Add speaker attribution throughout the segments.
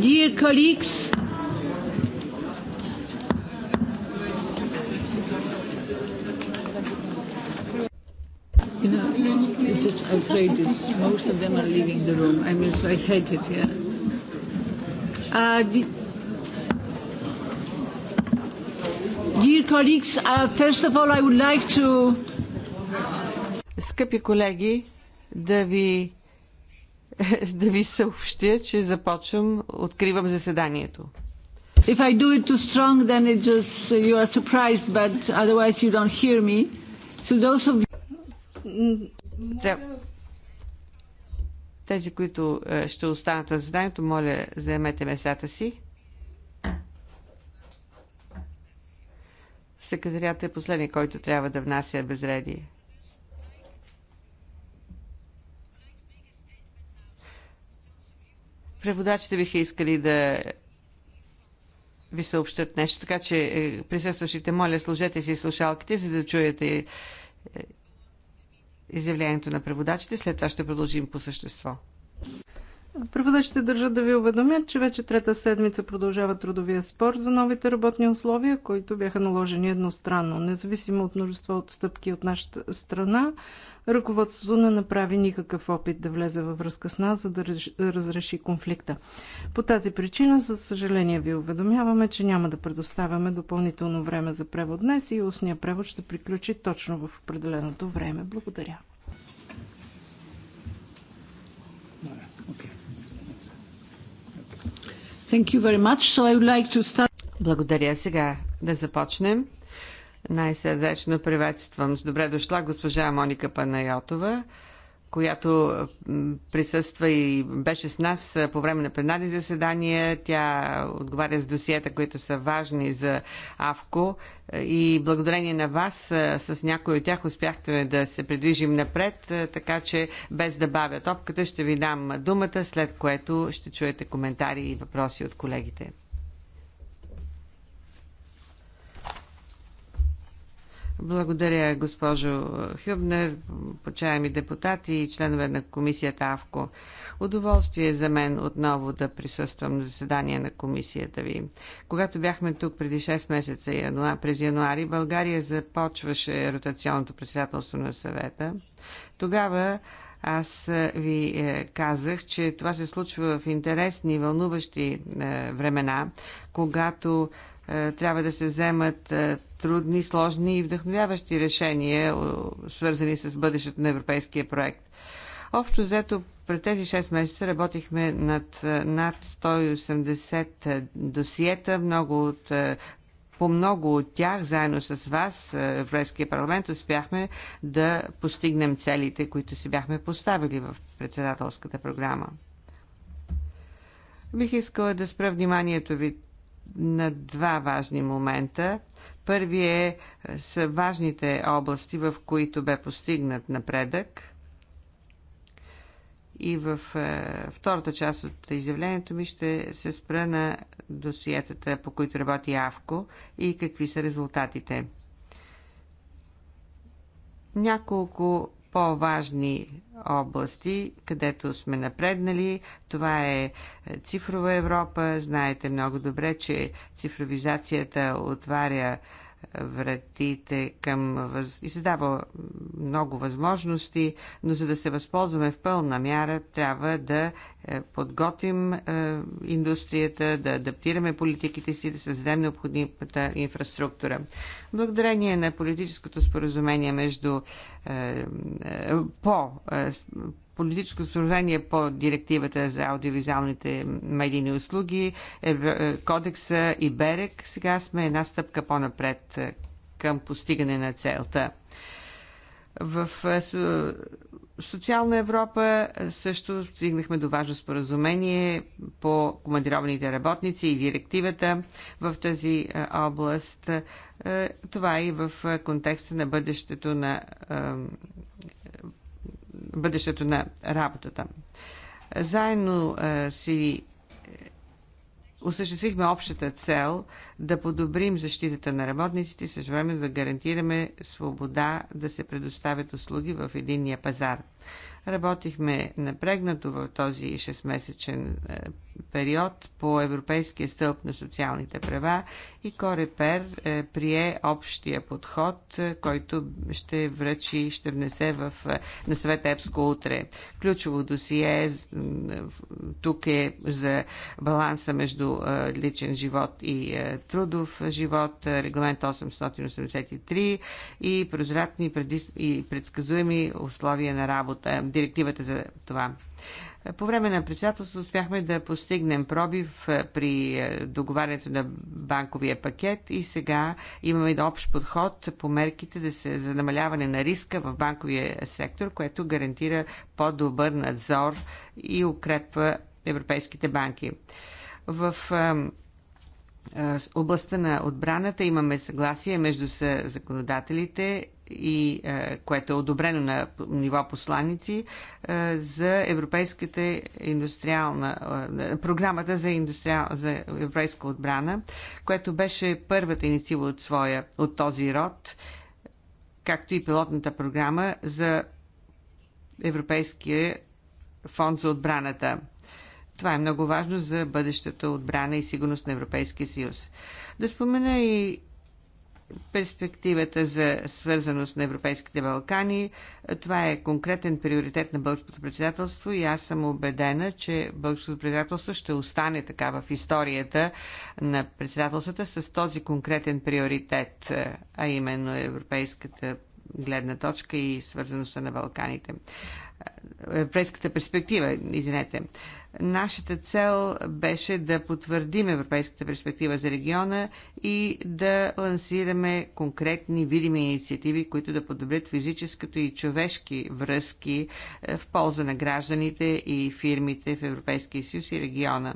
Speaker 1: Dear colleagues, you know, it's just outrageous. Most of them are leaving the room. I mean, I hate it. Yeah. Uh, dear colleagues, uh, first of all, I would like to. Скъпи колеги,
Speaker 2: да ви да ви съобщя, че започвам, откривам
Speaker 1: заседанието. If I do it too strong, then it just you are surprised, but otherwise you don't hear me. So those of
Speaker 2: тези, които е, ще останат на заданието, моля, заемете местата си. Секретарят е последният, който трябва да внася безредие. Преводачите биха искали да ви съобщат нещо, така че е, присъстващите, моля, служете си слушалките, за да чуете е, изявлението на преводачите. След това ще продължим по същество.
Speaker 3: Преводачите държат да ви уведомят, че вече трета седмица продължава трудовия спор за новите работни условия, които бяха наложени едностранно. Независимо от множество отстъпки от нашата страна, Ръководството не направи никакъв опит да влезе във връзка с нас, за да разреши конфликта. По тази причина, със съжаление, ви уведомяваме, че няма да предоставяме допълнително време за превод днес и устния превод ще приключи точно в определеното време. Благодаря.
Speaker 2: Thank you very much. So I would like to start... Благодаря. Сега да започнем. Най-сърдечно приветствам с добре дошла госпожа Моника Панайотова, която присъства и беше с нас по време на пленарни заседания. Тя отговаря с досиета, които са важни за АВКО и благодарение на вас с някои от тях успяхте да се придвижим напред, така че без да бавя топката ще ви дам думата, след което ще чуете коментари и въпроси от колегите. Благодаря, госпожо Хюбнер, почаеми депутати и членове на комисията АВКО. Удоволствие е за мен отново да присъствам на заседание на комисията ви. Когато бяхме тук преди 6 месеца през януари, България започваше ротационното председателство на съвета. Тогава аз ви е, казах, че това се случва в интересни, вълнуващи е, времена, когато е, трябва да се вземат е, трудни, сложни и вдъхновяващи решения, свързани с бъдещето на европейския проект. Общо взето, през тези 6 месеца работихме над е, над 180 досиета, много от по много от тях, заедно с вас, Европейския парламент, успяхме да постигнем целите, които си бяхме поставили в председателската програма. Бих искала да спра вниманието ви на два важни момента. Първи е, са важните области, в които бе постигнат напредък. И в е, втората част от изявлението ми ще се спра на досиетата, по които работи АВКО и какви са резултатите. Няколко по-важни области, където сме напреднали. Това е цифрова Европа. Знаете много добре, че цифровизацията отваря вратите към и дава много възможности, но за да се възползваме в пълна мяра, трябва да е, подготвим е, индустрията, да адаптираме политиките си, да създадем необходимата инфраструктура. Благодарение на политическото споразумение между е, по политическо съоръжение по директивата за аудиовизуалните медийни услуги, е, е, кодекса и Берек. Сега сме една стъпка по-напред е, към постигане на целта. В социална Европа също стигнахме до важно споразумение по командированите работници и директивата в тази област. Това и в контекста на бъдещето на бъдещето на работата. Заедно си е, осъществихме общата цел да подобрим защитата на работниците и време да гарантираме свобода да се предоставят услуги в единния пазар. Работихме напрегнато в този 6-месечен е, период по Европейския стълб на социалните права и Корепер е, прие общия подход, е, който ще връчи, ще внесе в, на Свет Епско утре. Ключово досие тук е за баланса между личен живот и трудов живот, регламент 883 и прозрачни и предсказуеми условия на работа директивата за това. По време на председателството успяхме да постигнем пробив при договарянето на банковия пакет и сега имаме общ подход по мерките да се, за намаляване на риска в банковия сектор, което гарантира по-добър надзор и укрепва европейските банки. В областта на отбраната имаме съгласие между законодателите и е, което е одобрено на ниво посланици е, за европейската индустриална е, програмата за, индустриал, за европейска отбрана, което беше първата инициатива от своя от този род, както и пилотната програма за Европейския фонд за отбраната. Това е много важно за бъдещата отбрана и сигурност на Европейския съюз. Да спомена и перспективата за свързаност на Европейските Балкани. Това е конкретен приоритет на Българското председателство и аз съм убедена, че Българското председателство ще остане така в историята на председателствата с този конкретен приоритет, а именно Европейската гледна точка и свързаността на Балканите. Европейската перспектива, извинете. Нашата цел беше да потвърдим европейската перспектива за региона и да лансираме конкретни видими инициативи, които да подобрят физическото и човешки връзки е, в полза на гражданите и фирмите в Европейския съюз и региона.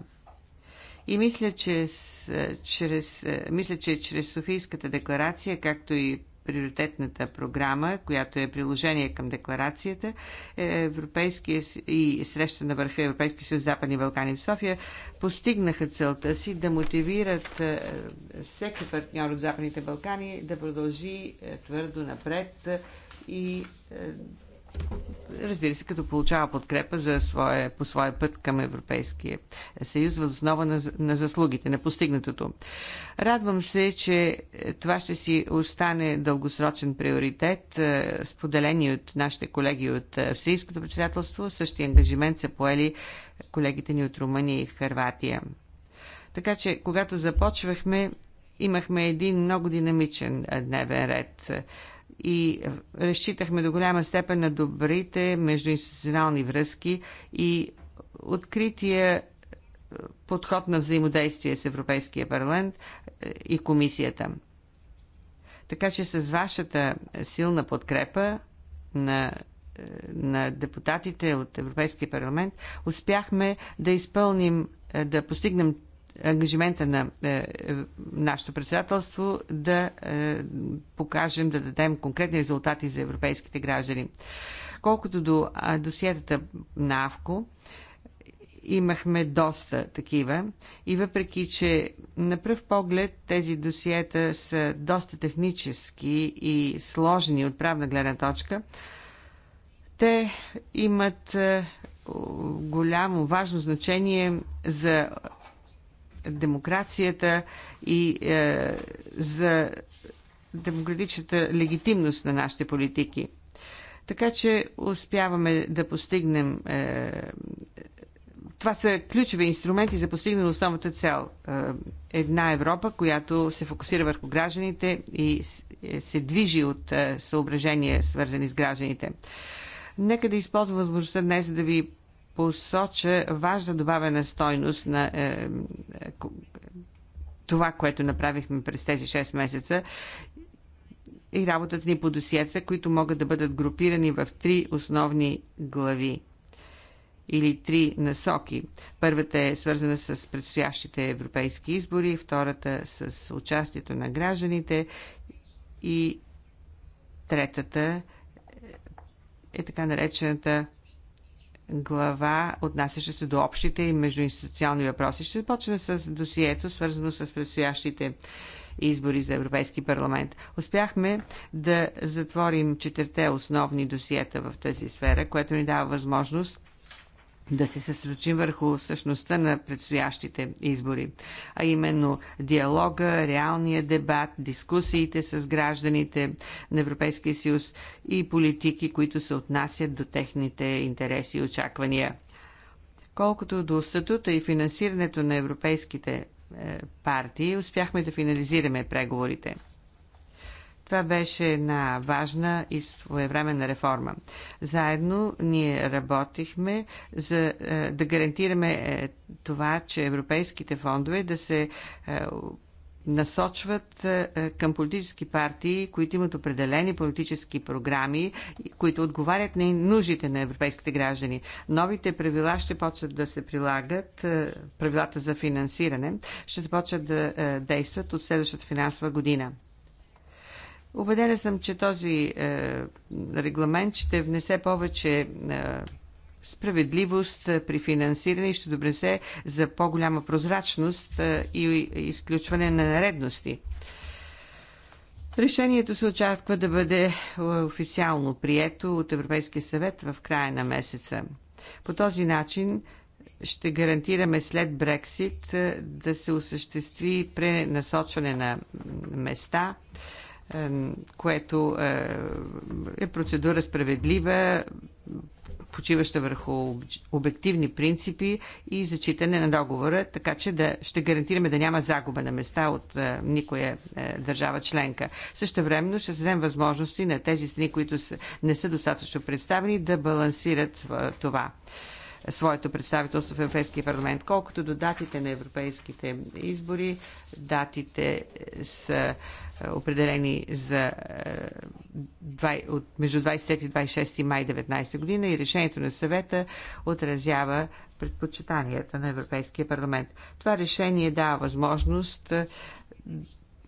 Speaker 2: И мисля, че е, чрез, е, мисля, че чрез Софийската декларация, както и приоритетната програма, която е приложение към декларацията, е Европейския и среща на върха Европейския съюз Западни Балкани в София, постигнаха целта си да мотивират е, всеки партньор от Западните Балкани да продължи е, твърдо напред и разбира се, като получава подкрепа за своя, по своя път към Европейския съюз, в основа на, на заслугите, на постигнатото. Радвам се, че това ще си остане дългосрочен приоритет, е, споделени от нашите колеги от Австрийското председателство. Същия ангажимент са поели колегите ни от Румъния и Харватия. Така че, когато започвахме, имахме един много динамичен е, дневен ред и разчитахме до голяма степен на добрите междуинституционални връзки и открития е, подход на взаимодействие с Европейския парламент е, и комисията. Така че с вашата силна подкрепа на, е, на депутатите от Европейския парламент успяхме да изпълним, да постигнем ангажимента на е, е, нашето председателство да е, покажем, да дадем конкретни резултати за европейските граждани. Колкото до е, досиетата на АВКО, имахме доста такива и въпреки, че на пръв поглед тези досиета са доста технически и сложни от правна гледна точка, те имат е, голямо, важно значение за демокрацията и е, за демократичната легитимност на нашите политики. Така че успяваме да постигнем. Е, това са ключови инструменти за постигане на основната цел. Е, една Европа, която се фокусира върху гражданите и е, се движи от е, съображения, свързани с гражданите. Нека да използвам възможността днес да ви посоча важна добавена стойност на е, е, това, което направихме през тези 6 месеца и работата ни по досиета, които могат да бъдат групирани в три основни глави или три насоки. Първата е свързана с предстоящите европейски избори, втората с участието на гражданите и третата е така наречената глава, отнасяща се до общите и междуинституционални въпроси. Ще започна с досието, свързано с предстоящите избори за Европейски парламент. Успяхме да затворим четирте основни досиета в тази сфера, което ни дава възможност да се съсредоточим върху същността на предстоящите избори, а именно диалога, реалния дебат, дискусиите с гражданите на Европейския съюз и политики, които се отнасят до техните интереси и очаквания. Колкото до статута и финансирането на европейските е, партии, успяхме да финализираме преговорите – това беше една важна и своевременна реформа. Заедно ние работихме за е, да гарантираме е, това, че европейските фондове да се е, насочват към политически партии, които имат определени политически програми, които отговарят на нуждите на европейските граждани. Новите правила ще почват да се прилагат, правилата за финансиране ще започват да действат от следващата финансова година. Убедена съм, че този е, регламент ще внесе повече е, справедливост е, при финансиране и ще добресе за по-голяма прозрачност и изключване на наредности. Решението се очаква да бъде официално прието от Европейския съвет в края на месеца. По този начин ще гарантираме след Брексит да се осъществи пренасочване на места, което е, е процедура справедлива, почиваща върху обективни принципи и зачитане на договора, така че да ще гарантираме да няма загуба на места от е, никоя е, държава членка. Също времено ще създадем възможности на тези страни, които не са достатъчно представени, да балансират това своето представителство в Европейския парламент. Колкото до датите на европейските избори, датите е, са е, определени за е, между 23 и 26 май 19 година и решението на съвета отразява предпочитанията на Европейския парламент. Това решение дава възможност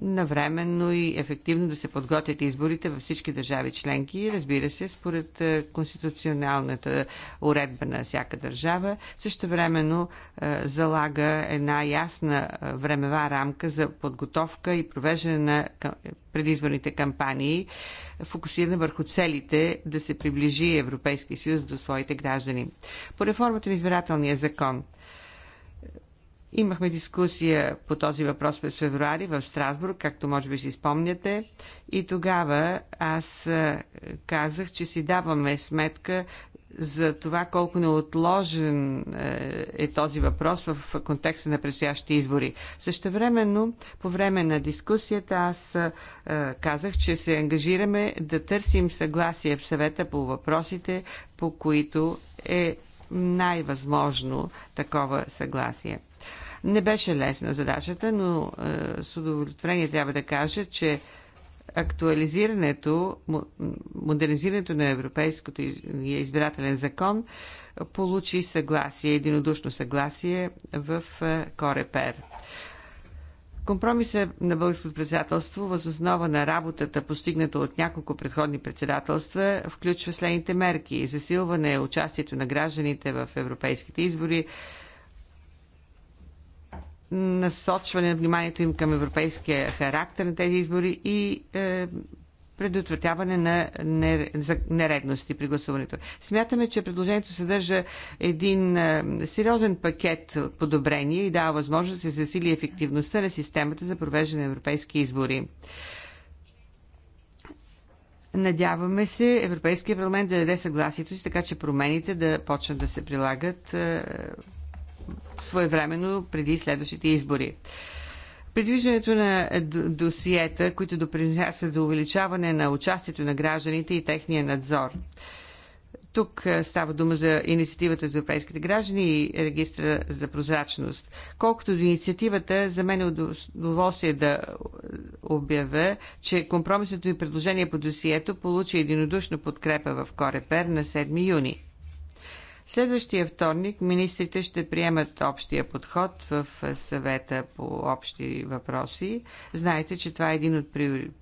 Speaker 2: навременно и ефективно да се подготвят изборите във всички държави членки и разбира се според е, конституционалната уредба на всяка държава. Също времено е, залага една ясна е, времева рамка за подготовка и провеждане на предизборните кампании, фокусирана върху целите да се приближи Европейския съюз до своите граждани. По реформата на избирателния закон – Имахме дискусия по този въпрос през февруари в Страсбург, както може би си спомняте. И тогава аз казах, че си даваме сметка за това колко неотложен е този въпрос в контекста на предстоящите избори. Същевременно, по време на дискусията, аз казах, че се ангажираме да търсим съгласие в съвета по въпросите, по които е най-възможно такова съгласие. Не беше лесна задачата, но е, с удовлетворение трябва да кажа, че актуализирането, модернизирането на европейското е избирателен закон получи съгласие, единодушно съгласие в е, Корепер. Компромиса на българското председателство възоснова на работата, постигната от няколко предходни председателства, включва следните мерки. Засилване участието на гражданите в европейските избори, насочване на вниманието им към европейския характер на тези избори и е, предотвратяване на нередности при гласуването. Смятаме, че предложението съдържа един е, сериозен пакет от подобрения и дава възможност да се засили ефективността на системата за провеждане на европейски избори. Надяваме се Европейския парламент да даде съгласието си, така че промените да почнат да се прилагат е, своевременно преди следващите избори. Предвиждането на досиета, които допринасят за увеличаване на участието на гражданите и техния надзор. Тук е, става дума за инициативата за европейските граждани и регистра за прозрачност. Колкото до инициативата, за мен е удоволствие да е, обявя, че компромисното ми предложение по досието получи единодушно подкрепа в Корепер на 7 юни. Следващия вторник министрите ще приемат общия подход в съвета по общи въпроси. Знаете, че това е един от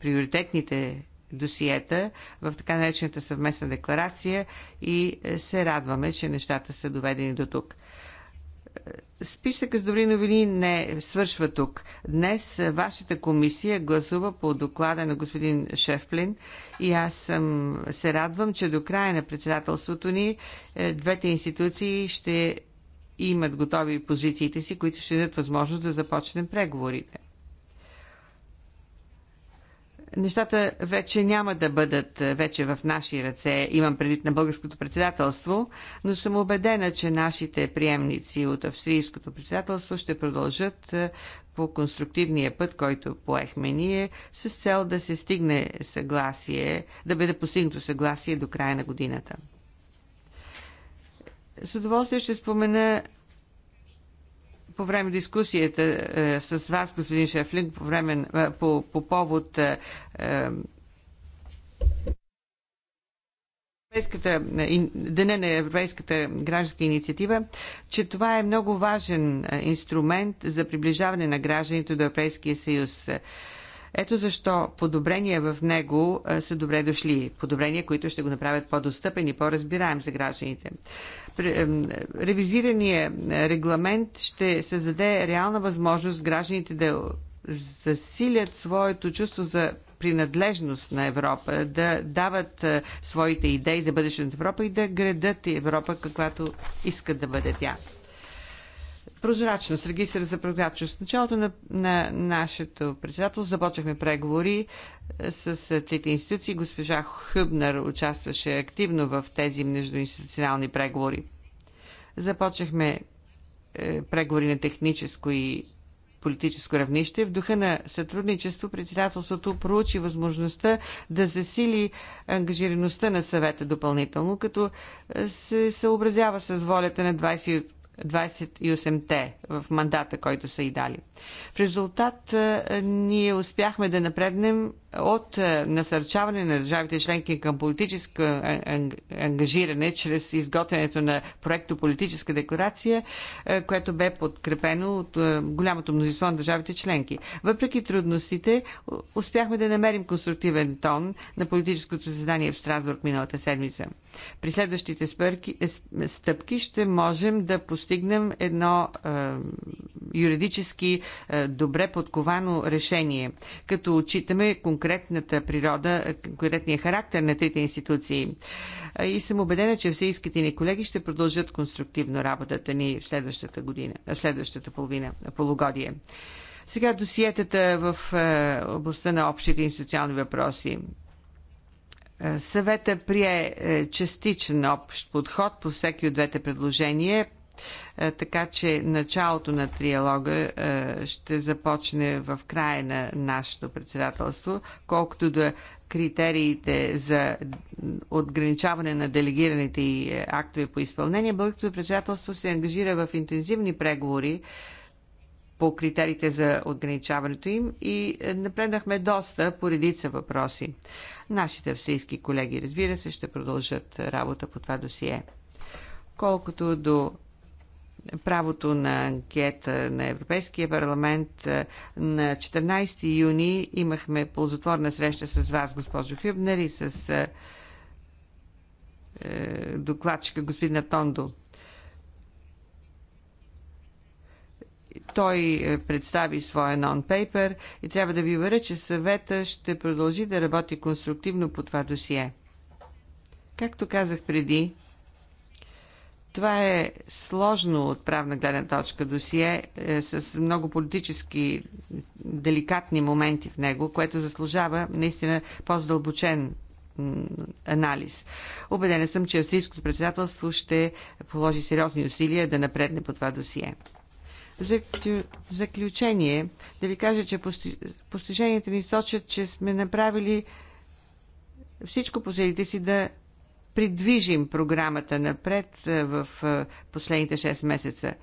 Speaker 2: приоритетните досиета в така наречената съвместна декларация и се радваме, че нещата са доведени до тук. Списъка с добри новини не свършва тук. Днес е, вашата комисия гласува по доклада на господин Шефплин и аз съм, се радвам, че до края на председателството ни е, двете институции ще имат готови позициите си, които ще дадат възможност да започнем преговорите нещата вече няма да бъдат е, вече в наши ръце, имам предвид на българското председателство, но съм убедена, че нашите приемници от австрийското председателство ще продължат е, по конструктивния път, който поехме ние, с цел да се стигне съгласие, да бъде постигнато съгласие до края на годината. С удоволствие ще спомена по време на дискусията е, с вас, господин Шефлин, по, време, е, по, по повод е, е, е Дене на Европейската гражданска инициатива, че това е много важен е, инструмент за приближаване на гражданите до Европейския съюз. Ето защо подобрения в него е, са добре дошли. Подобрения, които ще го направят по-достъпен и по-разбираем за гражданите. Е, ревизирания регламент ще се реална възможност гражданите да засилят своето чувство за принадлежност на Европа, да дават е, своите идеи за бъдещето на Европа и да градат Европа, каквато искат да бъде тя. Прозрачност, регистър за прозрачност. В началото на, на нашето председателство започнахме преговори е, с е, трите институции. Госпожа Хъбнер участваше активно в тези междуинституционални преговори. Започнахме е, преговори на техническо и политическо равнище. В духа на сътрудничество председателството проучи възможността да засили ангажираността на съвета допълнително, като е, се съобразява с волята на 20 28-те в мандата, който са и дали. В резултат ние успяхме да напреднем от е, насърчаване на държавите членки към политическо е, е, ангажиране чрез изготвянето на проекто политическа декларация, което бе подкрепено от голямото мнозинство на държавите членки. Въпреки трудностите, успяхме да намерим конструктивен тон на политическото заседание в Страсбург миналата седмица. При следващите спърки, стъпки ще можем да постигнем едно е, юридически е, добре подковано решение, като отчитаме конкретно конкретната природа, конкретния характер на трите институции. И съм убедена, че всеиските ни колеги ще продължат конструктивно работата ни в следващата година, в следващата половина, полугодие. Сега досиетата в е, областта на общите институционални въпроси. Е, съвета прие е, частичен общ подход по всеки от двете предложения е, така че началото на триалога е, ще започне в края на нашето председателство, колкото да критериите за отграничаване на делегираните и е, актове по изпълнение, българското председателство се ангажира в интензивни преговори по критериите за отграничаването им и напреднахме доста по редица въпроси. Нашите австрийски колеги, разбира се, ще продължат работа по това досие. Колкото до правото на анкета на Европейския парламент. Е, на 14 юни имахме ползотворна среща с вас, госпожо Хюбнер, и с е, е докладчика господина Тондо. Той е, представи своя нон-пейпер и трябва да ви уверя, че съвета ще продължи да работи конструктивно по това досие. Както казах преди, това е сложно от правна гледна точка досие е, с много политически деликатни моменти в него, което заслужава наистина по здълбочен анализ. Обедена съм, че австрийското председателство ще положи сериозни усилия да напредне по това досие. В заключение да ви кажа, че постиженията ни сочат, че сме направили всичко по си да придвижим програмата напред е, в е, последните 6 месеца.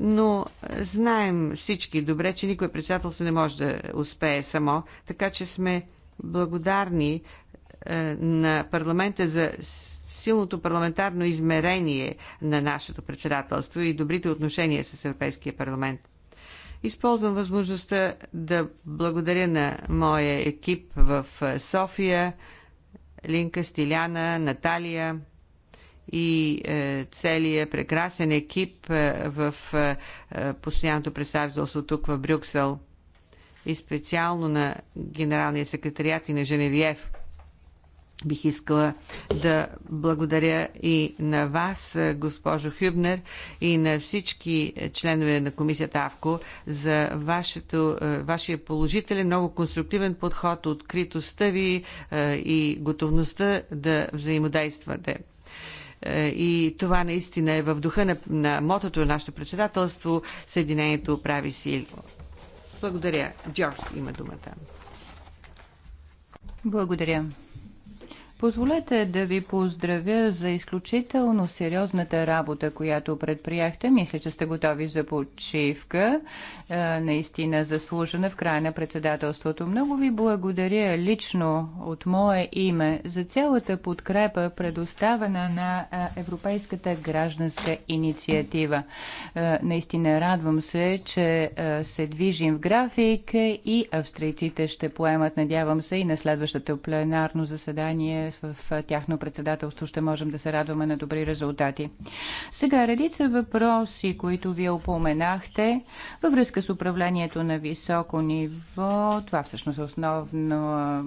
Speaker 2: Но е, знаем всички добре, че никой се не може да успее само, така че сме благодарни на парламента за силното парламентарно измерение на нашето председателство и добрите отношения с Европейския парламент. Използвам възможността да благодаря на моя екип в София, Линка, Стиляна, Наталия и е, целият прекрасен екип е, в е, е, постоянното представителство тук в Брюксел и специално на генералния секретарият и на Женевиев – Бих искала да благодаря и на вас, госпожо Хюбнер, и на всички членове на комисията АВКО за вашето, е, вашия положителен, много конструктивен подход, откритостта ви е, и готовността да взаимодействате. Е, и това наистина е в духа на, на мотото на нашето председателство Съединението прави си. Благодаря. Джордж има думата.
Speaker 4: Благодаря. Позволете да ви поздравя за изключително сериозната работа, която предприяхте. Мисля, че сте готови за почивка, е, наистина заслужена в края на председателството. Много ви благодаря лично от мое име за цялата подкрепа, предоставена на е, Европейската гражданска инициатива. Е, наистина радвам се, че се движим в график и австрийците ще поемат, надявам се, и на следващото пленарно заседание в тяхно председателство ще можем да се радваме на добри резултати. Сега редица въпроси, които вие упоменахте във връзка с управлението на високо ниво. Това всъщност е основно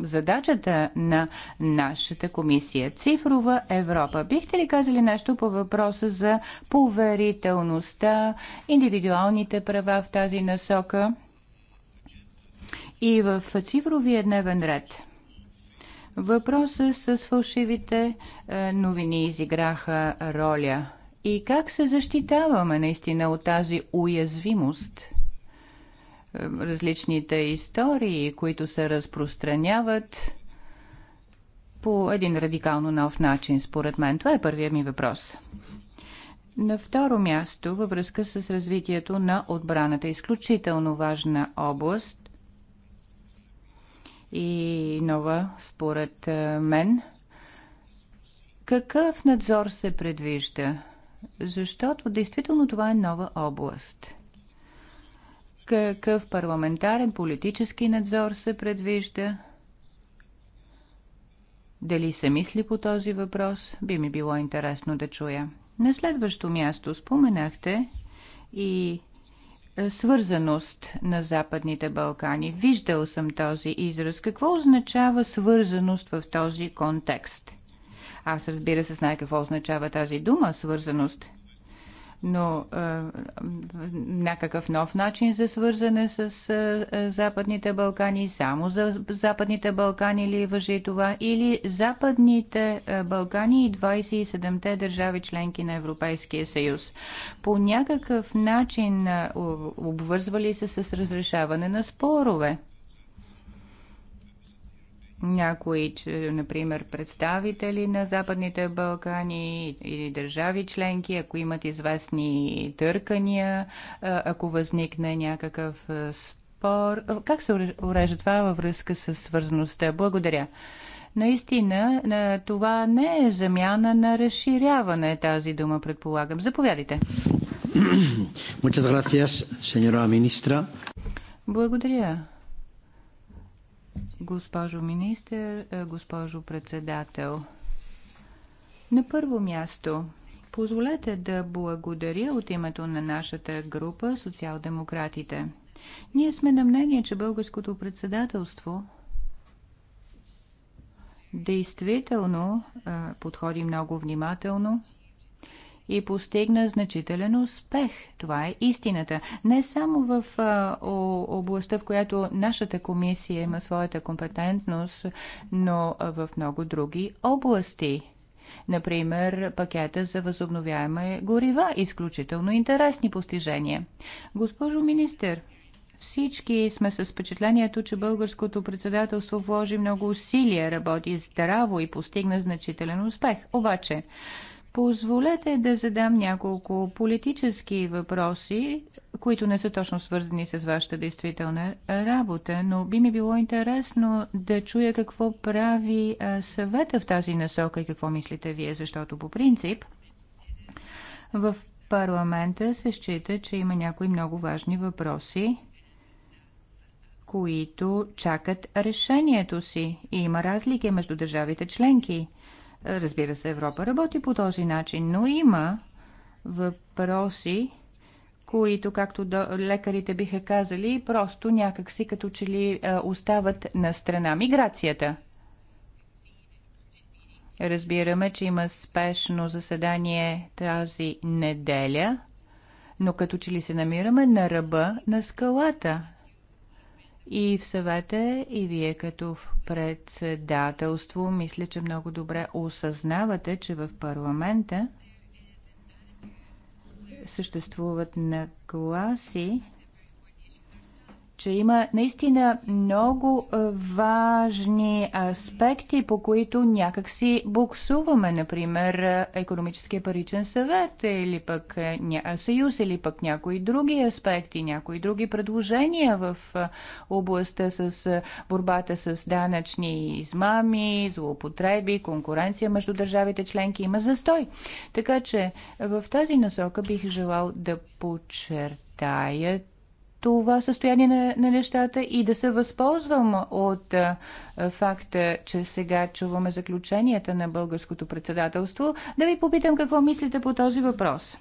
Speaker 4: задачата на нашата комисия Цифрова Европа. Бихте ли казали нещо по въпроса за поверителността, индивидуалните права в тази насока и в цифровия дневен ред? Въпросът с фалшивите е, новини изиграха роля. И как се защитаваме наистина от тази уязвимост? Е, различните истории, които се разпространяват по един радикално нов начин, според мен. Това е първият ми въпрос. На второ място, във връзка с развитието на отбраната, изключително важна област, и нова, според е, мен. Какъв надзор се предвижда? Защото действително това е нова област. Какъв парламентарен политически надзор се предвижда? Дали се мисли по този въпрос, би ми било интересно да чуя. На следващо място споменахте и свързаност на Западните Балкани. Виждал съм този израз. Какво означава свързаност в този контекст? Аз разбира се знае какво означава тази дума свързаност но а, някакъв нов начин за свързане с а, Западните Балкани, само за Западните Балкани ли въжи това, или Западните Балкани и 27-те държави членки на Европейския съюз. По някакъв начин обвързвали се с разрешаване на спорове някои, например, представители на Западните Балкани или държави членки, ако имат известни търкания, ако възникне някакъв спор. Как се урежда това във връзка с свързаността? Благодаря. Наистина, това не е замяна на разширяване, тази дума, предполагам. Заповядайте. Благодаря, министра. Благодаря, Госпожо министър, е, госпожо председател, на първо място позволете да благодаря от името на нашата група социал-демократите. Ние сме на мнение, че българското председателство действително е, подходи много внимателно – и постигна значителен успех. Това е истината. Не само в областта, в която нашата комисия има своята компетентност, но в много други области. Например, пакета за възобновяема горива. Изключително интересни постижения. Госпожо министър, всички сме с впечатлението, че българското председателство вложи много усилия, работи здраво и постигна значителен успех. Обаче, Позволете да задам няколко политически въпроси, които не са точно свързани с вашата действителна работа, но би ми било интересно да чуя какво прави съвета в тази насока и какво мислите вие, защото по принцип в парламента се счита, че има някои много важни въпроси, които чакат решението си и има разлики между държавите членки. Разбира се, Европа работи по този начин, но има въпроси, които, както лекарите биха казали, просто някакси като че ли остават на страна. Миграцията. Разбираме, че има спешно заседание тази неделя, но като че ли се намираме на ръба на скалата и в съвета, и вие като в председателство, мисля, че много добре осъзнавате, че в парламента съществуват нагласи че има наистина много е, важни аспекти, по които някакси буксуваме, например е, економическия паричен съвет или пък е, съюз, или пък някои други аспекти, някои други предложения в областта с борбата с данъчни измами, злоупотреби, конкуренция между държавите членки има застой. Така че в тази насока бих желал да подчертая, това състояние на, на нещата и да се възползвам от а, факта, че сега чуваме заключенията на българското председателство, да ви попитам какво мислите по този въпрос.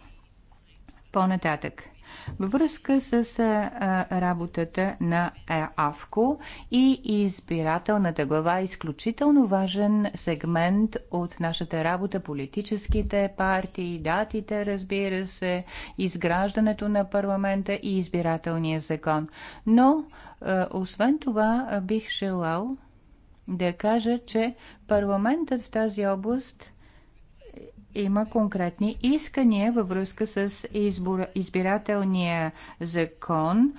Speaker 4: По-нататък. Във връзка с а, работата на е, АВКО и избирателната глава е изключително важен сегмент от нашата работа, политическите партии, датите, разбира се, изграждането на парламента и избирателния закон. Но, а, освен това, бих желал да кажа, че парламентът в тази област – има конкретни искания във връзка с избор, избирателния закон,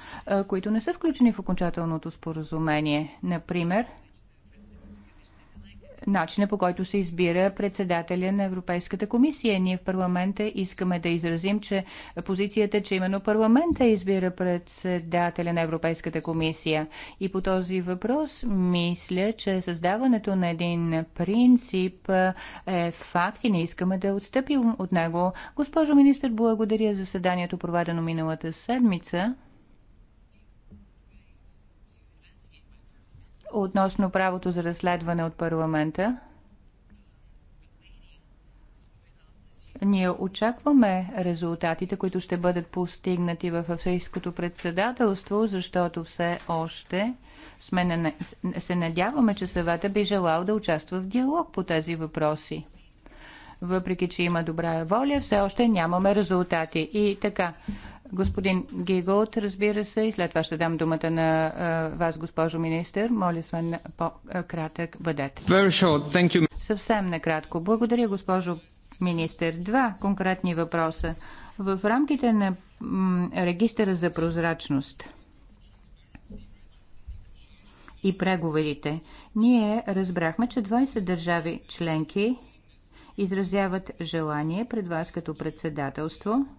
Speaker 4: които не са включени в окончателното споразумение. Например, начина по който се избира председателя на Европейската комисия. Ние в парламента искаме да изразим, че позицията, че именно парламента избира председателя на Европейската комисия. И по този въпрос мисля, че създаването на един принцип е, е факт и не искаме да отстъпим от него. Госпожо министр, благодаря за съданието, проведено миналата седмица. относно правото за разследване от парламента. Ние очакваме резултатите, които ще бъдат постигнати в австрийското председателство, защото все още сме на... се надяваме, че съвета би желал да участва в диалог по тези въпроси. Въпреки, че има добра воля, все още нямаме резултати. И така, господин Гиголт, разбира се, и след това ще дам думата на а, вас, госпожо министър. Моля, на по-кратък бъдете. Съвсем накратко. Благодаря, госпожо министър. Два конкретни въпроса. В рамките на регистъра за прозрачност и преговорите, ние разбрахме, че 20 държави членки изразяват желание пред вас като председателство –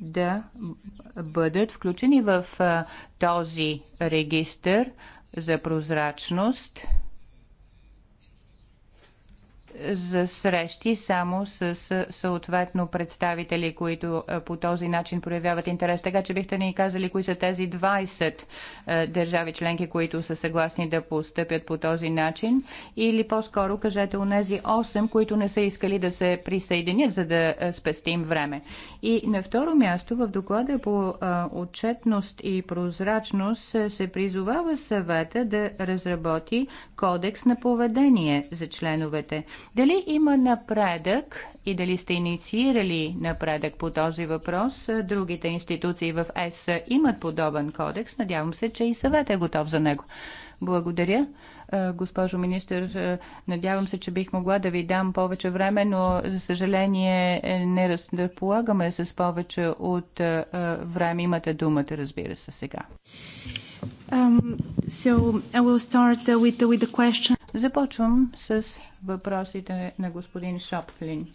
Speaker 4: да бъдат включени в този регистр за прозрачност – за срещи само с съответно представители, които е, по този начин проявяват интерес. Така че бихте ни казали кои са тези 20 е, държави членки, които са съгласни да постъпят по този начин. Или по-скоро кажете у нези 8, които не са искали да се присъединят, за да е, спестим време. И на второ място в доклада по отчетност и прозрачност се призовава съвета да разработи кодекс на поведение за членовете. Дали има напредък и дали сте инициирали напредък по този въпрос? Другите институции в ЕС имат подобен кодекс. Надявам се, че и съвет е готов за него. Благодаря. Госпожо министр, надявам се, че бих могла да ви дам повече време, но за съжаление е, не разполагаме с повече от време. Имате думата, разбира се, сега. Um, uh, Започвам с въпросите на господин Шопфлин.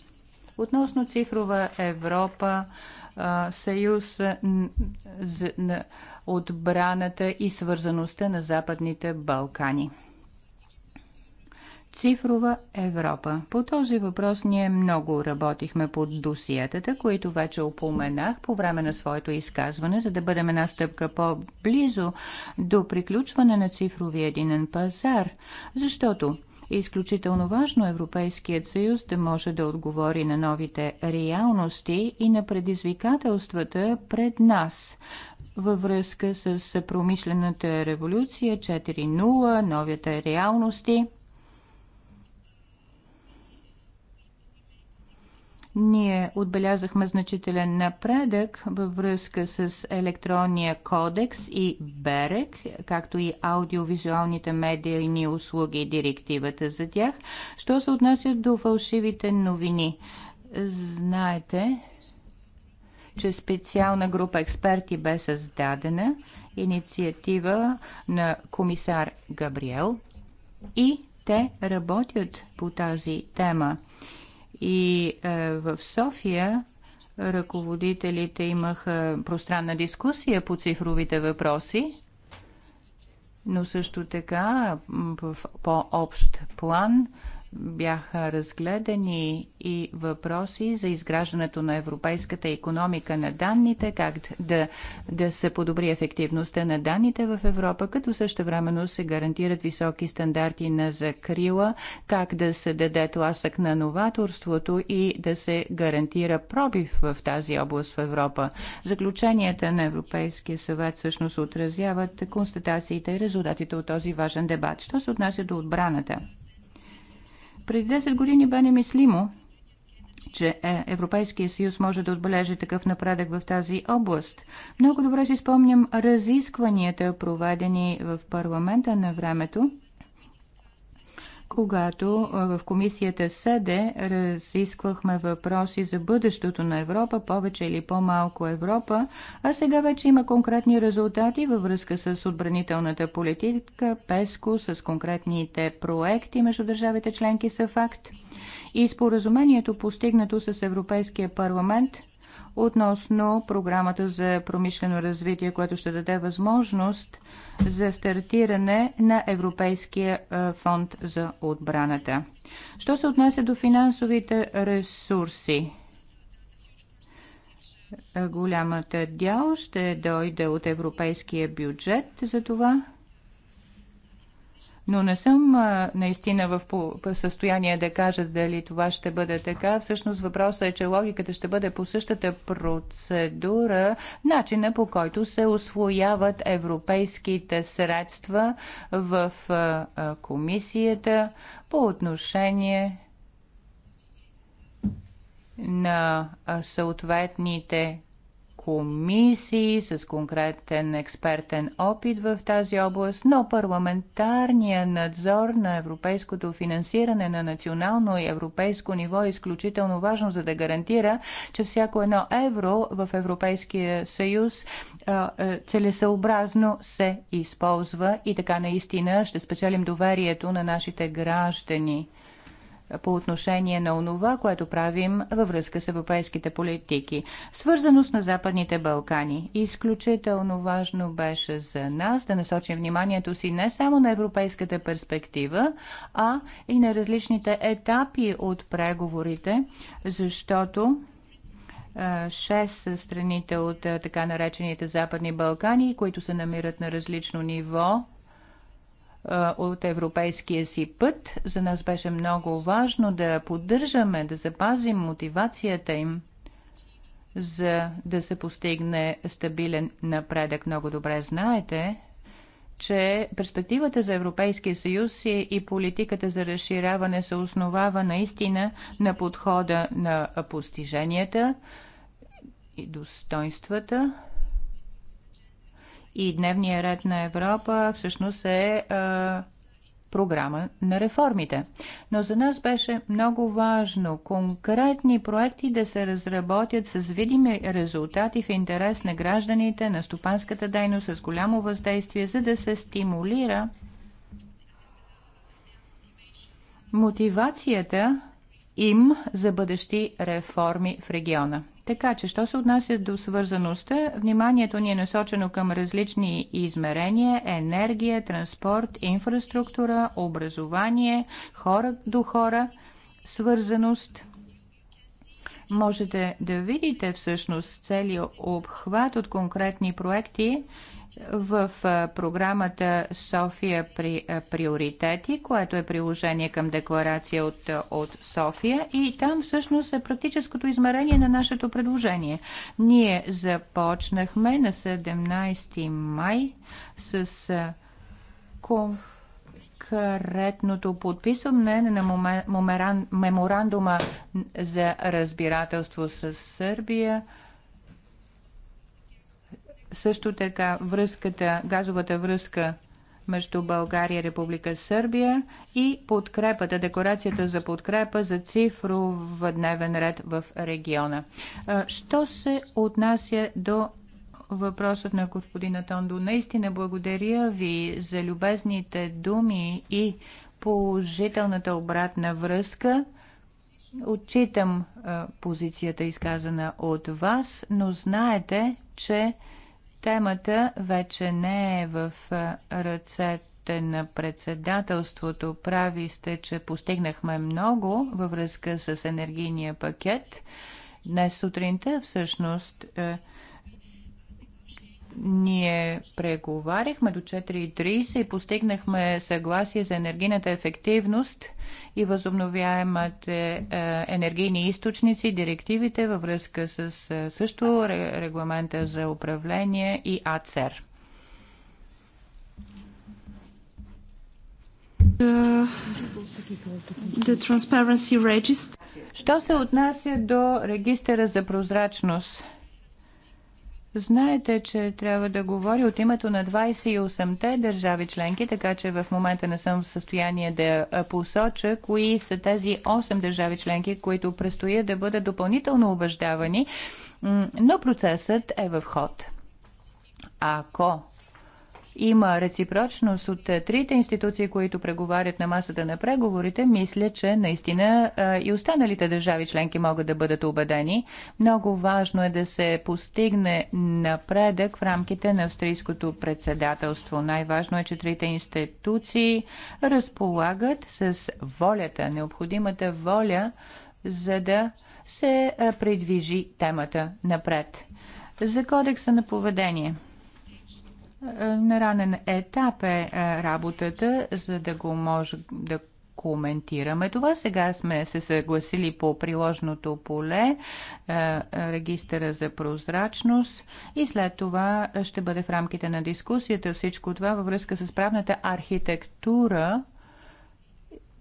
Speaker 4: Относно цифрова Европа, съюз на отбраната и свързаността на Западните Балкани – Цифрова Европа. По този въпрос ние много работихме под досиетата, които вече упоменах по време на своето изказване, за да бъдем една стъпка по-близо до приключване на цифровия единен пазар. Защото е изключително важно е Европейският съюз да може да отговори на новите реалности и на предизвикателствата пред нас във връзка с промишлената революция 4.0, новите реалности – Ние отбелязахме значителен напредък във връзка с електронния кодекс и БЕРЕК, както и аудиовизуалните медийни услуги и директивата за тях. Що се отнася до фалшивите новини? Знаете, че специална група експерти бе създадена, инициатива на комисар Габриел и те работят по тази тема и е, в София ръководителите имаха пространна дискусия по цифровите въпроси, но също така в по-общ план – бяха разгледани и въпроси за изграждането на европейската економика на данните, как да, да се подобри ефективността на данните в Европа, като времено се гарантират високи стандарти на закрила, как да се даде тласък на новаторството и да се гарантира пробив в тази област в Европа. Заключенията на Европейския съвет всъщност отразяват констатациите и резултатите от този важен дебат. Що се отнася до отбраната? Преди 10 години бе немислимо, че е, Европейския съюз може да отбележи такъв напредък в тази област. Много добре си спомням разискванията, проведени в парламента на времето когато в комисията СЕДЕ разисквахме въпроси за бъдещето на Европа, повече или по-малко Европа, а сега вече има конкретни резултати във връзка с отбранителната политика, ПЕСКО, с конкретните проекти между държавите членки са факт. И споразумението постигнато с Европейския парламент относно програмата за промишлено развитие, което ще даде възможност за стартиране на Европейския е, фонд за отбраната. Що се отнася до финансовите ресурси? Е, голямата дял ще дойде от европейския бюджет за това – но не съм а, наистина в състояние да кажа дали това ще бъде така. Всъщност въпросът е, че логиката ще бъде по същата процедура, начина по който се освояват европейските средства в а, а, комисията по отношение на съответните комисии с конкретен експертен опит в тази област, но парламентарният надзор на европейското финансиране на национално и европейско ниво е изключително важно, за да гарантира, че всяко едно евро в Европейския съюз е, целесъобразно се използва и така наистина ще спечелим доверието на нашите граждани по отношение на онова, което правим във връзка с европейските политики. Свързаност на Западните Балкани. Изключително важно беше за нас да насочим вниманието си не само на европейската перспектива, а и на различните етапи от преговорите, защото шест страните от така наречените Западни Балкани, които се намират на различно ниво от европейския си път. За нас беше много важно да поддържаме, да запазим мотивацията им за да се постигне стабилен напредък. Много добре знаете, че перспективата за Европейския съюз и политиката за разширяване се основава наистина на подхода на постиженията и достоинствата и дневния ред на Европа всъщност е а, е, програма на реформите. Но за нас беше много важно конкретни проекти да се разработят с видими резултати в интерес на гражданите, на стопанската дейност с голямо въздействие, за да се стимулира мотивацията им за бъдещи реформи в региона. Така че, що се отнася до свързаността, вниманието ни е насочено към различни измерения – енергия, транспорт, инфраструктура, образование, хора до хора, свързаност – можете да видите всъщност целият обхват от конкретни проекти, в програмата София при приоритети, което е приложение към декларация от, от София и там всъщност е практическото измерение на нашето предложение. Ние започнахме на 17 май с конкретното подписване на меморандума за разбирателство с Сърбия – също така връзката, газовата връзка между България и Република Сърбия и подкрепата, декларацията за подкрепа за цифров дневен ред в региона. Що се отнася до въпросът на господина Тондо? Наистина благодаря ви за любезните думи и положителната обратна връзка. Отчитам позицията изказана от вас, но знаете, че Темата вече не е в ръцете на председателството. Прави сте, че постигнахме много във връзка с енергийния пакет. Днес сутринта всъщност е, ние преговаряхме до 4.30 и постигнахме съгласие за енергийната ефективност и възобновяемите енергийни източници, директивите във връзка с е, също регламента за управление и АЦЕР. Що се отнася до регистъра за прозрачност? Знаете, че трябва да говоря от името на 28-те държави членки, така че в момента не съм в състояние да посоча кои са тези 8 държави членки, които предстоят да бъдат допълнително убеждавани, но процесът е в ход. Ако има реципрочност от е, трите институции, които преговарят на масата на преговорите, мисля, че наистина е, и останалите държави членки могат да бъдат убедени. Много важно е да се постигне напредък в рамките на австрийското председателство. Най-важно е, че трите институции разполагат с волята, необходимата воля, за да се е, придвижи темата напред. За кодекса на поведение – е, на ранен етап е, е работата, за да го може да коментираме това. Сега сме се съгласили по приложното поле, е, регистъра за прозрачност и след това ще бъде в рамките на дискусията всичко това във връзка с правната архитектура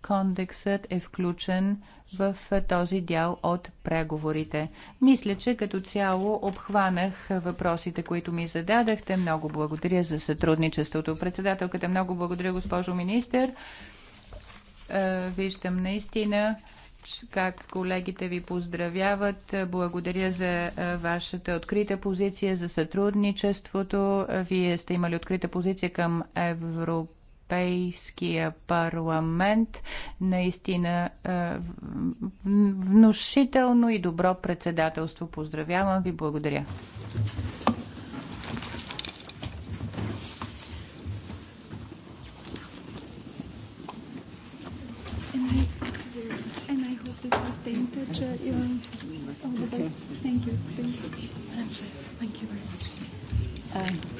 Speaker 4: Кондексът е включен в този дял от преговорите. Мисля, че като цяло обхванах въпросите, които ми зададахте. Много благодаря за сътрудничеството. Председателката, много благодаря, госпожо министър. Е, виждам наистина как колегите ви поздравяват. Благодаря за е, вашата открита позиция, за сътрудничеството. Вие сте имали открита позиция към Европа Европейския парламент наистина е, внушително и добро председателство. Поздравявам ви, благодаря.
Speaker 1: Thank you. Thank you. Thank you very much. Um,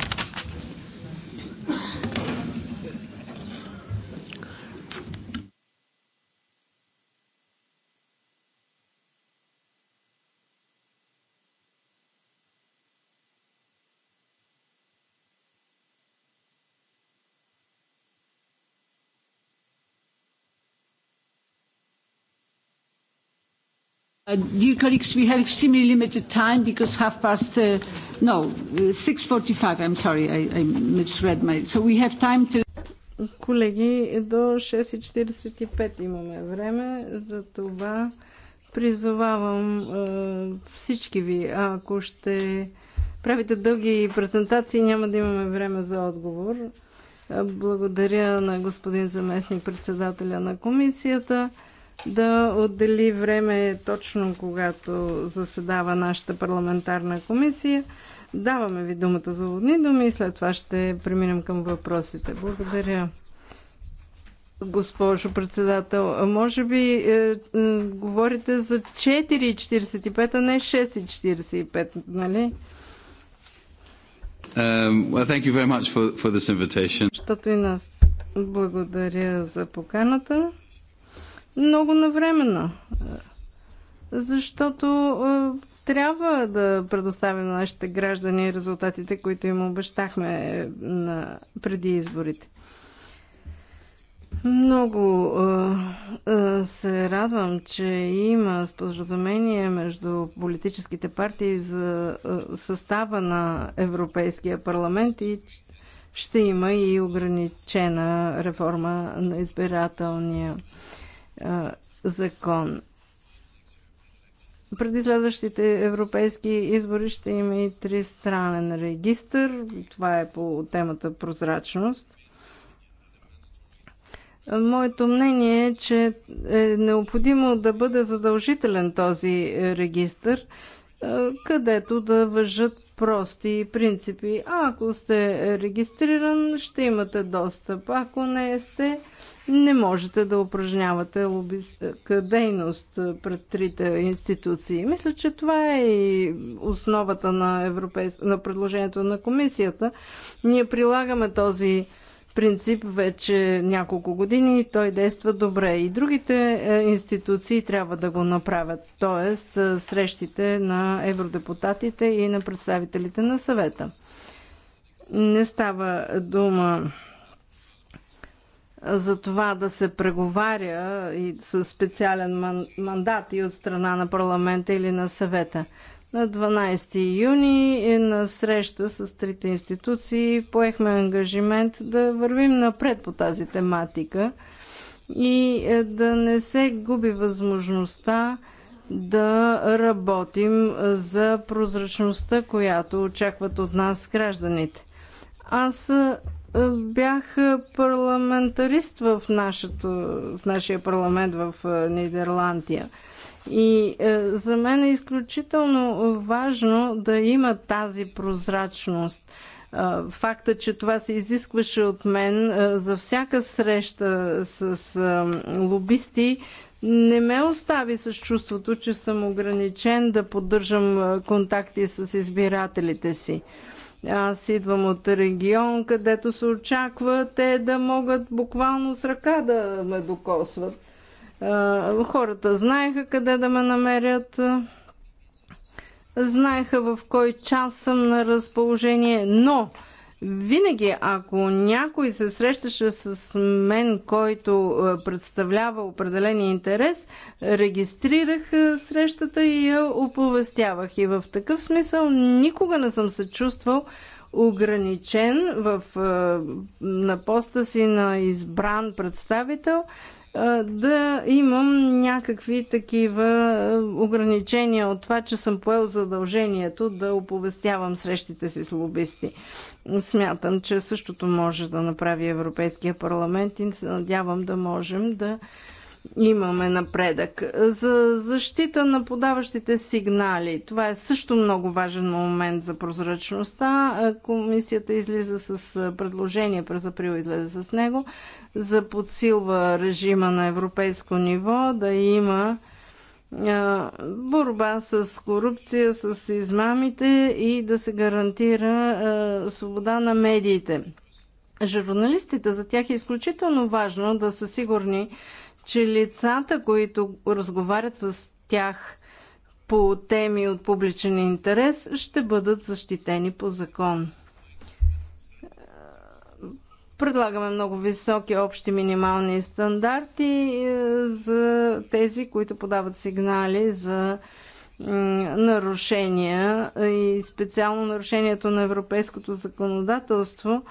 Speaker 1: Uh, dear colleagues, we have extremely limited time because half past, uh, no, 6.45, uh, I'm sorry, I, I misread my, so we have time to...
Speaker 3: Колеги, до 6.45 имаме време, за това призовавам е, всички ви, ако ще правите дълги презентации, няма да имаме време за отговор. Благодаря на господин заместник председателя на комисията да отдели време точно когато заседава нашата парламентарна комисия. Даваме ви думата за водни думи и след това ще преминем към въпросите. Благодаря. Госпожо председател, може би е, е, говорите за 4,45, а не 6,45, нали?
Speaker 4: Um, well, thank you very much for, for this invitation.
Speaker 3: и нас. Благодаря за поканата много навременно. Защото е, трябва да предоставим на нашите граждани резултатите, които им обещахме на, преди изборите. Много е, е, се радвам, че има споразумение между политическите партии за състава на Европейския парламент и ще има и ограничена реформа на избирателния закон. Преди следващите европейски избори ще има и тристранен регистр. Това е по темата прозрачност. Моето мнение е, че е необходимо да бъде задължителен този регистр, където да въжат прости принципи. А ако сте регистриран, ще имате достъп. Ако не сте, не можете да упражнявате лобистка дейност пред трите институции. Мисля, че това е и основата на, европейс... на предложението на комисията. Ние прилагаме този принцип вече няколко години и той действа добре. И другите е, институции трябва да го направят. Тоест, е, срещите на евродепутатите и на представителите на съвета. Не става дума за това да се преговаря и с специален мандат и от страна на парламента или на съвета. На 12 юни е на среща с трите институции поехме ангажимент да вървим напред по тази тематика и е, да не се губи възможността да работим е, за прозрачността, която очакват от нас гражданите. Аз бях парламентарист в, нашето, в нашия парламент в Нидерландия. И е, за мен е изключително важно да има тази прозрачност. Е, факта, че това се изискваше от мен е, за всяка среща с лобисти, не ме остави с чувството, че съм ограничен да поддържам контакти с избирателите си. Аз идвам от регион, където се очаква те да могат буквално с ръка да ме докосват. Хората знаеха къде да ме намерят. Знаеха в кой час съм на разположение, но винаги, ако някой се срещаше с мен, който е, представлява определен интерес, регистрирах е, срещата и я оповестявах. И в такъв смисъл никога не съм се чувствал ограничен в, е, на поста си на избран представител да имам някакви такива ограничения от това, че съм поел задължението да оповестявам срещите си с лобисти. Смятам, че същото може да направи Европейския парламент и се надявам да можем да имаме напредък. За защита на подаващите сигнали. Това е също много важен момент за прозрачността. Комисията излиза с предложение през април излезе с него за подсилва режима на европейско ниво да има борба с корупция, с измамите и да се гарантира свобода на медиите. Журналистите, за тях е изключително важно да са сигурни, че лицата, които разговарят с тях по теми от публичен интерес, ще бъдат защитени по закон. Предлагаме много високи общи минимални стандарти е, за тези, които подават сигнали за нарушения и специално нарушението на европейското законодателство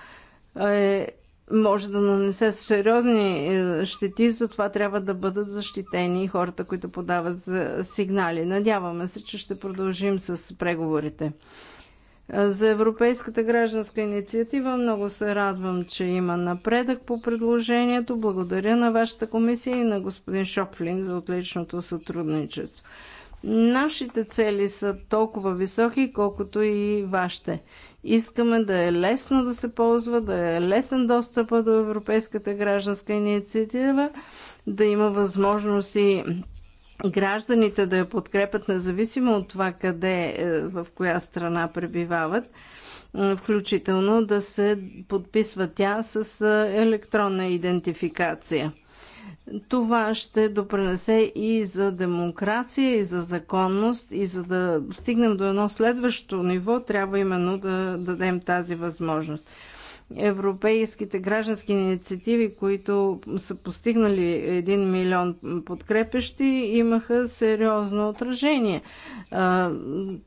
Speaker 3: е може да нанесе сериозни е, щети, затова трябва да бъдат защитени хората, които подават сигнали. Надяваме се, че ще продължим с преговорите. Е, за Европейската гражданска инициатива много се радвам, че има напредък по предложението. Благодаря на вашата комисия и на господин Шопфлин за отличното сътрудничество. Нашите цели са толкова високи, колкото и вашите. Искаме да е лесно да се ползва, да е лесен достъпа до Европейската гражданска инициатива, да има възможност и гражданите да я подкрепят, независимо от това къде, е, в коя страна пребивават, е, включително да се подписва тя с е, електронна идентификация. Това ще допренесе и за демокрация, и за законност, и за да стигнем до едно следващо ниво, трябва именно да дадем тази възможност. Европейските граждански инициативи, които са постигнали 1 милион подкрепещи, имаха сериозно отражение. А,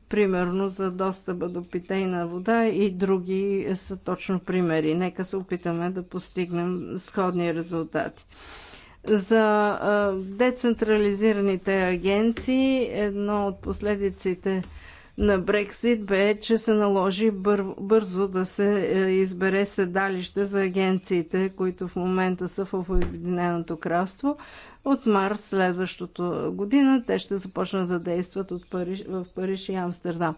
Speaker 3: примерно за достъпа до питейна вода и други са точно примери. Нека се опитаме да постигнем сходни резултати. За децентрализираните агенции едно от последиците на Брексит бе, че се наложи бързо да се е, избере седалище за агенциите, които в момента са в Обединеното кралство. От март следващото година те ще започнат да действат от Париж, в Париж и Амстердам.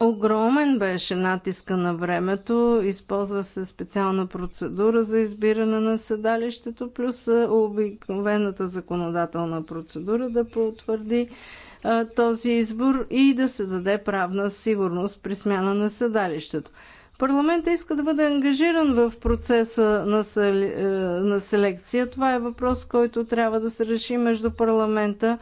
Speaker 3: Огромен беше натиска на времето, използва се специална процедура за избиране на седалището, плюс обикновената законодателна процедура да потвърди а, този избор и да се даде правна сигурност при смяна на седалището. Парламентът иска да бъде ангажиран в процеса на, сел... Е, на селекция. Това е въпрос, който трябва да се реши между парламента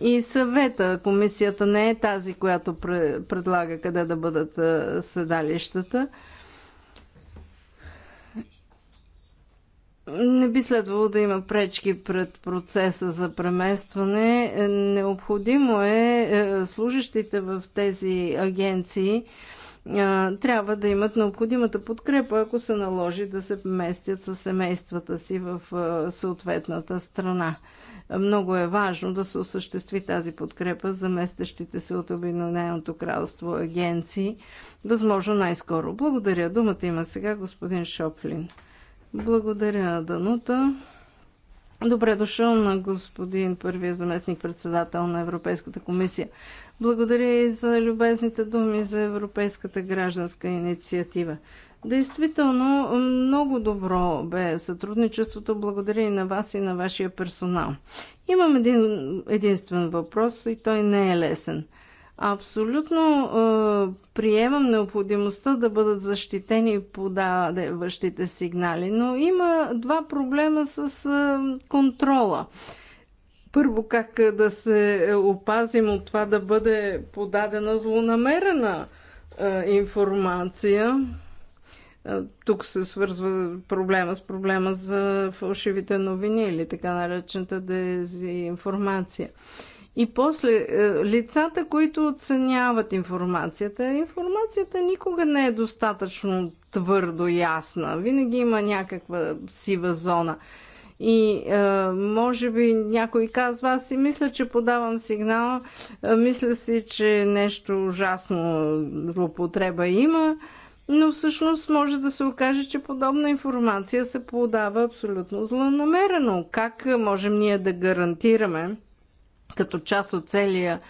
Speaker 3: и съвета. Комисията не е тази, която предлага къде да бъдат е, седалищата. Не би следвало да има пречки пред процеса за преместване. Необходимо е, е служащите в тези агенции трябва да имат необходимата подкрепа, ако се наложи да се местят с семействата си в съответната страна. Много е важно да се осъществи тази подкрепа за местещите се от Обединеното кралство агенции, възможно най-скоро. Благодаря. Думата има сега господин Шоплин. Благодаря, Данута. Добре дошъл на господин първия заместник председател на Европейската комисия. Благодаря и за любезните думи за Европейската гражданска инициатива. Действително, много добро бе сътрудничеството. Благодаря и на вас и на вашия персонал. Имам един единствен въпрос и той не е лесен – Абсолютно е, приемам необходимостта да бъдат защитени подаващите сигнали, но има два проблема с е, контрола. Първо, как да се опазим от това да бъде подадена злонамерена е, информация. Тук се свързва проблема с проблема за фалшивите новини или така наречената дезинформация. И после, е, лицата, които оценяват информацията, информацията никога не е достатъчно твърдо ясна. Винаги има някаква сива зона. И е, може би някой казва, аз си мисля, че подавам сигнал, е, мисля си, че нещо ужасно злопотреба има, но всъщност може да се окаже, че подобна информация се подава абсолютно злонамерено. Как можем ние да гарантираме, като част от целия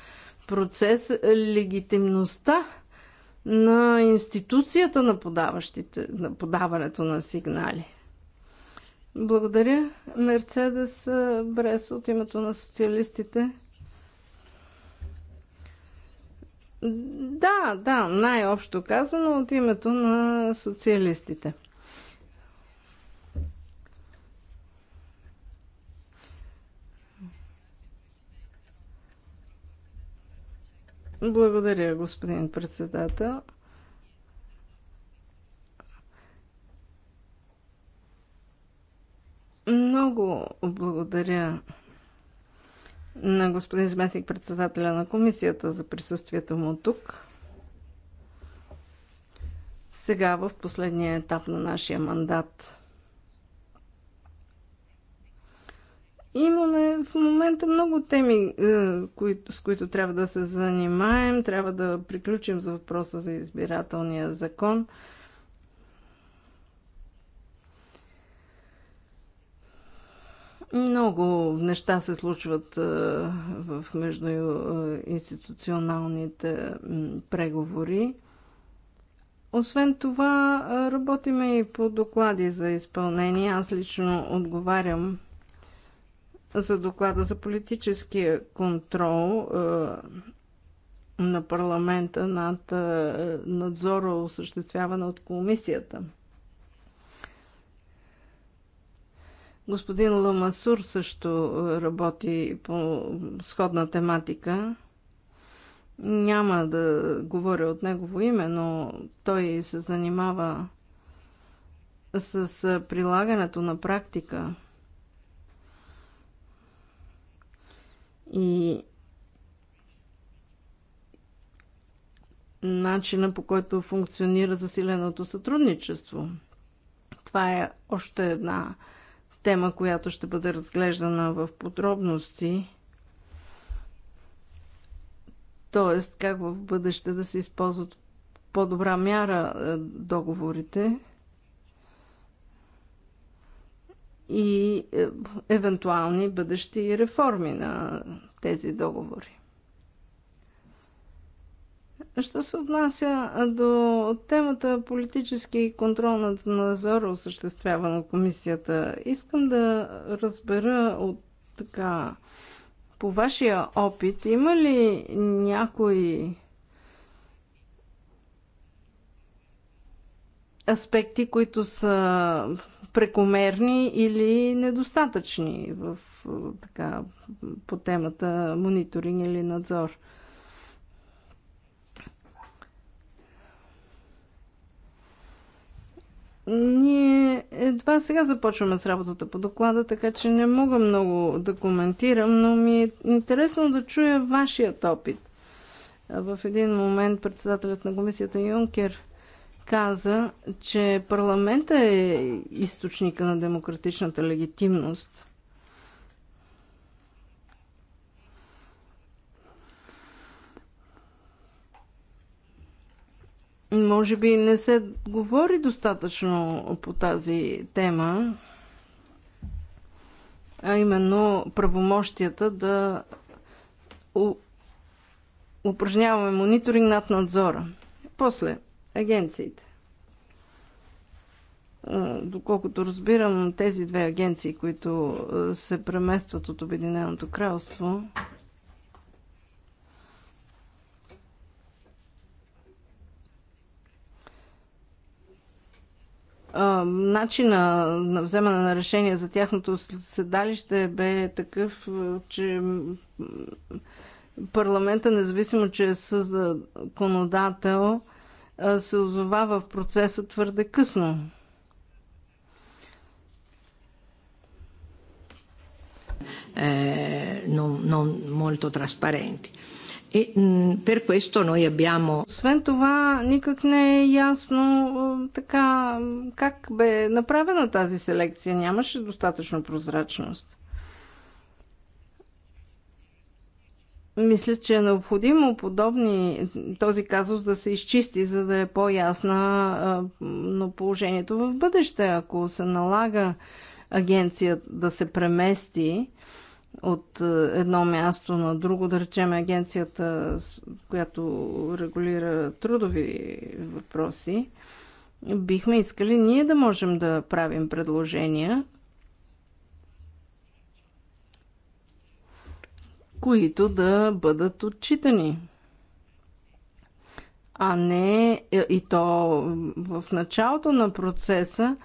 Speaker 3: процес легитимността на институцията на, подаващите, на подаването на сигнали. Благодаря, Мерцедес Брес от името на социалистите. Да, да, най-общо казано от името на социалистите. Благодаря, господин председател. Много благодаря на господин заместник председателя на комисията за присъствието му тук. Сега в последния етап на нашия мандат – Имаме в момента много теми, е, с които трябва да се занимаем. Трябва да приключим за въпроса за избирателния закон. Много неща се случват е, в междуинституционалните преговори. Освен това, е, работиме и по доклади за изпълнение. Аз лично отговарям за доклада за политическия контрол е, на парламента над е, надзора, осъществяван от комисията. Господин Ламасур също работи по сходна тематика. Няма да говоря от негово име, но той се занимава с прилагането на практика и начина по който функционира засиленото сътрудничество. Това е още една тема, която ще бъде разглеждана в подробности. Тоест, как в бъдеще да се използват в по-добра мяра е, договорите, и е, евентуални бъдещи реформи на тези договори. Що се отнася до темата политически контрол над надзора, осъществяван от комисията, искам да разбера от така по вашия опит, има ли някои аспекти, които са прекомерни или недостатъчни в, така, по темата мониторинг или надзор. Ние едва сега започваме с работата по доклада, така че не мога много да коментирам, но ми е интересно да чуя вашият опит. В един момент председателят на комисията Юнкер каза, че парламента е източника на демократичната легитимност. Може би не се говори достатъчно по тази тема, а именно правомощията да упражняваме мониторинг над надзора. После, агенциите. Доколкото разбирам, тези две агенции, които се преместват от Обединеното кралство, начина на вземане на решение за тяхното седалище бе такъв, че парламента, независимо, че е със законодател, се озова в процеса твърде късно. Eh, non, non molto trasparenti. E mm, per questo noi abbiamo... Освен това, никак не е ясно така как бе направена тази селекция. Нямаше достатъчно прозрачност. Мисля, че е необходимо подобни този казус да се изчисти, за да е по-ясна на положението в бъдеще. Ако се налага агенция да се премести от едно място на друго, да речем агенцията, която регулира трудови въпроси, бихме искали ние да можем да правим предложения които да бъдат отчитани. А не е, и то в началото на процеса,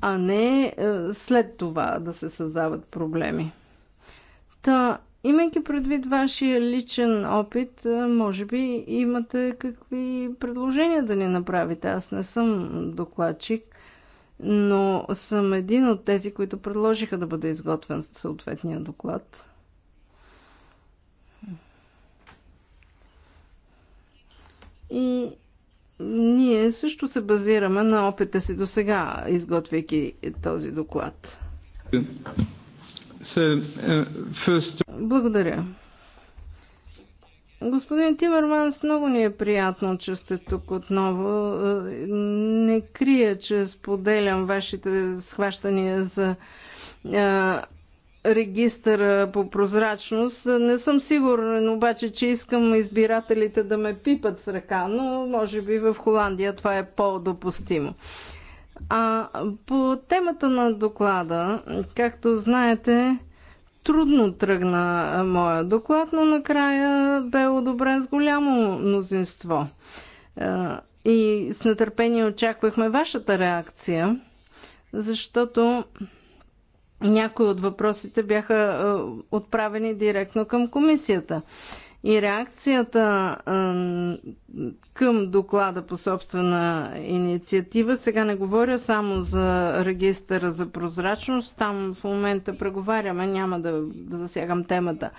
Speaker 3: а не е, след това да се създават проблеми. Та, имайки предвид вашия личен опит, е, може би имате какви предложения да ни направите. Аз не съм докладчик, но съм един от тези, които предложиха да бъде изготвен съответния доклад. И ние също се базираме на опита си до сега, изготвяйки този доклад.
Speaker 5: So, uh, first...
Speaker 3: Благодаря. Господин Тимерманс, много ни е приятно, че сте тук отново. Е, не крия, че споделям вашите схващания за uh, регистъра по прозрачност. Не съм сигурен обаче, че искам избирателите да ме пипат с ръка, но може би в Холандия това е по-допустимо. А по темата на доклада, както знаете, трудно тръгна моя доклад, но накрая бе одобрен с голямо мнозинство. И с нетърпение очаквахме вашата реакция, защото някои от въпросите бяха е, отправени директно към комисията. И реакцията е, към доклада по собствена инициатива, сега не говоря само за регистъра за прозрачност, там в момента преговаряме, няма да засягам темата.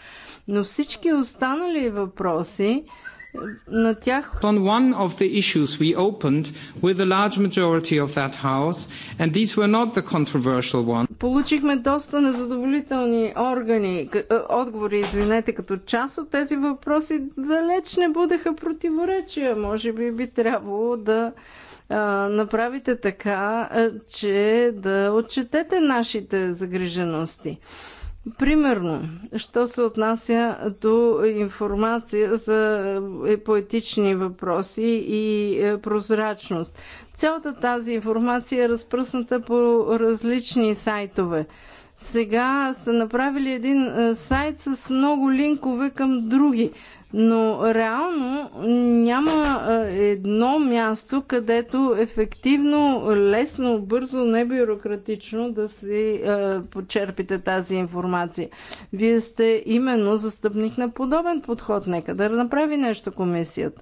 Speaker 3: Но всички останали въпроси, на тях.
Speaker 5: On one of the issues we opened with a large majority of that house and these were not the controversial ones.
Speaker 3: Получихме доста незадоволителни органи, е, отговори, извинете, като част от тези въпроси далеч не будеха противоречия. Може би би трябвало да направите така, че да отчетете нашите загрижености. Примерно, що се отнася до информация за е, поетични въпроси и е, прозрачност. Цялата тази информация е разпръсната по различни сайтове. Сега сте направили един е, сайт с много линкове към други но реално няма едно място, където ефективно, лесно, бързо, небюрократично да си е, почерпите тази информация. Вие сте именно застъпник на подобен подход. Нека да направи нещо комисията.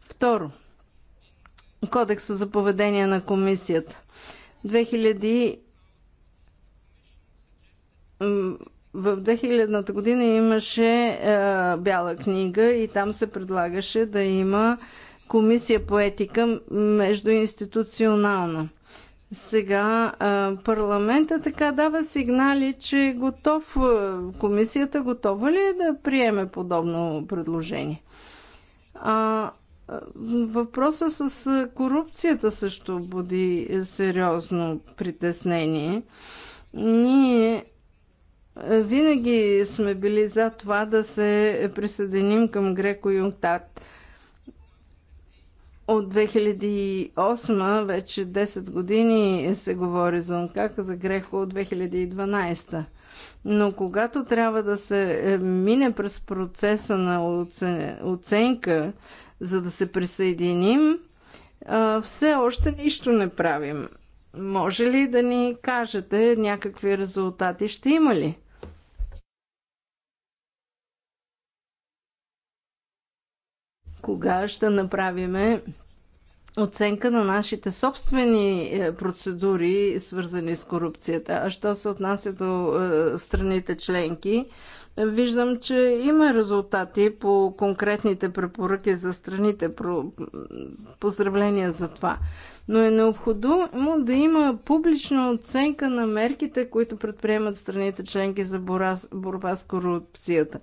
Speaker 3: Второ, кодекса за поведение на комисията. 2000 в 2000-та година имаше е, бяла книга и там се предлагаше да има комисия по етика междуинституционална. Сега е, парламента така дава сигнали, че е готов, комисията готова ли е да приеме подобно предложение? А, въпроса с е, корупцията също буди сериозно притеснение. Ние е, винаги сме били за това да се присъединим към Греко Юнктат. От 2008 вече 10 години се говори за Ункак, за Грехо от 2012. Но когато трябва да се е, мине през процеса на оценка, за да се присъединим, все още нищо не правим. Може ли да ни кажете някакви резултати ще има ли? кога ще направиме оценка на нашите собствени е, процедури, свързани с корупцията. А що се отнася до е, страните членки, виждам, че има резултати по конкретните препоръки за страните. Поздравления за това. Но е необходимо да има публична оценка на мерките, които предприемат страните членки за борба с корупцията.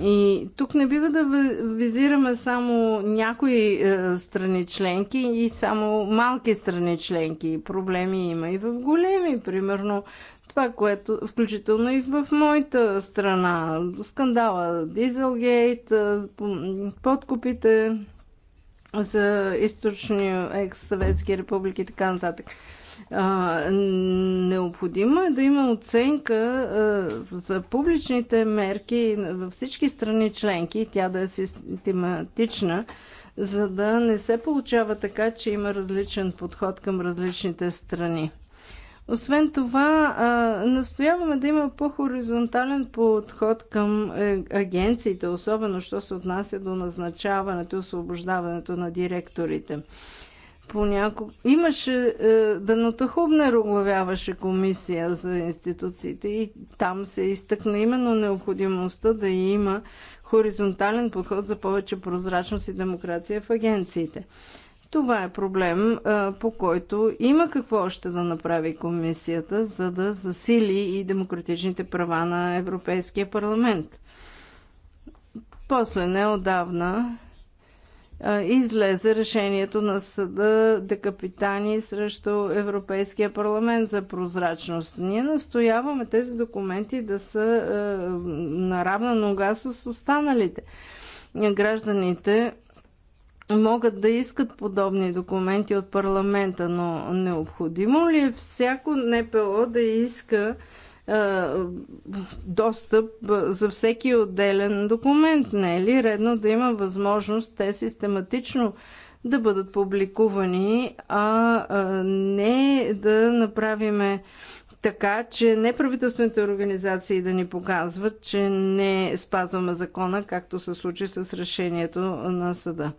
Speaker 3: И тук не бива да визираме само някои е, страни членки и само малки страни членки. Проблеми има и в големи, примерно това, което включително и в моята страна. Скандала Дизелгейт, е, подкупите за източни екс-съветски републики и така нататък. А, необходимо е да има оценка а, за публичните мерки във всички страни членки, тя да е систематична, за да не се получава така, че има различен подход към различните страни. Освен това, а, настояваме да има по-хоризонтален подход към е, агенциите, особено що се отнася до назначаването и освобождаването на директорите понякога... Имаше е, данотахубна оглавяваше комисия за институциите и там се изтъкна именно необходимостта да има хоризонтален подход за повече прозрачност и демокрация в агенциите. Това е проблем, е, по който има какво още да направи комисията, за да засили и демократичните права на Европейския парламент. После неодавна излезе решението на съда Декапитани срещу Европейския парламент за прозрачност. Ние настояваме тези документи да са на равна нога с останалите. Гражданите могат да искат подобни документи от парламента, но необходимо ли е всяко НПО да иска е, достъп за всеки отделен документ. Не е ли редно да има възможност те систематично да бъдат публикувани, а е, не да направиме така, че неправителствените организации да ни показват, че не спазваме закона, както се случи с решението на съда.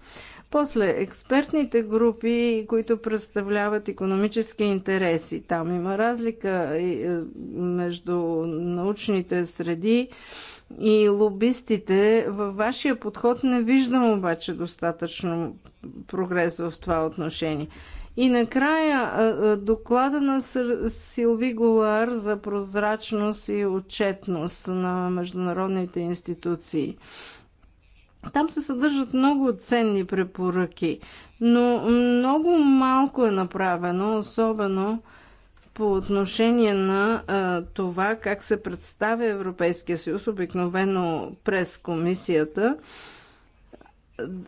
Speaker 3: После експертните групи, които представляват економически интереси. Там има разлика е, е, между научните среди и лобистите. Във вашия подход не виждам обаче достатъчно прогрес в това отношение. И накрая е, доклада на Силви Голар за прозрачност и отчетност на международните институции. Там се съдържат много ценни препоръки, но много малко е направено, особено по отношение на а, това как се представя Европейския съюз, обикновено през комисията,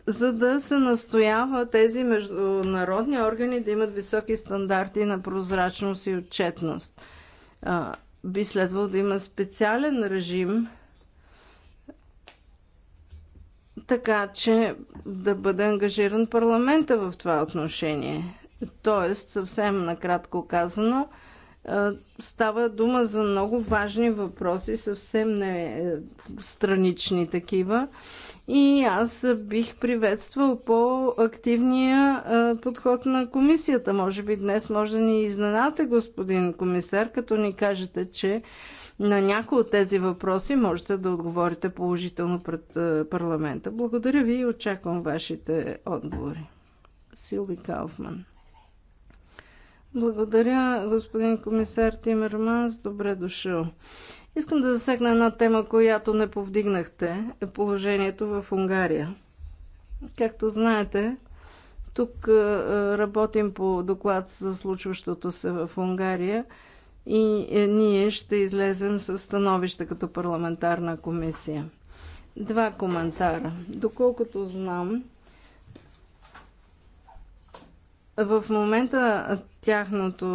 Speaker 3: за да се настоява тези международни органи да имат високи стандарти на прозрачност и отчетност. А, би следвало да има специален режим – така че да бъде ангажиран парламента в това отношение. Тоест, съвсем накратко казано, става дума за много важни въпроси, съвсем не е, странични такива. И аз бих приветствал по-активния подход на комисията. Може би днес може да ни изненадате, господин комисар, като ни кажете, че на някои от тези въпроси можете да отговорите положително пред е, парламента. Благодаря ви и очаквам вашите отговори. Силви Кауфман. Благодаря, господин комисар Тимерманс. Добре дошъл. Искам да засегна една тема, която не повдигнахте. Е положението в Унгария. Както знаете, тук е, работим по доклад за случващото се в Унгария – и е, ние ще излезем с становище като парламентарна комисия. Два коментара. Доколкото знам, в момента тяхното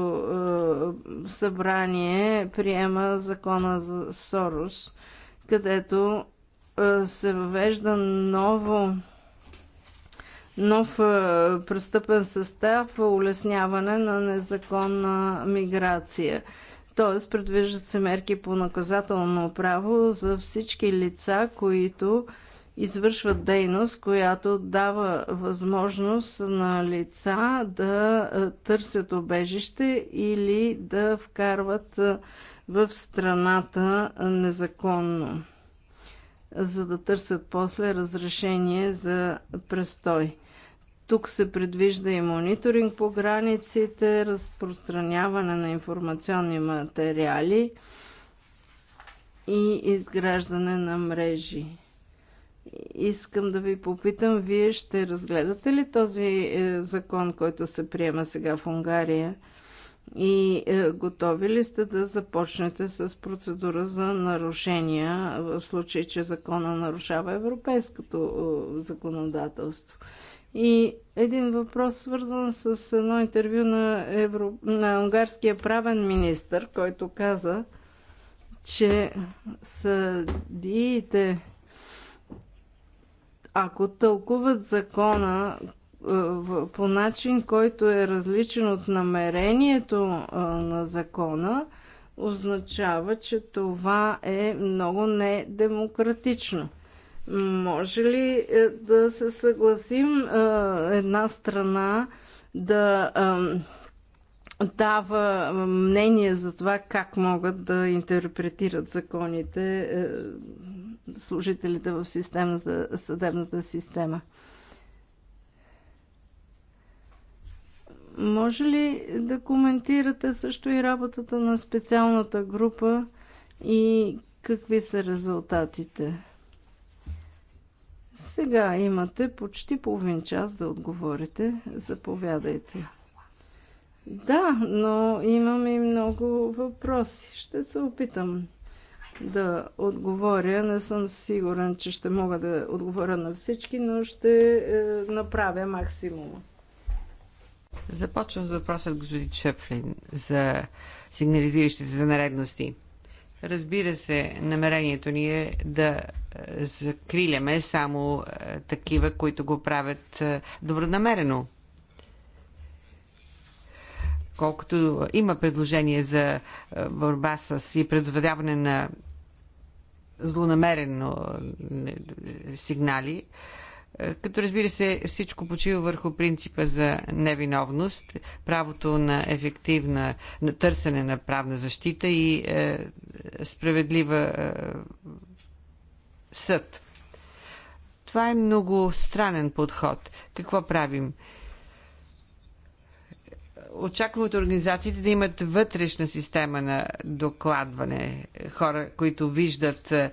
Speaker 3: е, събрание приема закона за Сорос, където е, се въвежда ново нов е, престъпен състав, улесняване на незаконна миграция. Тоест, предвиждат се мерки по наказателно право за всички лица, които извършват дейност, която дава възможност на лица да е, търсят обежище или да вкарват е, в страната незаконно, за да търсят после разрешение за престой. Тук се предвижда и мониторинг по границите, разпространяване на информационни материали и изграждане на мрежи. Искам да ви попитам, вие ще разгледате ли този е, закон, който се приема сега в Унгария? И е, готови ли сте да започнете с процедура за нарушения в случай, че закона нарушава европейското е, законодателство? И един въпрос, свързан с едно интервю на, Евро... на унгарския правен министр, който каза, че съдиите, ако тълкуват закона е, по начин, който е различен от намерението е, на закона, означава, че това е много недемократично. Може ли е, да се съгласим е, една страна да дава мнение за това как могат да интерпретират законите е, служителите в системата, съдебната система? Може ли да коментирате също и работата на специалната група и какви са резултатите? Сега имате почти половин час да отговорите. Заповядайте. Да, но имам и много въпроси. Ще се опитам да отговоря. Не съм сигурен, че ще мога да отговоря на всички, но ще е, направя максимума.
Speaker 2: Започвам с въпросът, господин Шепфлин, за сигнализиращите за наредности.
Speaker 3: Разбира се,
Speaker 2: намерението ни е да е, закриляме само е, такива, които го правят е, добронамерено. Колкото има предложение за борба с и предотвратяване на злонамерено сигнали, като разбира се всичко почива върху принципа за невиновност, правото на ефективна, на търсене на правна защита и е, справедлива е, съд. Това е много странен подход. Какво правим? Е, очакваме от организациите да имат вътрешна система на докладване. Хора, които виждат е,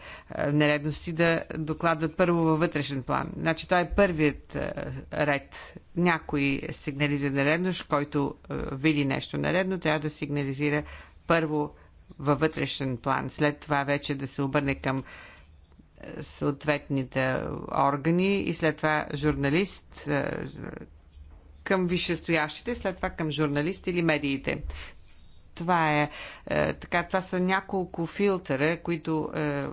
Speaker 2: нередности, да докладват първо във вътрешен план. Значи това е първият е, ред. Някой е сигнализира нередност, който види нещо нередно, трябва да сигнализира първо във вътрешен план. След това вече да се обърне към съответните органи и след това журналист, към висшестоящите, след това към журналисти или медиите. Това е, е така, това са няколко филтъра, които е,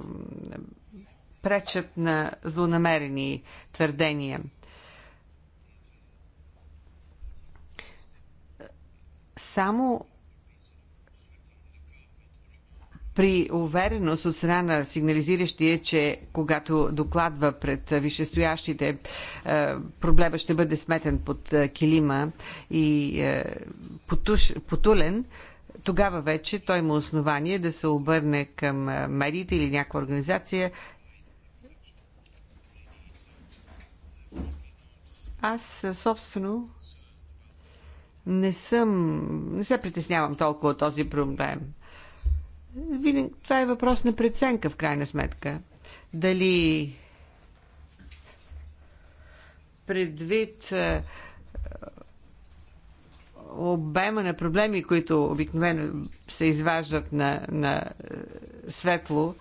Speaker 2: пречат на злонамерени твърдения. Само при увереност от страна на сигнализиращия, че когато докладва пред висшестоящите, е, проблема ще бъде сметен под е, килима и е, потуш, потулен, тогава вече той има основание да се обърне към медиите или някаква организация. Аз собствено не съм, не се притеснявам толкова от този проблем. Винаги, това е въпрос на преценка, в крайна сметка. Дали предвид е, обема на проблеми, които обикновено се изваждат на, на е, светло,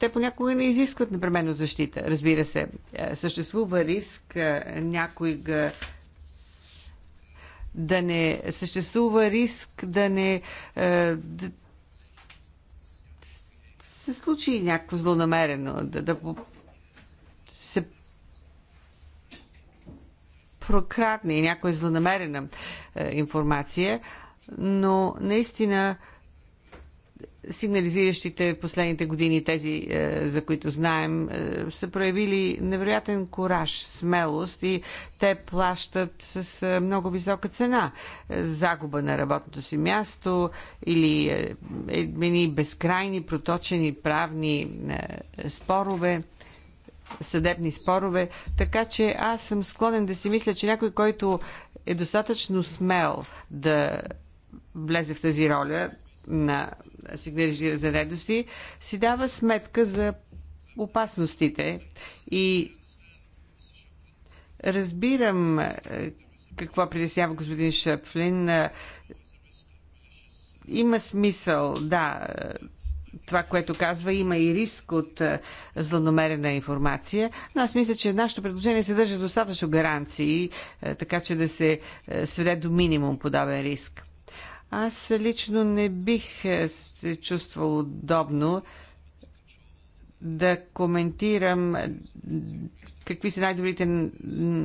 Speaker 2: те понякога не изискват непременно защита. Разбира се, е, съществува риск някой да не съществува риск да не да, се случи някакво злонамерено, да, да се прокрадне някоя злонамерена е, информация, но наистина сигнализиращите последните години, тези, е, за които знаем, е, са проявили невероятен кораж, смелост и те плащат с е, много висока цена. Загуба на работното си място или едни безкрайни проточени правни спорове съдебни спорове, така че аз съм склонен да си мисля, че някой, който е достатъчно смел да влезе в тази роля на сигнализира за редности, си дава сметка за опасностите и разбирам е, какво притеснява господин Шъпфлин. Е, има смисъл, да, е, това, което казва, има и риск от злонамерена информация, но аз мисля, че нашето предложение съдържа достатъчно гаранции, така че да се сведе до минимум подобен риск. Аз лично не бих е, се чувствал удобно да коментирам е, какви са най-добрите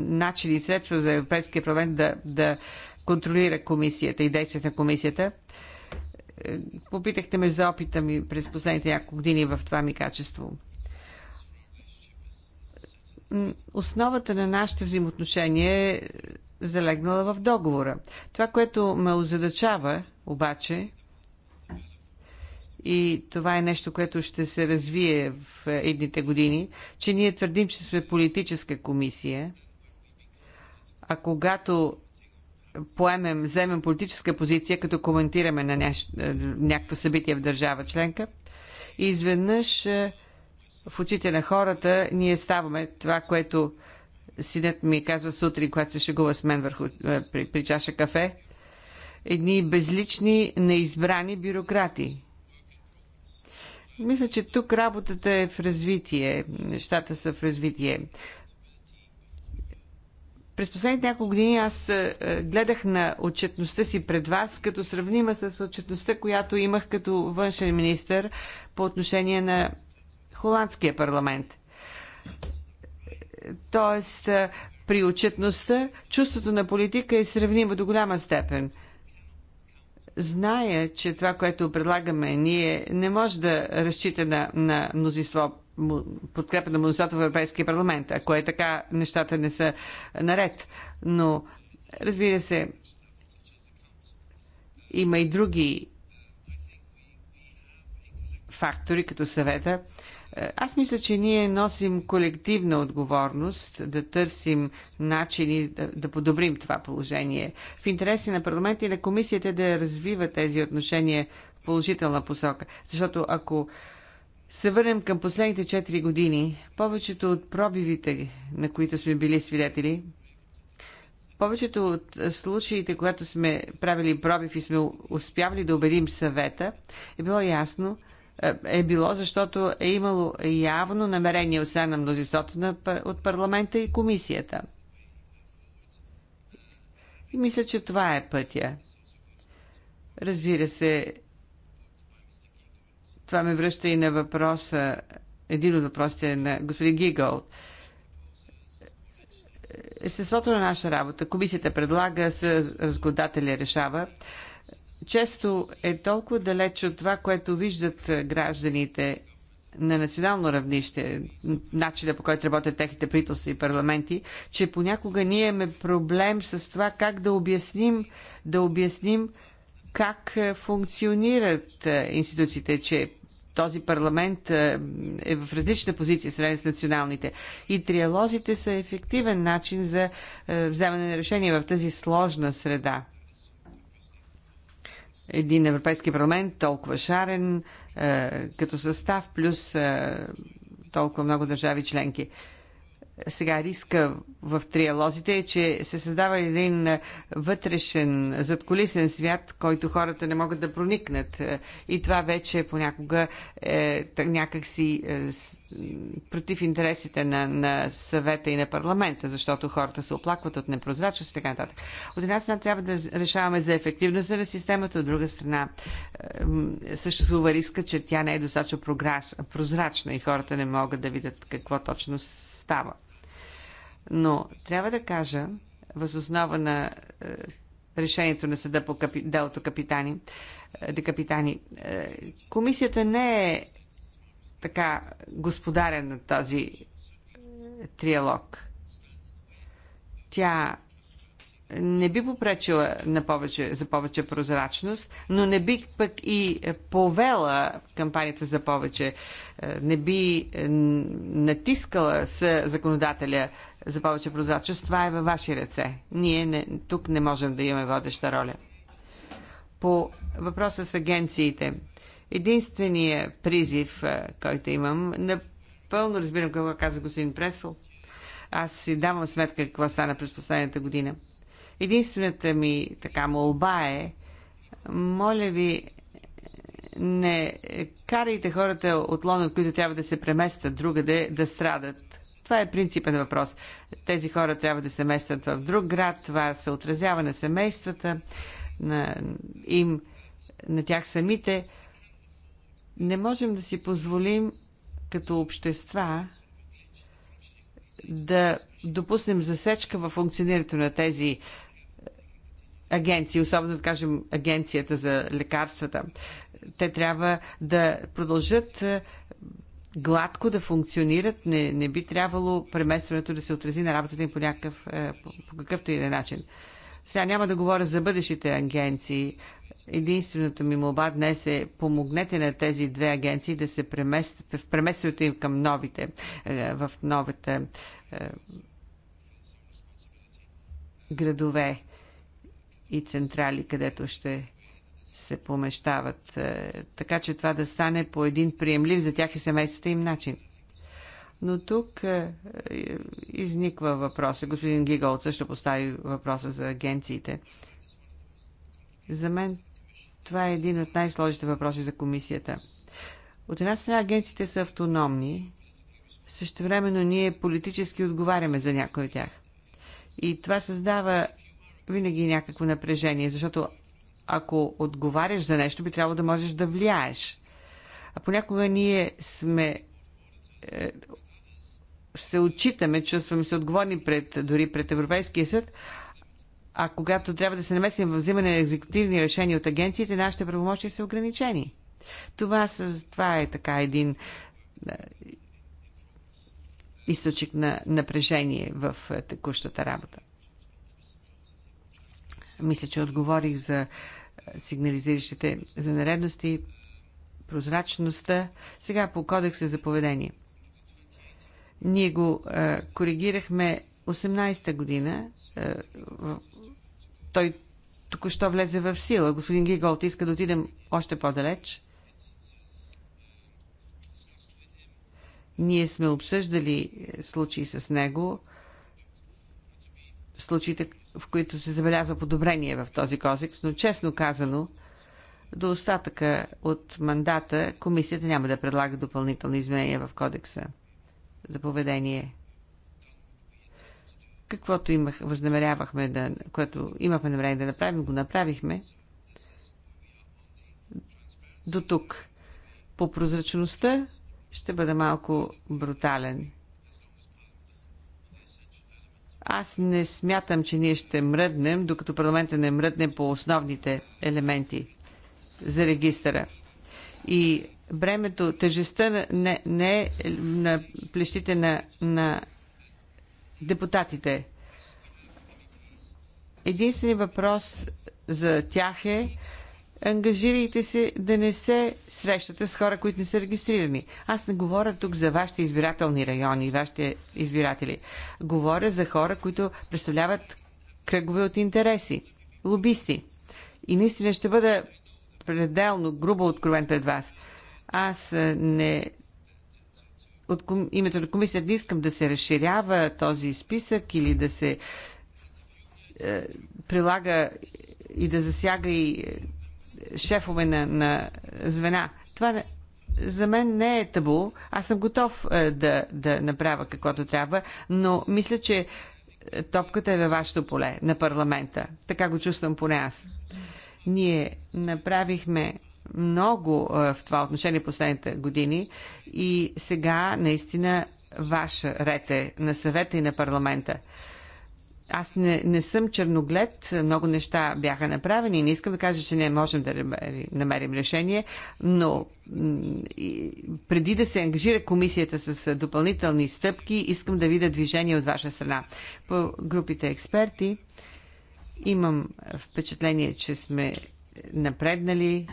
Speaker 2: начини и средства за Европейския парламент да, да контролира комисията и действията на комисията. Е, попитахте ме за опита ми през последните няколко години в това ми качество. Основата на нашите взаимоотношения е залегнала в договора. Това, което ме озадачава, обаче, и това е нещо, което ще се развие в едните години, че ние твърдим, че сме политическа комисия, а когато поемем, вземем политическа позиция, като коментираме на някакво събитие в държава членка, изведнъж е, в очите на хората ние ставаме това, което синът ми казва сутрин, когато се шегува с мен върху, е, при, при чаша кафе, едни безлични, неизбрани бюрократи. Мисля, че тук работата е в развитие, нещата са в развитие. През последните няколко години аз е, е, гледах на отчетността си пред вас, като сравнима с отчетността, която имах като външен министр по отношение на Холандския парламент. Т.е. при отчетността чувството на политика е сравнимо до голяма степен. Зная, че това, което предлагаме ние, не може да разчита на, на мнозинство подкрепа на мнозинството в Европейския парламент. Ако е така, нещата не са наред. Но, разбира се, има и други фактори, като съвета, аз мисля, че ние носим колективна отговорност да търсим начини да, да подобрим това положение. В интереси на парламента и на комисията е да развива тези отношения в положителна посока. Защото ако се върнем към последните 4 години, повечето от пробивите, на които сме били свидетели, повечето от случаите, когато сме правили пробив и сме успявали да убедим съвета, е било ясно, е, е било, защото е имало явно намерение от страна на мнозинството от парламента и комисията. И мисля, че това е пътя. Разбира се, това ме връща и на въпроса, един от въпросите на господин Гигъл. Естеството на наша работа. Комисията предлага, разгледателя решава често е толкова далеч от това, което виждат е, гражданите на национално равнище, начина по който работят техните правителства и парламенти, че понякога ние имаме проблем с това как да обясним, да обясним как е, функционират е, институциите, че този парламент е в различна позиция сравнение с националните. И триалозите са ефективен начин за вземане на решение в тази сложна среда един Европейски парламент толкова шарен е, като състав, плюс е, толкова много държави членки сега риска в триалозите е, че се създава един вътрешен, задколисен свят, който хората не могат да проникнат. И това вече понякога е някакси е, против интересите на, на съвета и на парламента, защото хората се оплакват от непрозрачност и така нататък. От една страна трябва да решаваме за ефективността на системата, от друга страна е, съществува риска, че тя не е достатъчно прозрачна и хората не могат да видят какво точно става. Но трябва да кажа, възоснова на е, решението на съда по капи, делото капитани, е, е комисията не е така господарен на този е, триалог. Тя не би попречила на повече, за повече прозрачност, но не би пък и повела кампанията за повече, е, не би е, натискала с законодателя за повече прозрачност. Това е във ваши ръце. Ние не, тук не можем да имаме водеща роля. По въпроса с агенциите. Единственият призив, е, който имам, напълно разбирам какво каза господин Пресъл. Аз си давам сметка какво стана през последната година – Единствената ми така молба е, моля ви, не карайте хората от Лондон, които трябва да се преместят другаде, да страдат. Това е принципен въпрос. Тези хора трябва да се местят в друг град. Това се отразява на семействата, на им, на тях самите. Не можем да си позволим като общества да допуснем засечка във функционирането на тези агенции, особено да кажем агенцията за лекарствата. Те трябва да продължат е, гладко да функционират. Не, не би трябвало преместването да се отрази на работата им по, някакъв, е, по, какъвто и да е начин. Сега няма да говоря за бъдещите агенции. Единственото ми молба днес е помогнете на тези две агенции да се преместят в преместването им към новите, в новите градове и централи, където ще се помещават. Е, така че това да стане по един приемлив за тях и семействата им начин. Но тук е, е, изниква въпроса. Господин Гигол също постави въпроса за агенциите. За мен това е един от най-сложните въпроси за комисията. От една страна агенциите са автономни, същевременно ние политически отговаряме за някои от тях. И това създава винаги е някакво напрежение, защото ако отговаряш за нещо, би трябвало да можеш да влияеш. А понякога ние сме е, се отчитаме, чувстваме се отговорни пред, дори пред Европейския съд, а когато трябва да се намесим в взимане на екзекутивни решения от агенциите, нашите правомощия са ограничени. Това, с, това е така един е, източник на напрежение в текущата работа. Мисля, че отговорих за сигнализиращите за нередности, прозрачността. Сега по кодекса за поведение. Ние го е, коригирахме 18-та година. Е, той току-що влезе в сила. Господин Гиголт иска да отидем още по-далеч. Ние сме обсъждали случаи с него случаите, в които се забелязва подобрение в този кодекс, но честно казано, до остатъка от мандата комисията няма да предлага допълнителни изменения в кодекса за поведение. Каквото имах, възнамерявахме да, което имахме намерение да направим, го направихме. До тук. По прозрачността ще бъда малко брутален. Аз не смятам, че ние ще мръднем, докато парламента не мръдне по основните елементи за регистъра. И бремето, тежестта не, не е на плещите на, на депутатите. Единственият въпрос за тях е ангажирайте се да не се срещате с хора, които не са регистрирани. Аз не говоря тук за вашите избирателни райони и вашите избиратели. Говоря за хора, които представляват кръгове от интереси, лобисти. И наистина ще бъда пределно грубо откровен пред вас. Аз е, не от ком... името на комисията не искам да се разширява този списък или да се е, прилага и да засяга и е, шефове на, на звена. Това за мен не е табу. Аз съм готов е, да, да направя каквото трябва, но мисля, че е, топката е във вашето поле, на парламента. Така го чувствам поне аз. Ние направихме много е, в това отношение последните години и сега наистина ваш рете на съвета и на парламента аз не, не съм черноглед, много неща бяха направени. Не искам да кажа, че не можем да намерим решение, но преди да се ангажира комисията с допълнителни стъпки, искам да видя движение от ваша страна. По групите експерти имам впечатление, че сме напреднали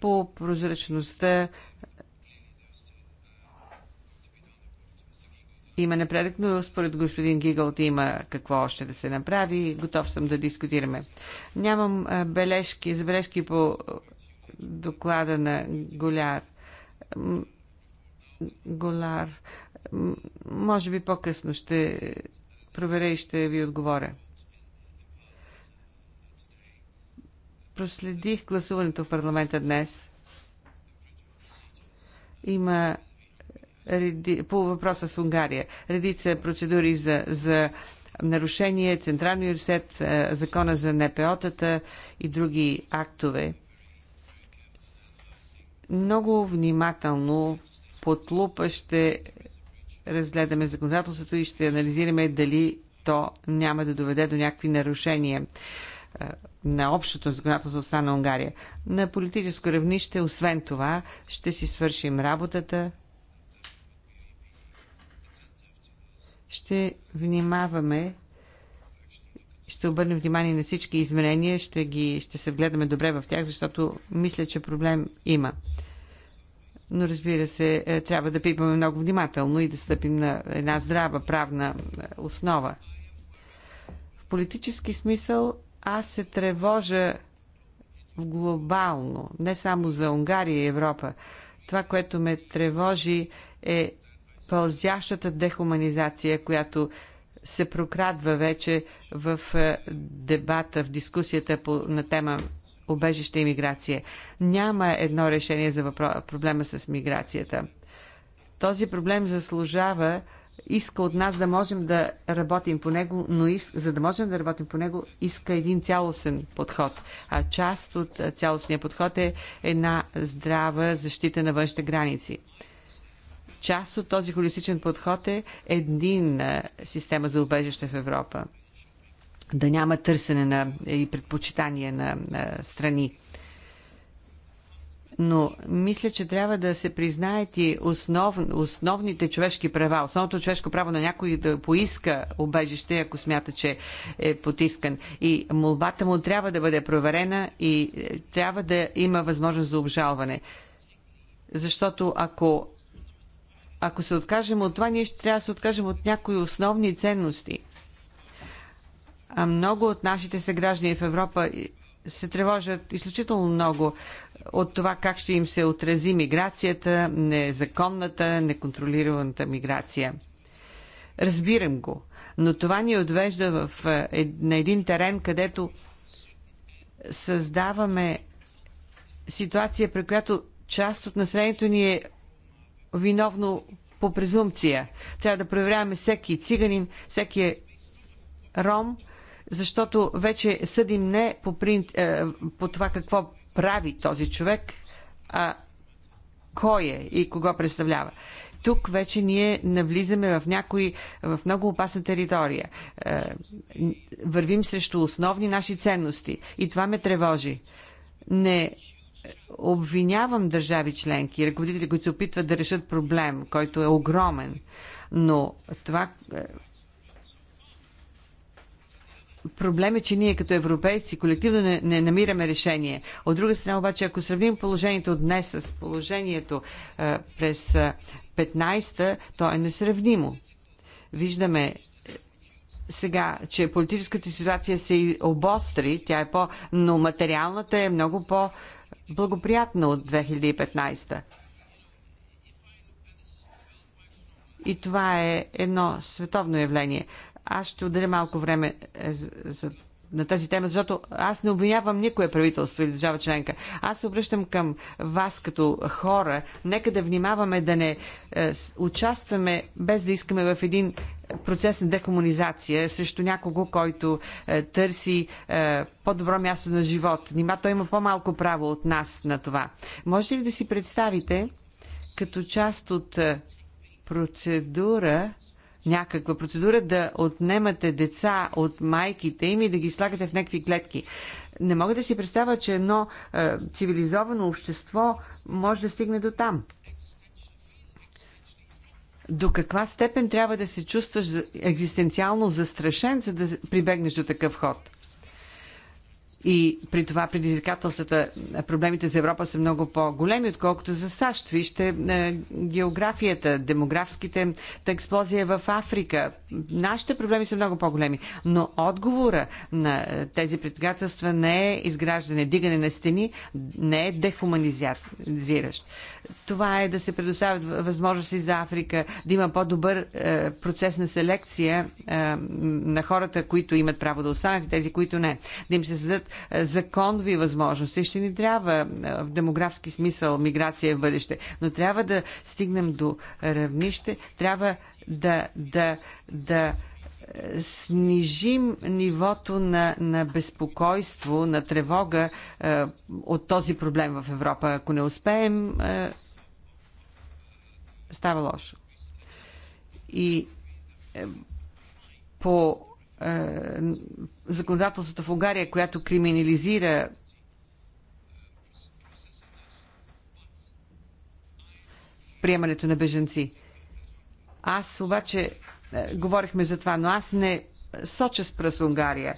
Speaker 2: по прозрачността, има напредък, но според господин Гигалт има какво още да се направи. Готов съм да дискутираме. Нямам бележки, забележки по доклада на Голяр. Голяр. Може би по-късно ще проверя и ще ви отговоря. Проследих гласуването в парламента днес. Има по въпроса с Унгария. Редица процедури за, за нарушение, Централния университет, е, закона за НПО-тата и други актове. Много внимателно под лупа ще разгледаме законодателството и ще анализираме дали то няма да доведе до някакви нарушения е, на общото законодателство страна на Унгария. На политическо равнище, освен това, ще си свършим работата, ще внимаваме, ще обърнем внимание на всички изменения, ще, ги, ще се вгледаме добре в тях, защото мисля, че проблем има. Но разбира се, е, трябва да пипаме много внимателно и да стъпим на една здрава правна е, основа. В политически смисъл аз се тревожа глобално, не само за Унгария и Европа. Това, което ме тревожи е пълзящата дехуманизация, която се прокрадва вече в е, дебата, в дискусията по, на тема обежище и миграция. Няма едно решение за въпро... проблема с миграцията. Този проблем заслужава, иска от нас да можем да работим по него, но и, за да можем да работим по него, иска един цялостен подход. А част от е, цялостния подход е една здрава защита на външните граници. Част от този холистичен подход е един е, система за убежище в Европа. Да няма търсене на, е, и предпочитание на, на е, страни но мисля, че трябва да се признаят и основ, основните човешки права, основното човешко право на някой да поиска убежище, ако смята, че е потискан. И молбата му трябва да бъде проверена и трябва да има възможност за обжалване. Защото ако ако се откажем от това, ние ще трябва да се откажем от някои основни ценности. А много от нашите съграждани в Европа се тревожат изключително много от това как ще им се отрази миграцията, незаконната, неконтролираната миграция. Разбирам го, но това ни отвежда в, е, на един терен, където създаваме ситуация, при която част от населението ни е виновно по презумпция. Трябва да проверяваме всеки циганин, всеки е ром, защото вече съдим не по, принт, е, по това какво прави този човек, а кой е и кого представлява. Тук вече ние навлизаме в някои, в много опасна територия. Е, вървим срещу основни наши ценности и това ме тревожи. Не обвинявам държави членки, ръководители, които се опитват да решат проблем, който е огромен, но това е, проблем е, че ние като европейци колективно не, не намираме решение. От друга страна обаче, ако сравним положението днес с положението а, е, през 15-та, е, то е несравнимо. Виждаме сега, че политическата ситуация се обостри, тя е по... но материалната е много по- благоприятна от 2015. И това е едно световно явление. Аз ще отделя малко време е, за на тази тема, защото аз не обвинявам никое правителство или държава членка. Аз се обръщам към вас като хора. Нека да внимаваме да не е, участваме без да искаме в един процес на декомунизация срещу някого, който е, търси е, по-добро място на живот. Нима той има по-малко право от нас на това. Може ли да си представите като част от е, процедура някаква процедура, да отнемате деца от майките им и да ги слагате в някакви клетки. Не мога да си представя, че едно е, цивилизовано общество може да стигне до там. До каква степен трябва да се чувстваш екзистенциално застрашен, за да прибегнеш до такъв ход? и при това предизвикателствата, е, проблемите за Европа са много по-големи, отколкото за САЩ. Вижте е, географията, демографските експлозия в Африка. Нашите проблеми са много по-големи. Но отговора на е, тези предизвикателства не е изграждане, дигане на стени, не е дехуманизиращ. Това е да се предоставят възможности за Африка, да има по-добър е, процес на селекция е, на хората, които имат право да останат и тези, които не. Да им се създадат е, законови възможности. Ще ни трябва е, в демографски смисъл миграция в бъдеще. Но трябва да стигнем до равнище, трябва да, да, да снижим нивото на, на безпокойство, на тревога е, от този проблем в Европа. Ако не успеем, е, става лошо. И е, по е, законодателството в Угария, която криминализира приемането на беженци. Аз обаче е, говорихме за това, но аз не соча с пръс Унгария.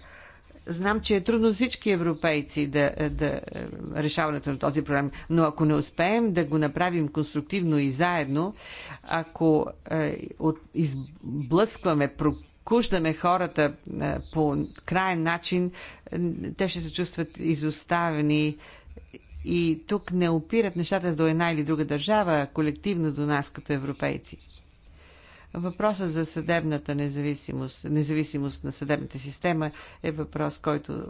Speaker 2: Знам, че е трудно всички европейци да, да е, решаването на този проблем, но ако не успеем да го направим конструктивно и заедно, ако е, от, изблъскваме, прокуждаме хората е, по крайен начин, е, те ще се чувстват изоставени и тук не опират нещата до една или друга държава, колективно до нас като европейци. Въпросът за съдебната независимост, независимост на съдебната система е въпрос, който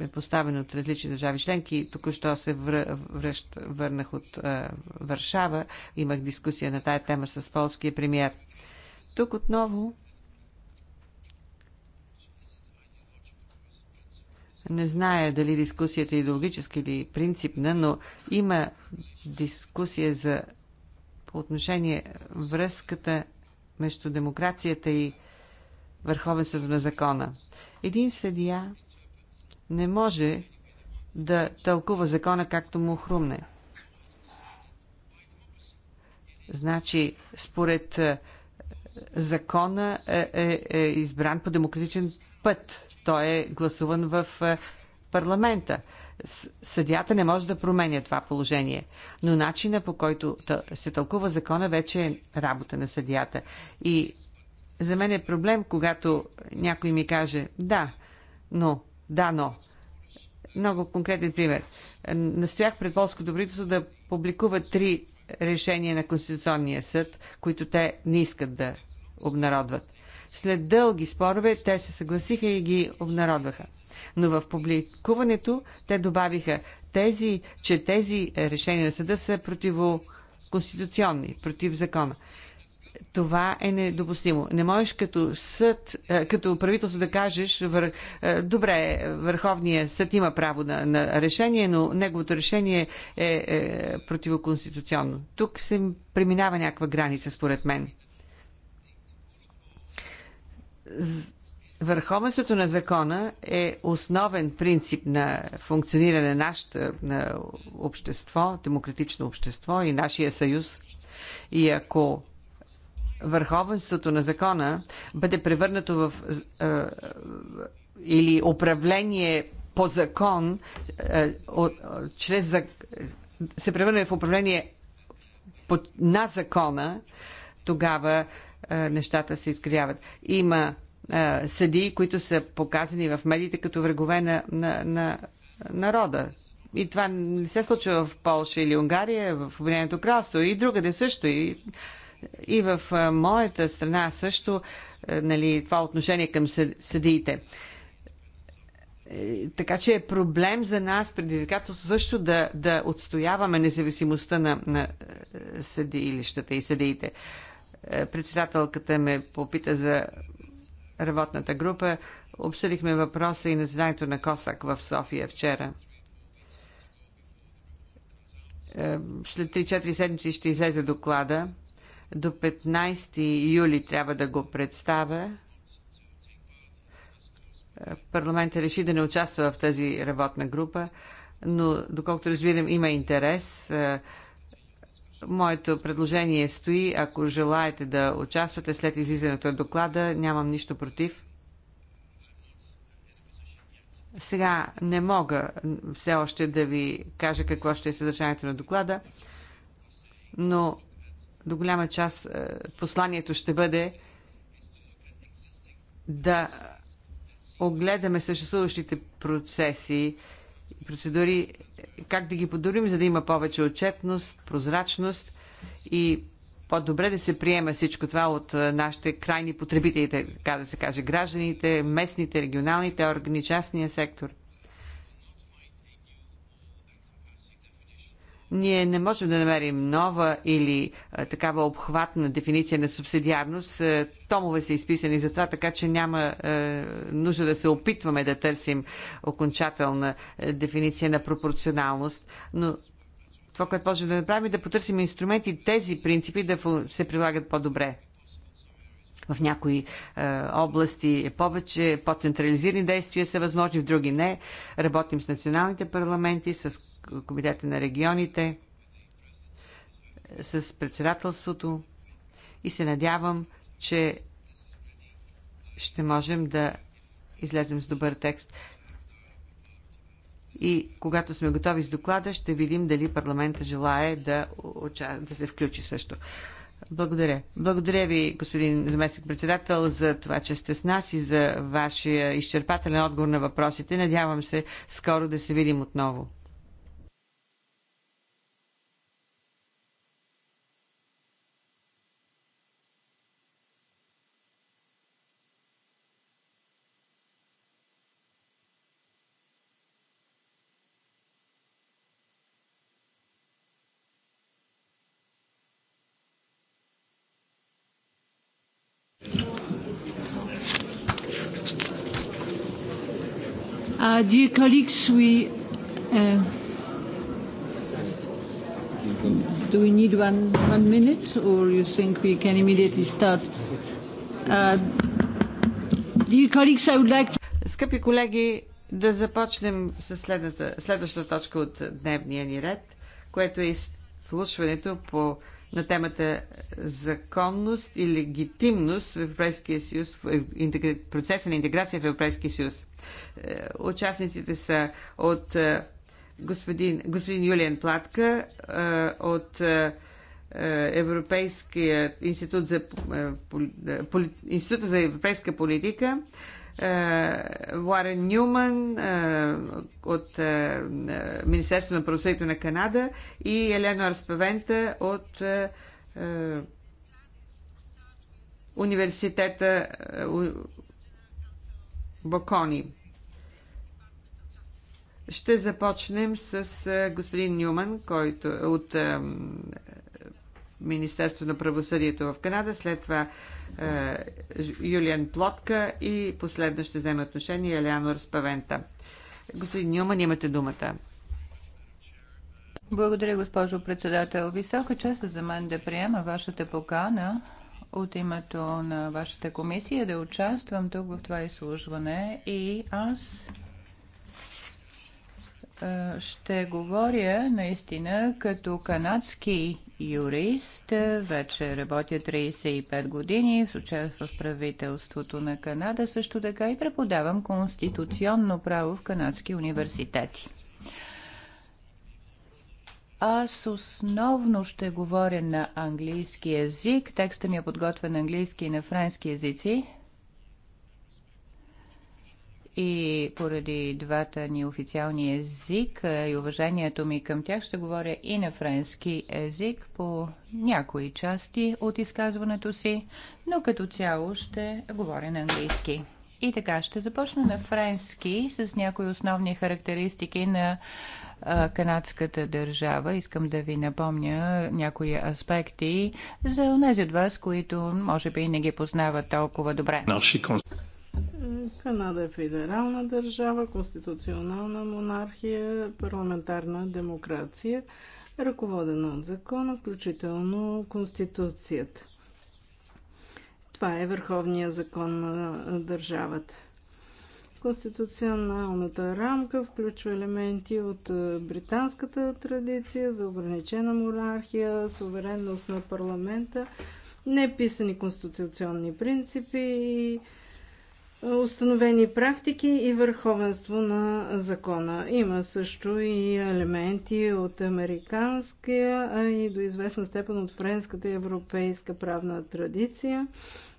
Speaker 2: е поставен от различни държави членки. Току-що се връщ... върнах от е, Варшава. Имах дискусия на тая тема с полския премьер. Тук отново Не зная дали дискусията е идеологическа или принципна, но има дискусия за по отношение връзката между демокрацията и върховенството на закона. Един съдия не може да тълкува закона както му хрумне. Значи, според е, закона е, е, е избран по демократичен път. Той е гласуван в е, парламента съдята не може да променя това положение. Но начина по който се тълкува закона вече е работа на съдията. И за мен е проблем, когато някой ми каже да, но, да, но. Много конкретен пример. Настоях пред Волско правителство да публикува три решения на Конституционния съд, които те не искат да обнародват. След дълги спорове те се съгласиха и ги обнародваха. Но в публикуването те добавиха, тези, че тези решения на съда са противоконституционни, против закона. Това е недопустимо. Не можеш като съд, е, като правителство да кажеш, вър... Е, добре, Върховният съд има право на, на решение, но неговото решение е, е противоконституционно. Тук се преминава някаква граница, според мен Върховенството на закона е основен принцип на функциониране на нашето на общество, демократично общество и нашия съюз. И ако върховенството на закона бъде превърнато в е, е или управление по закон, е, от, чрез се превърне в управление по, на закона, тогава е, нещата се изкривяват. Има е, съдии, които са показани в медиите като врагове на, на, на народа. И това не се случва в Польша или Унгария, в Обединеното кралство и другаде също. И, и в е, моята страна също е, нали, това отношение към съдиите. Така че е проблем за нас, предизвикателство също да, да отстояваме независимостта на, на съдилищата и съдиите председателката ме попита за работната група обсъдихме въпроса и на знанието на Косак в София вчера. Е, след 3-4 седмици ще излезе доклада. До 15 юли трябва да го представя. Е, парламентът реши да не участва в тази работна група, но доколкото разбирам, има интерес. Е, Моето предложение стои. Ако желаете да участвате след излизането на доклада, нямам нищо против. Сега не мога все още да ви кажа какво ще е съдържанието на доклада, но до голяма част е, посланието ще бъде да огледаме съществуващите процеси и процедури как да ги подобрим, за да има повече отчетност, прозрачност и по-добре да се приема всичко това от нашите крайни потребители, така да се каже, гражданите, местните, регионалните органи, частния сектор. Ние не можем да намерим нова или а, такава обхватна дефиниция на субсидиарност. Е, томове са изписани за това, така че няма а, е, нужда да се опитваме да търсим окончателна а, е, дефиниция на пропорционалност. Но това, което можем да направим е да потърсим инструменти тези принципи да се прилагат по-добре в някои е, области е повече, по-централизирани действия са възможни, в други не. Работим с националните парламенти, с Комитета на регионите, с председателството и се надявам, че ще можем да излезем с добър текст. И когато сме готови с доклада, ще видим дали парламента желае да, да се включи също. Благодаря. Благодаря ви, господин заместник председател, за това, че сте с нас и за вашия изчерпателен отговор на въпросите. Надявам се скоро да се видим отново.
Speaker 1: dear colleagues, we. Uh, do we need one, one minute, or you think we can immediately start? Uh, dear colleagues, I would like Скъпи колеги, да започнем с следната, следващата
Speaker 2: точка от дневния ни ред, което е изслушването по на темата законност и легитимност в Европейския съюз, в процеса на интеграция в Европейския съюз. Е, участниците са от е, господин, господин Юлиан Платка, е, от Европейския институт за, Института за европейска политика, е, Уарен Нюман е, от е, Министерството на правосъдието на Канада и Елена Арспавента от университета Бокони. Ще започнем с господин Нюман, който от Министерство на правосъдието в Канада, след това е, Юлиан Плотка и последно ще вземе отношение Елеанор Спавента. Господин Нюман, имате думата.
Speaker 4: Благодаря, госпожо председател. Висока чест е за мен да приема вашата покана от името на вашата комисия да участвам тук в това изслужване и аз е, ще говоря наистина като канадски юрист, вече работя 35 години, участвах в правителството на Канада, също така и преподавам конституционно право в канадски университети. Аз основно ще говоря на английски язик. Текста ми е подготвен на английски и на френски язици и поради двата ни официални език и уважението ми към тях ще говоря и на френски език по някои части от изказването си, но като цяло ще говоря на английски. И така, ще започна на френски с някои основни характеристики на канадската държава. Искам да ви напомня някои аспекти за тези от вас, които може би не ги познават толкова добре.
Speaker 3: Канада е федерална държава, конституционална монархия, парламентарна демокрация, ръководена от закона, включително Конституцията. Това е върховния закон на държавата. Конституционалната рамка включва елементи от е, британската традиция за ограничена монархия, суверенност на парламента, неписани конституционни принципи и установени практики и върховенство на закона. Има също и елементи от американския а и до известна степен от френската и европейска правна традиция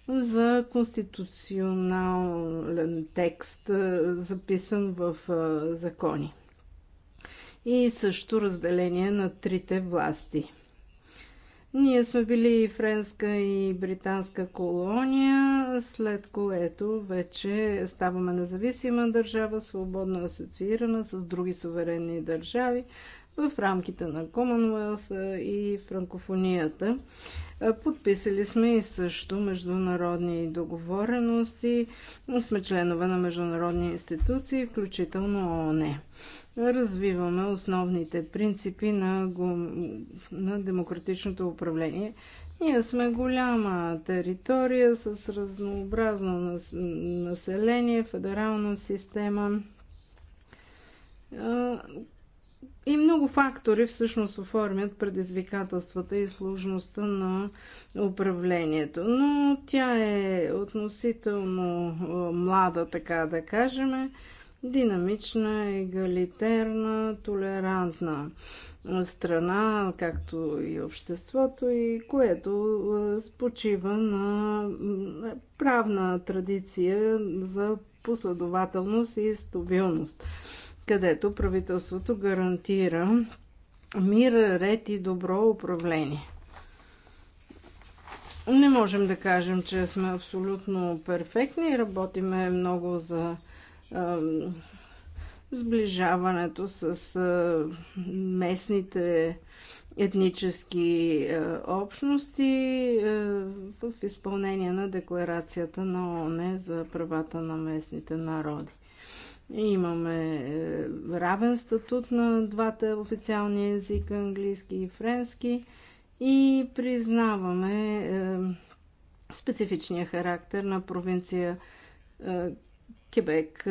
Speaker 3: за конституционален текст, записан в закони. И също разделение на трите власти. Ние сме били и френска и британска колония, след което вече ставаме независима държава, свободно асоциирана с други суверенни държави, в рамките на Commonwealth и франкофонията. Подписали сме и също международни договорености, сме членове на международни институции, включително ООН. Развиваме основните принципи на, на демократичното управление. Ние сме голяма територия с разнообразно население, федерална система, и много фактори всъщност оформят предизвикателствата и сложността на управлението. Но тя е относително млада, така да кажем, динамична, егалитерна, толерантна страна, както и обществото, и което спочива на правна традиция за последователност и стабилност където правителството гарантира мир, ред и добро управление. Не можем да кажем, че сме абсолютно перфектни. Работиме много за е, сближаването с е, местните етнически е, общности в изпълнение на декларацията на ОНЕ за правата на местните народи. Имаме е, равен статут на двата официални езика, английски и френски, и признаваме е, специфичния характер на провинция е, Кебек,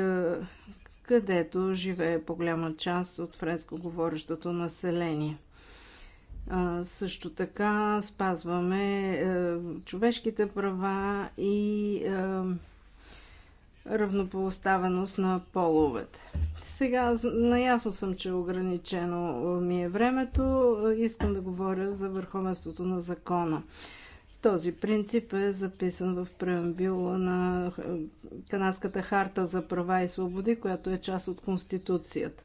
Speaker 3: където живее по-голяма част от френско говорещото население. Също така спазваме човешките права и равнопоставеност на половете. Сега наясно съм, че ограничено ми е времето. Искам да говоря за върховенството на закона. Този принцип е записан в преамбюла на Канадската харта за права и свободи, която е част от Конституцията.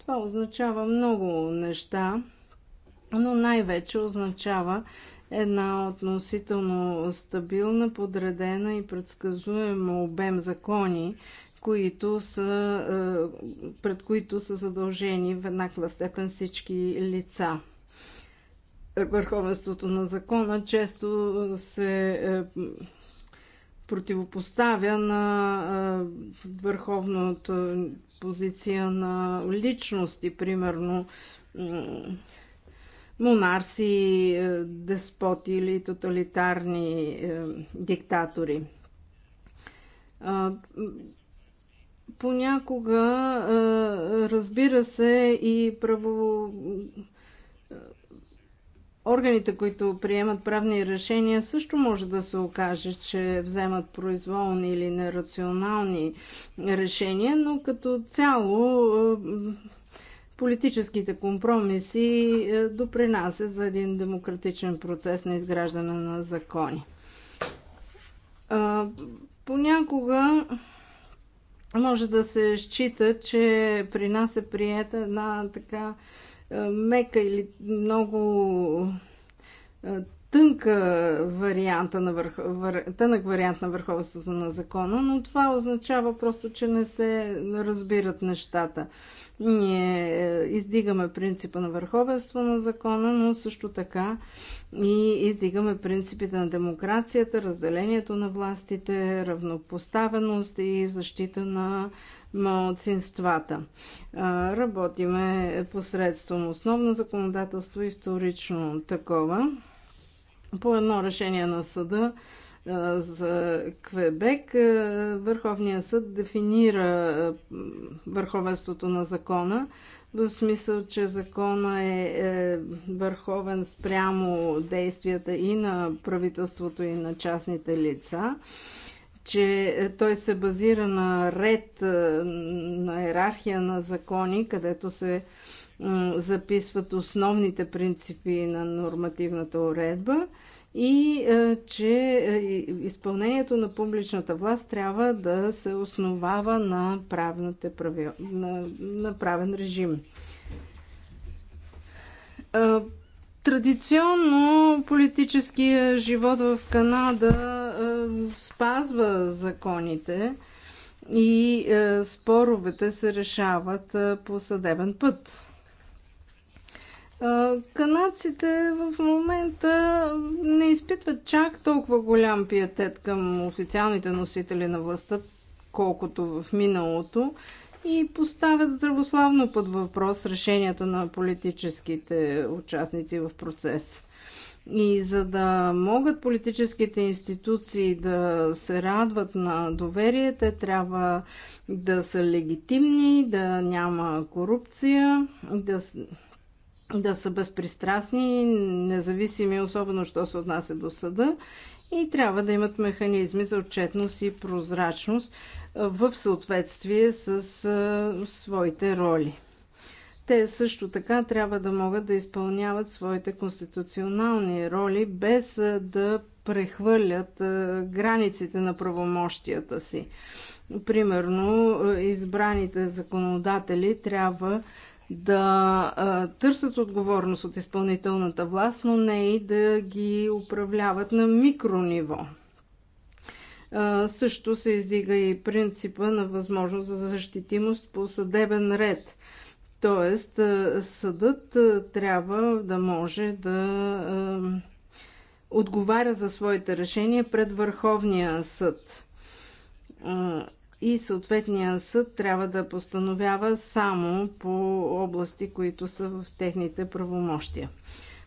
Speaker 3: Това означава много неща, но най-вече означава една относително стабилна, подредена и предсказуема обем закони, които са, е, пред които са задължени в еднаква степен всички лица. Върховенството на закона често се е, противопоставя на е, върховната позиция на личности, примерно монарси, е, деспоти или тоталитарни е, диктатори. Понякога, е, разбира се, и право... Органите, които приемат правни решения, също може да се окаже, че вземат произволни или нерационални решения, но като цяло политическите компромиси е, допринасят за един демократичен процес на изграждане на закони. Понякога може да се счита, че при нас е приета една така е, мека или много е, тънка варианта на върх... вър... тънък вариант на върховството на закона, но това означава просто, че не се разбират нещата. Ние е, издигаме принципа на върховенство на закона, но също така и издигаме принципите на демокрацията, разделението на властите, равнопоставеност и защита на малцинствата. Работиме посредством основно законодателство и вторично такова. По едно решение на съда за Квебек, Върховният съд дефинира върховенството на закона, в смисъл, че закона е, е върховен спрямо действията и на правителството, и на частните лица, че е, той се базира на ред, е, на иерархия на закони, където се записват основните принципи на нормативната уредба и е, че е, изпълнението на публичната власт трябва да се основава на, правните правил, на, на правен режим. Е, традиционно политическия живот в Канада спазва законите и споровете се решават по съдебен път. Канадците в момента не изпитват чак толкова голям пиетет към официалните носители на властта, колкото в миналото и поставят здравославно под въпрос решенията на политическите участници в процеса. И за да могат политическите институции да се радват на доверие, те трябва да са легитимни, да няма корупция, да да са безпристрастни, независими, особено що се отнася до съда, и трябва да имат механизми за отчетност и прозрачност в съответствие с своите роли. Те също така трябва да могат да изпълняват своите конституционални роли, без да прехвърлят границите на правомощията си. Примерно, избраните законодатели трябва да а, търсят отговорност от изпълнителната власт, но не и да ги управляват на микрониво. А, също се издига и принципа на възможност за защитимост по съдебен ред. Тоест, съдът трябва да може да отговаря за своите решения пред Върховния съд и съответния съд трябва да постановява само по области, които са в техните правомощия.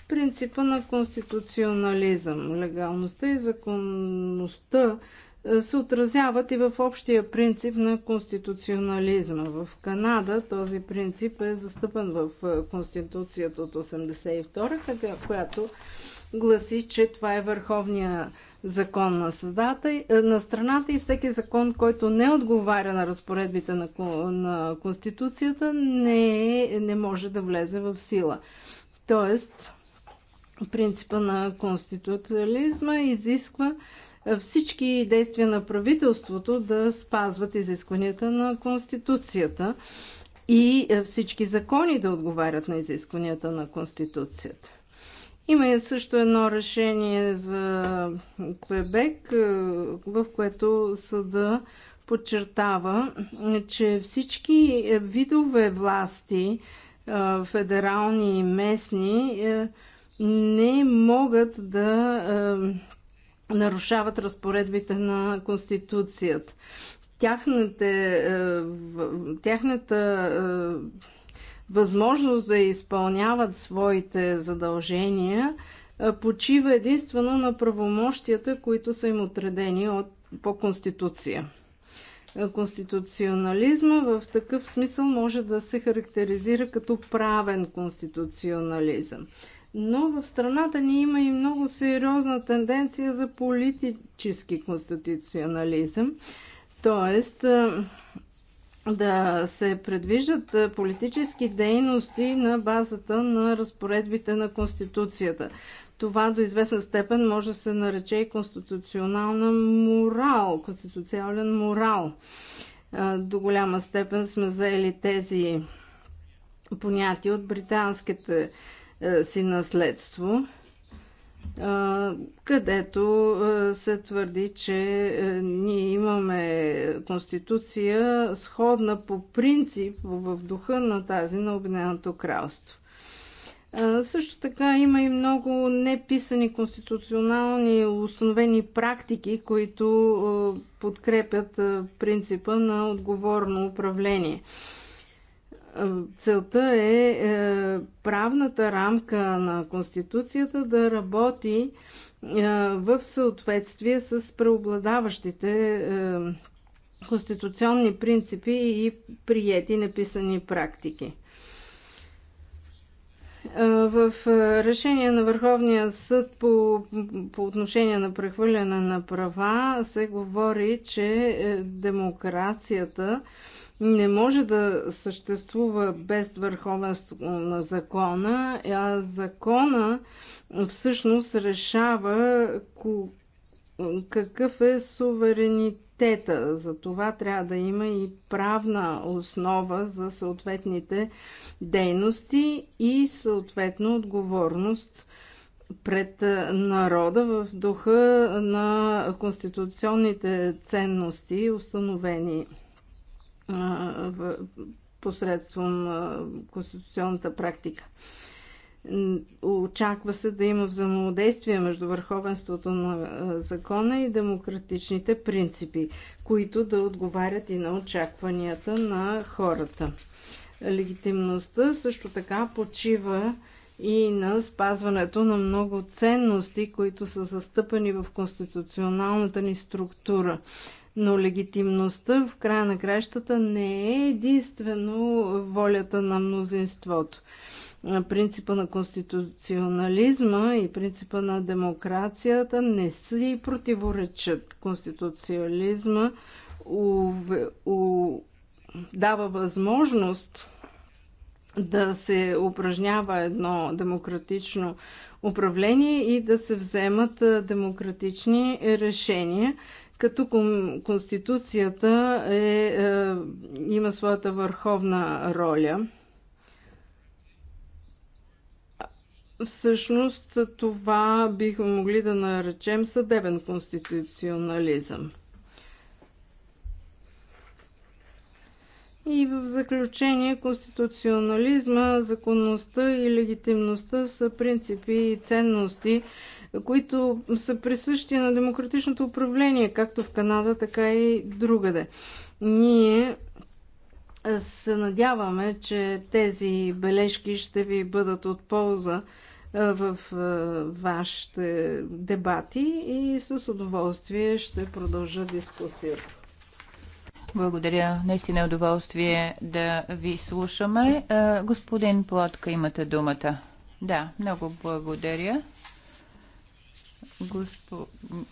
Speaker 3: Принципа на конституционализъм, легалността и законността е, се отразяват и в общия принцип на конституционализма. В Канада този принцип е застъпен в е, Конституцията от 1982, която гласи, че това е върховния закон на, създата, е, на страната и всеки закон, който не отговаря на разпоредбите на, на Конституцията, не, е, не може да влезе в сила. Тоест, принципа на конституциализма изисква е, всички действия на правителството да спазват изискванията на Конституцията и всички закони да отговарят на изискванията на Конституцията. Има също едно решение за Квебек, е, в което съда подчертава, че всички видове власти, е, федерални и местни, е, не могат да нарушават разпоредбите на Конституцията. Тяхната, тяхната възможност да изпълняват своите задължения, почива единствено на правомощията, които са им отредени от, по Конституция. Конституционализма в такъв смисъл може да се характеризира като правен конституционализъм. Но в страната ни има и много сериозна тенденция за политически конституционализъм, Тоест, да се предвиждат политически дейности на базата на разпоредбите на Конституцията. Това до известна степен може да се нарече и конституционална морал, конституционален морал. До голяма степен сме заели тези понятия от британските си наследство където се твърди, че ние имаме конституция сходна по принцип в духа на тази на Обединеното кралство. Също така има и много неписани конституционални установени практики, които подкрепят принципа на отговорно управление – Целта е, е правната рамка на Конституцията да работи е, в съответствие с преобладаващите е, конституционни принципи и приети написани практики. В решение на Върховния съд по, по отношение на прехвърляне на права се говори, че демокрацията не може да съществува без върховенство на закона, а закона всъщност решава какъв е суверенитета. За това трябва да има и правна основа за съответните дейности и съответно отговорност пред народа в духа на конституционните ценности, установени посредством конституционната практика. Очаква се да има взаимодействие между върховенството на закона и демократичните принципи, които да отговарят и на очакванията на хората. Легитимността също така почива и на спазването на много ценности, които са застъпени в конституционалната ни структура. Но легитимността в края на кращата не е единствено волята на мнозинството. Принципа на конституционализма и принципа на демокрацията не и противоречат. Конституционализма дава възможност да се упражнява едно демократично управление и да се вземат демократични решения като Конституцията е, е, има своята върховна роля. Всъщност това бихме могли да наречем съдебен конституционализъм. И в заключение, конституционализма, законността и легитимността са принципи и ценности, които са присъщи на демократичното управление, както в Канада, така и другаде. Ние се надяваме, че тези бележки ще ви бъдат от полза в вашите дебати и с удоволствие ще продължа дискусията.
Speaker 4: Благодаря. Наистина е удоволствие да ви слушаме. Господин Плотка, имате думата. Да, много благодаря. Госпо...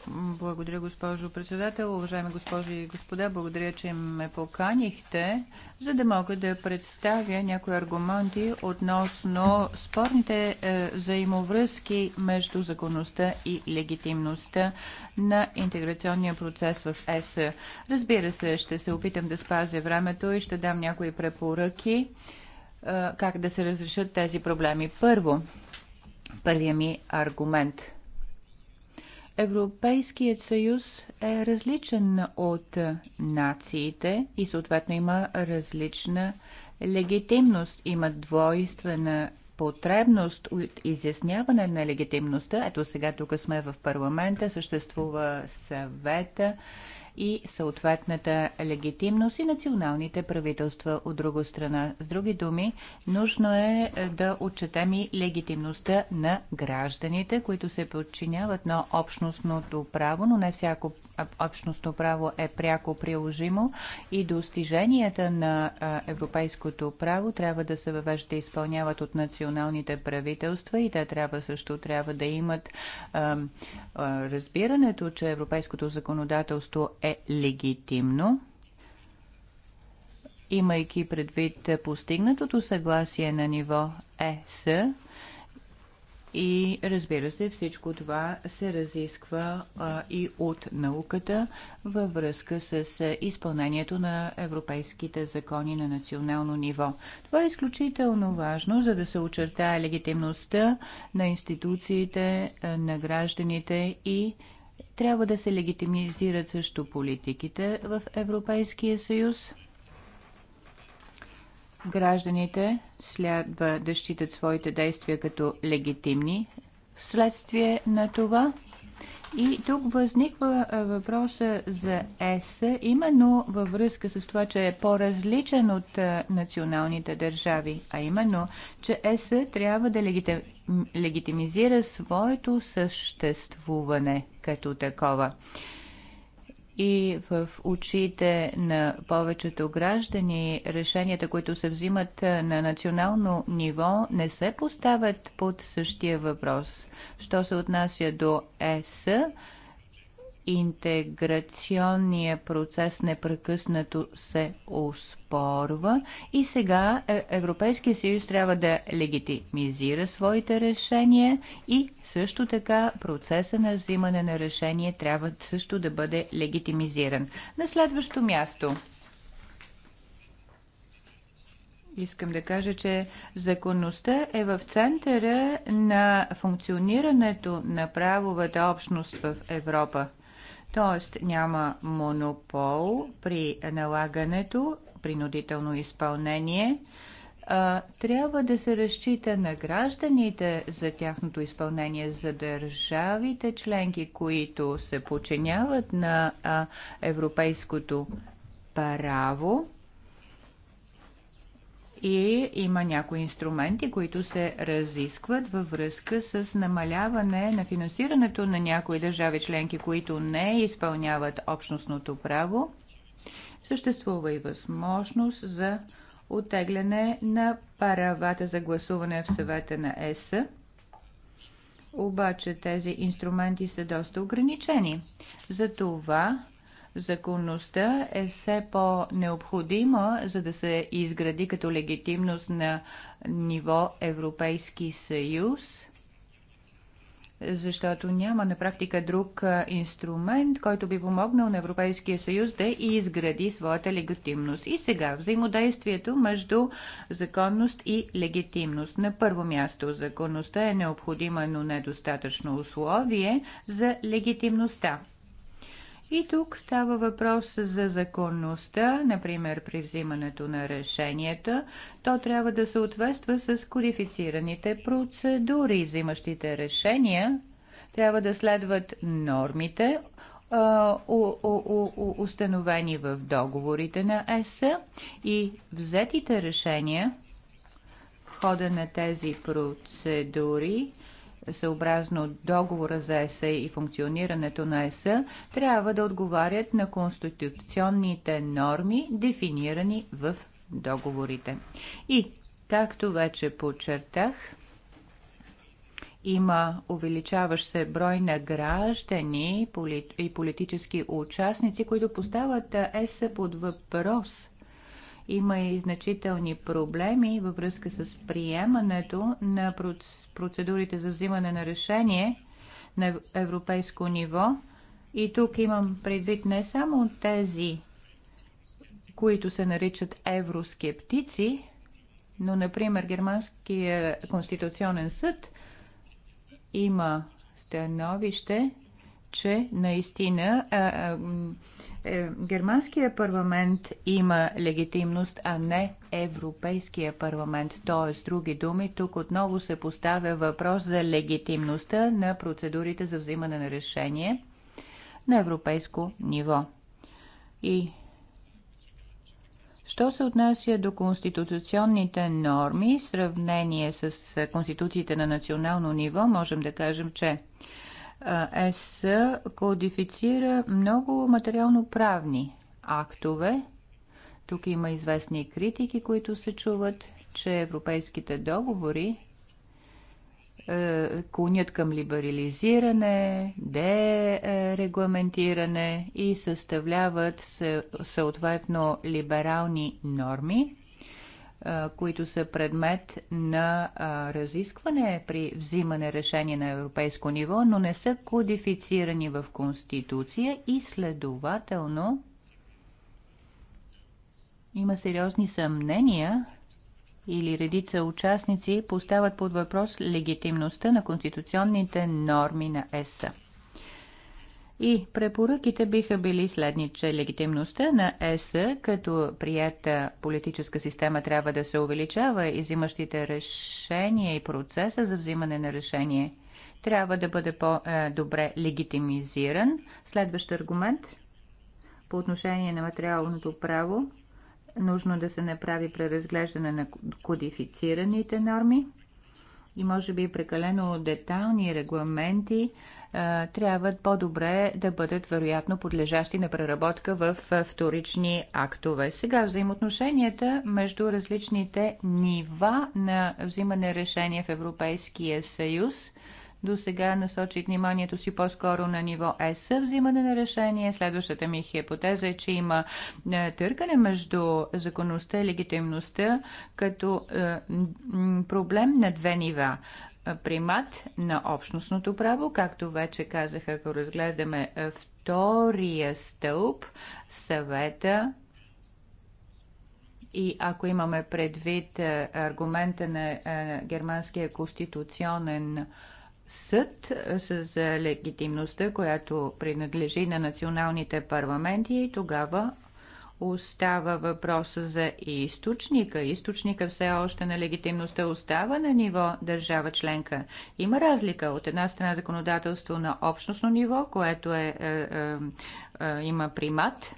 Speaker 4: Благодаря, госпожо председател. Уважаеми госпожи и господа, благодаря, че ме поканихте, за да мога да представя някои аргументи относно спорните е, взаимовръзки между законността и легитимността на интеграционния процес в ЕС. Разбира се, ще се опитам да спазя времето и ще дам някои препоръки е, как да се разрешат тези проблеми. Първо, първия ми аргумент – Европейският съюз е различен от нациите и съответно има различна легитимност, има двойствена потребност от изясняване на легитимността. Ето сега тук сме в парламента, съществува съвета, и съответната легитимност и националните правителства от друга страна. С други думи, нужно е, е да отчетем и легитимността на гражданите, които се подчиняват на общностното право, но не всяко общностно право е пряко приложимо и достиженията на европейското право трябва да се въвежда, да изпълняват от националните правителства и те трябва също трябва да имат разбирането, че европейското законодателство е легитимно, имайки предвид постигнатото съгласие на ниво ЕС и разбира се, всичко това се разисква а, и от науката във връзка с а, изпълнението на европейските закони на национално ниво. Това е изключително важно, за да се очертае легитимността на институциите, а, на гражданите и трябва да се легитимизират също политиките в Европейския съюз. Гражданите следва да считат своите действия като легитимни вследствие на това и тук възниква въпроса за ЕС, именно във връзка с това, че е по-различен от националните държави, а именно, че ЕС трябва да легитимизира своето съществуване като такова и в очите на повечето граждани решенията, които се взимат на национално ниво, не се поставят под същия въпрос. Що се отнася до ЕС, интеграционния процес непрекъснато се успорва и сега е, Европейския съюз трябва да легитимизира своите решения и също така процеса на взимане на решение трябва също да бъде легитимизиран. На следващо място Искам да кажа, че законността е в центъра на функционирането на правовата общност в Европа т.е. няма монопол при налагането, принудително изпълнение. А, трябва да се разчита на гражданите за тяхното изпълнение, за държавите членки, които се подчиняват на а, европейското право и има някои инструменти, които се разискват във връзка с намаляване на финансирането на някои държави членки, които не изпълняват общностното право. Съществува и възможност за отегляне на паравата за гласуване в съвета на ЕС. Обаче тези инструменти са доста ограничени. Затова законността е все по-необходима, за да се изгради като легитимност на ниво Европейски съюз, защото няма на практика друг инструмент, който би помогнал на Европейския съюз да изгради своята легитимност. И сега взаимодействието между законност и легитимност. На първо място законността е необходима, но недостатъчно условие за легитимността. И тук става въпрос за законността, например при взимането на решенията. То трябва да съответства с кодифицираните процедури. Взимащите решения трябва да следват нормите, установени в договорите на ЕС и взетите решения в хода на тези процедури съобразно договора за ЕСА и функционирането на ЕСА, трябва да отговарят на конституционните норми, дефинирани в договорите. И, както вече подчертах, има увеличаващ се брой на граждани и политически участници, които поставят ЕС под въпрос – има и значителни проблеми във връзка с приемането на процедурите за взимане на решение на европейско ниво. И тук имам предвид не само тези, които се наричат евроскептици, но, например, Германския конституционен съд има становище, че наистина а, а, е, германския парламент има легитимност, а не Европейския парламент. Тоест, други думи, тук отново се поставя въпрос за легитимността на процедурите за взимане на решение на европейско ниво. И Що се отнася до конституционните норми, в сравнение с конституциите на национално ниво, можем да кажем, че ЕС кодифицира много материално-правни актове. Тук има известни критики, които се чуват, че европейските договори е, клонят към либерализиране, дерегламентиране и съставляват съответно либерални норми, които са предмет на разискване при взимане решение на европейско ниво, но не са кодифицирани в Конституция и следователно има сериозни съмнения или редица участници поставят под въпрос легитимността на конституционните норми на ЕС. И препоръките биха били следни, че легитимността на ЕС като прията политическа система трябва да се увеличава и взимащите решения и процеса за взимане на решение трябва да бъде по-добре легитимизиран. Следващ аргумент по отношение на материалното право нужно да се направи преразглеждане на кодифицираните норми и може би прекалено детални регламенти трябва по-добре да бъдат вероятно подлежащи на преработка в вторични актове. Сега взаимоотношенията между различните нива на взимане решения в Европейския съюз – до сега насочих вниманието си по-скоро на ниво ЕС взимане на решение. Следващата ми хипотеза е, че има е, търкане между законността и легитимността като е, проблем на две нива примат на общностното право, както вече казах, ако разгледаме е, втория стълб, съвета и ако имаме предвид е, аргумента на е, Германския конституционен съд за легитимността, която принадлежи на националните парламенти тогава Остава въпроса за източника. Източника все още на легитимността остава на ниво държава членка. Има разлика от една страна законодателство на общностно ниво, което е, е, е, е има примат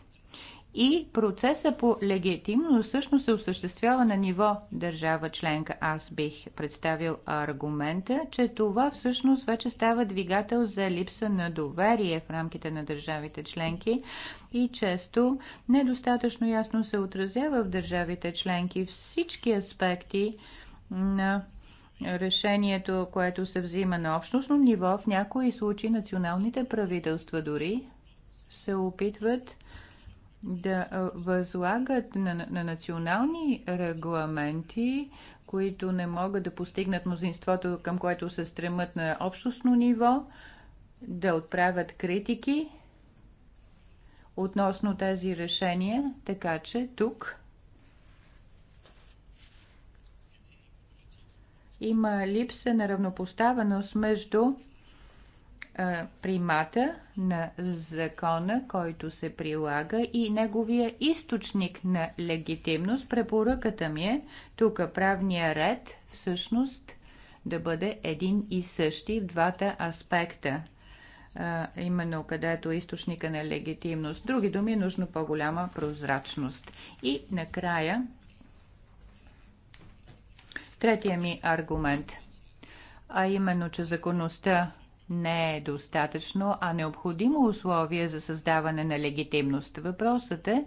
Speaker 4: и процеса по легитимно всъщност се осъществява на ниво държава членка. Аз бих представил аргумента, че това всъщност вече става двигател за липса на доверие в рамките на държавите членки и често недостатъчно ясно се отразява в държавите членки всички аспекти на решението, което се взима на общностно ниво, в някои случаи националните правителства дори се опитват да възлагат на, на национални регламенти, които не могат да постигнат мнозинството, към което се стремат на общностно ниво, да отправят критики относно тези решения, така че тук има липса на равнопоставеност между примата на закона, който се прилага и неговия източник на легитимност. Препоръката ми е тук правния ред всъщност да бъде един и същи в двата аспекта. А, именно където е източника на легитимност. Други думи, е нужно по-голяма прозрачност. И накрая, третия ми аргумент, а именно, че законността не е достатъчно, а необходимо условие за създаване на легитимност. Въпросът е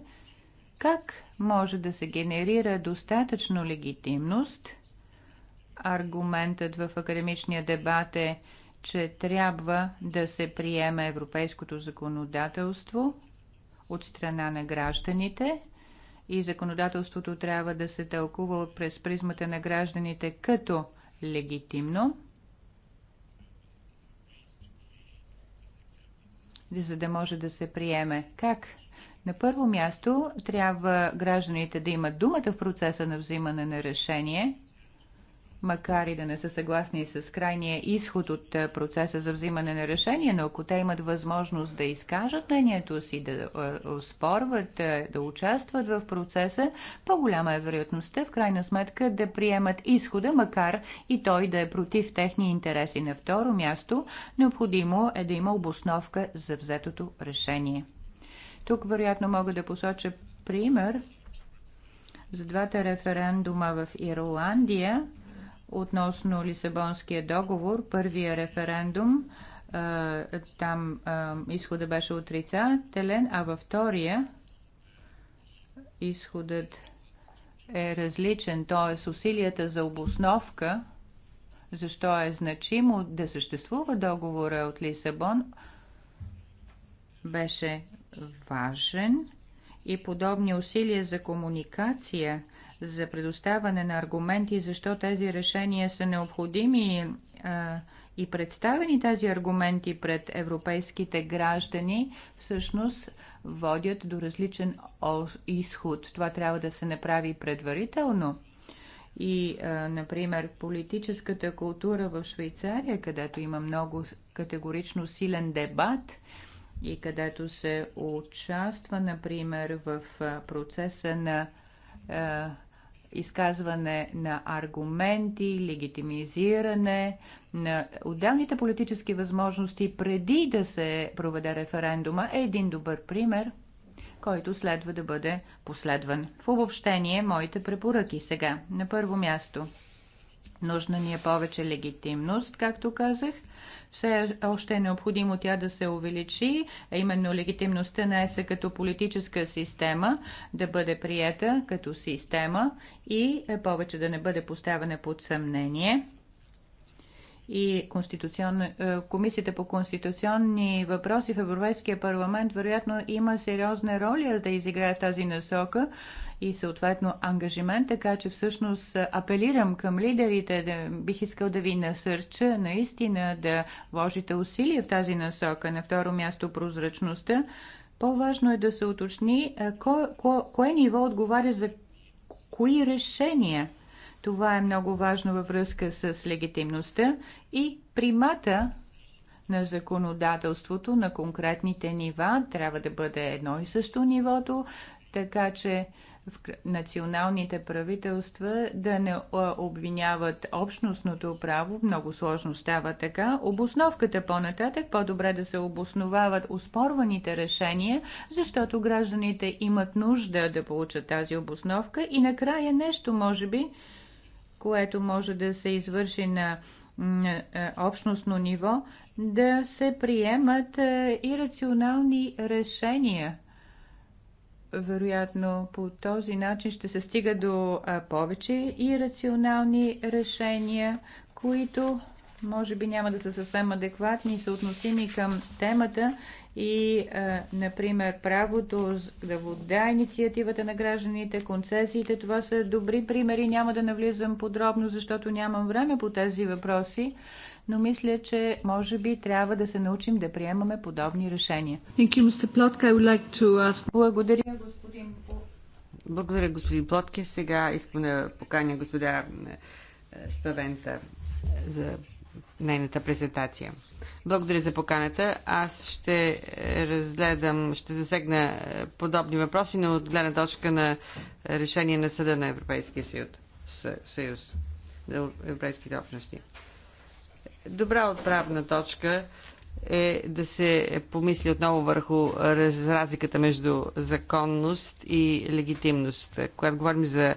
Speaker 4: как може да се генерира достатъчно легитимност. Аргументът в академичния дебат е, че трябва да се приеме европейското законодателство от страна на гражданите и законодателството трябва да се тълкува през призмата на гражданите като легитимно. за да може да се приеме. Как? На първо място трябва гражданите да имат думата в процеса на взимане на решение – макар и да не са съгласни с крайния изход от е, процеса за взимане на решение, но ако те имат възможност да изкажат мнението си, да е, спорват, е, да участват в процеса, по-голяма е вероятността в крайна сметка да приемат изхода, макар и той да е против техни интереси. На второ място, необходимо е да има обосновка за взетото решение. Тук вероятно мога да посоча пример за двата референдума в Ирландия – относно Лисабонския договор, първия референдум, там изхода беше отрицателен, а във втория изходът е различен, т.е. усилията за обосновка, защо е значимо да съществува договора от Лисабон, беше важен и подобни усилия за комуникация – за предоставане на аргументи, защо тези решения са необходими е, и представени тези аргументи пред европейските граждани, всъщност водят до различен изход. Това трябва да се направи предварително. И, е, например, политическата култура в Швейцария, където има много категорично силен дебат и където се участва, например, в е, процеса на изказване на аргументи, легитимизиране на отделните политически възможности преди да се проведе референдума е един добър пример, който следва да бъде последван. В обобщение, моите препоръки сега. На първо място. Нужна ни е повече легитимност, както казах – все още е необходимо тя да се увеличи, а именно легитимността на ЕСА като политическа система да бъде приета като система и е, повече да не бъде поставена под съмнение и е, Комисията по конституционни въпроси в Европейския парламент вероятно има сериозна роля да изиграе в тази насока и съответно ангажимент, така че всъщност апелирам към лидерите, да, бих искал да ви насърча наистина да вложите усилия в тази насока. На второ място прозрачността. По-важно е да се уточни ко, ко, кое ниво отговаря за кои решения. Това е много важно във връзка с легитимността и примата на законодателството на конкретните нива трябва да бъде едно и също нивото, така че в националните правителства да не обвиняват общностното право. Много сложно става така. Обосновката по-нататък по-добре да се обосновават успорваните решения, защото гражданите имат нужда да получат тази обосновка. И накрая нещо, може би, което може да се извърши на общностно ниво, да се приемат и рационални решения – вероятно по този начин ще се стига до а, повече и рационални решения, които може би няма да са съвсем адекватни и съотносими към темата и, а, например, правото да вода, инициативата на гражданите, концесиите. Това са добри примери. Няма да навлизам подробно, защото нямам време по тези въпроси но мисля, че може би трябва да се научим да приемаме подобни решения. Благодаря, господин
Speaker 2: Благодаря, господин Плотки. Сега искам да поканя господа е, Ставента е, за нейната презентация. Благодаря за поканата. Аз ще разгледам, ще засегна е, подобни въпроси, но от гледна точка на решение на Съда на Европейския съюз, съюз на Европейските общности. Добра отправна точка е да се помисли отново върху разликата между законност и легитимност. Когато говорим за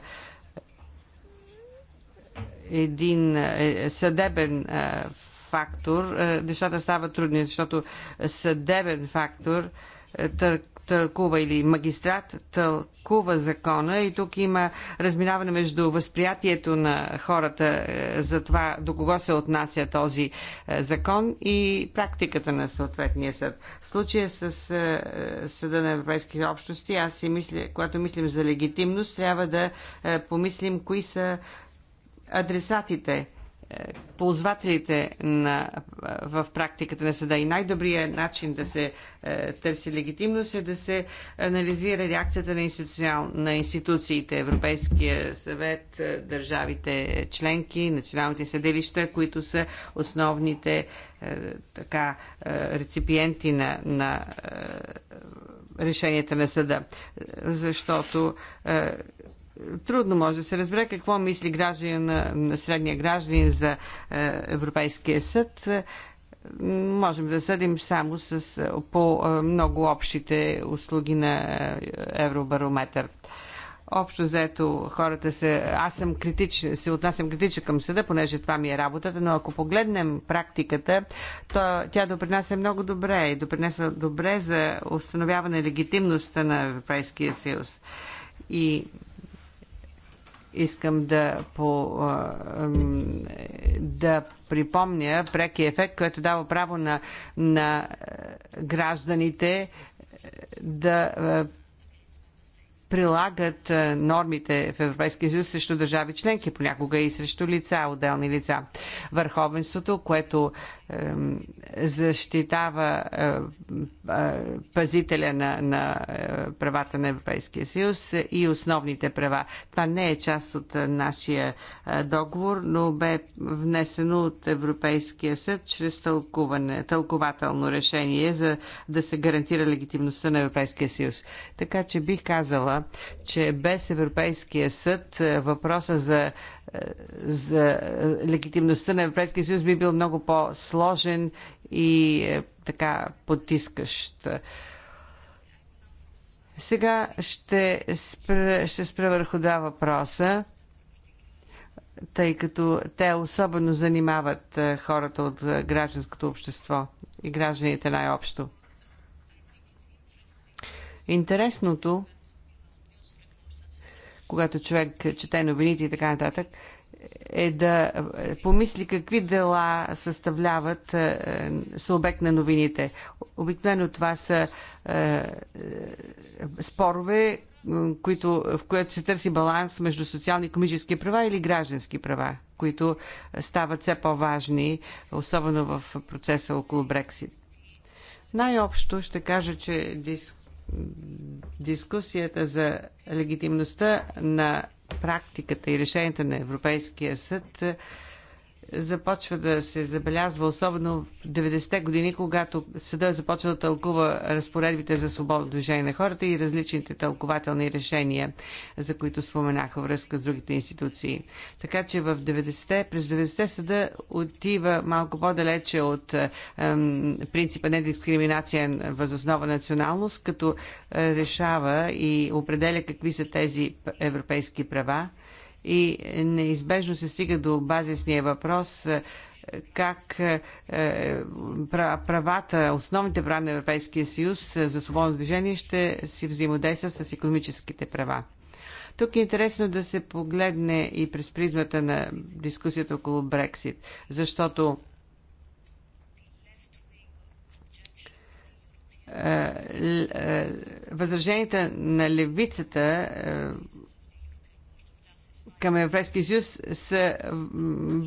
Speaker 2: един е, е, съдебен е, фактор, нещата стават трудни, защото съдебен фактор търк тълкува или магистрат тълкува закона и тук има разминаване между възприятието на хората е, за това до кого се отнася този е, закон и практиката на съответния съд. В случая с е, Съда на Европейските общности, аз си мисля, когато мислим за легитимност, трябва да помислим кои са адресатите – е, ползвателите на, в практиката на съда. И най-добрият начин да се е, търси легитимност е да се анализира реакцията на, институциал, на институциите, Европейския съвет, е, държавите членки, националните съдилища, които са основните е, така, е, реципиенти на, на е, решенията на съда. Защото трудно може да се разбере какво мисли гражданин на, на средния гражданин за е, Европейския съд. Е, можем да съдим само с, е, по е, много общите услуги на е, Евробарометър. Общо заето хората се... Аз съм критичен, се отнасям критично към съда, понеже това ми е работата, но ако погледнем практиката, то тя допринася много добре и допринася добре за установяване легитимността на Европейския съюз. И искам да, по, да припомня прекия ефект, който дава право на, на гражданите да прилагат нормите в Европейския съюз срещу държави членки, понякога и срещу лица, отделни лица. Върховенството, което защитава е, е, пазителя на, на е, правата на Европейския съюз и основните права. Това не е част от нашия договор, но бе внесено от Европейския съд чрез тълкуване, тълкователно решение за да се гарантира легитимността на Европейския съюз. Така че бих казала, че без Европейския съд въпроса за за е, легитимността на Европейския съюз би бил много по-сложен и е, така потискащ. Сега ще спра, ще спра върху два въпроса, тъй като те особено занимават е, хората от гражданското общество и гражданите най-общо. Интересното когато човек чете новините и така нататък, е да помисли какви дела съставляват е, обект на новините. Обикновено това са е, е, спорове, които, в което се търси баланс между социални и комически права или граждански права, които стават все по-важни, особено в процеса около Брексит.
Speaker 1: Най-общо
Speaker 2: ще кажа, че диск дискусията за легитимността на практиката и решенията на Европейския съд започва да се забелязва, особено в 90-те години, когато съда е започва да тълкува разпоредбите за свободно движение на хората и различните тълкователни решения, за които споменаха връзка с другите институции. Така че в 90-те, през 90-те съда отива малко по-далече от ем, принципа на дискриминация възоснова националност, като е, решава и определя какви са тези европейски права и неизбежно се стига до базисния въпрос е, как е, правата, основните права на Европейския съюз е, за свободно движение ще си взаимодействат с економическите права. Тук е интересно да се погледне и през призмата на дискусията около Брексит, защото възраженията на левицата към Европейския съюз са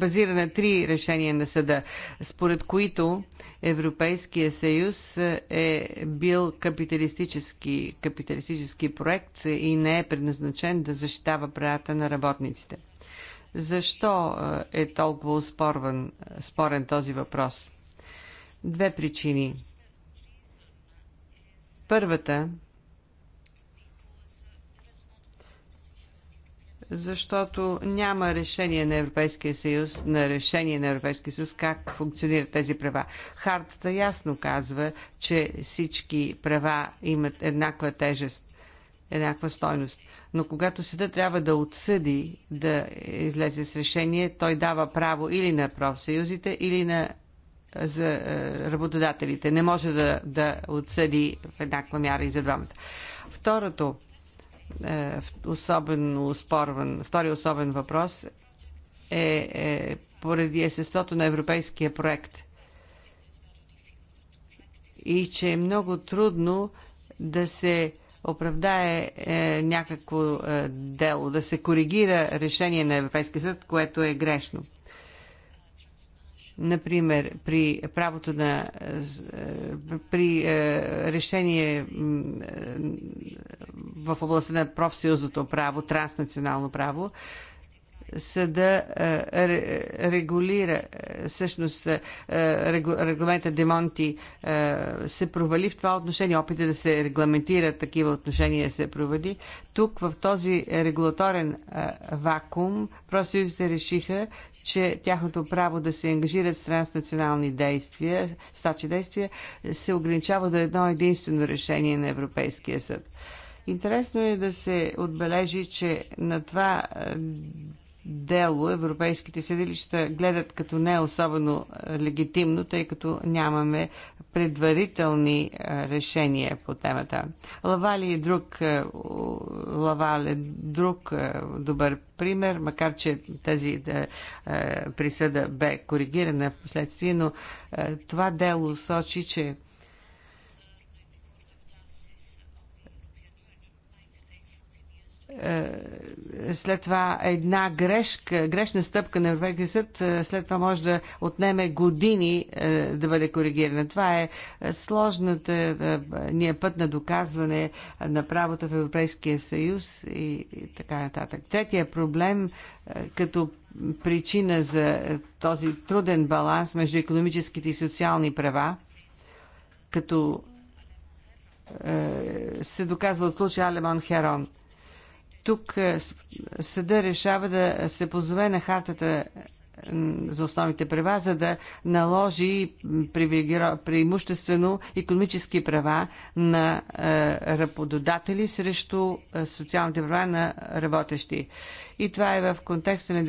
Speaker 2: базира на три решения на съда, според които Европейския съюз е бил капиталистически, капиталистически проект и не е предназначен да защитава правата на работниците. Защо е толкова спорен, спорен този въпрос? Две причини. Първата – защото няма решение на Европейския съюз, на решение на Европейския съюз как функционират тези права. Хартата ясно казва, че всички права имат еднаква тежест, еднаква стойност. Но когато съда трябва да отсъди, да излезе с решение, той дава право или на профсъюзите, или на за е, работодателите. Не може да, да отсъди в еднаква мяра и за двамата. Второто, е, особено спорван, втори особен въпрос е, е поради естеството на европейския проект и че е много трудно да се оправдае е, някакво е, дело, да се коригира решение на Европейския съд, което е грешно. Например, при правото на е, при е, решение е, в областта на профсъюзното право, транснационално право, съда е, регулира, е, всъщност е, регламента Демонти се провали в това отношение, опита да се регламентира такива отношения се провали. Тук в този регулаторен вакуум профсъюзите решиха, че тяхното право да се ангажират с транснационални действия, стачи действия, се ограничава до едно единствено решение на Европейския съд. Интересно е да се отбележи, че на това дело европейските съдилища гледат като не особено е, легитимно, тъй като нямаме предварителни е, решения по темата. Лавали е друг, Лавал е друг е, добър пример, макар че тази присъда бе коригирана в последствие, но това дело сочи, че Е, след това една грешка, грешна стъпка на Европейския съд, е, след това може да отнеме години е, да бъде коригирана. Това е сложната ние път на доказване на правото в Европейския съюз и, така нататък. Третия проблем като причина за този труден баланс между економическите и социални права, като се доказва от случая Алеман Херон – тук е, съда решава да се позове на хартата за основните права, за да наложи преимуществено економически права на е, работодатели срещу е, социалните права на работещи и това е в контекста на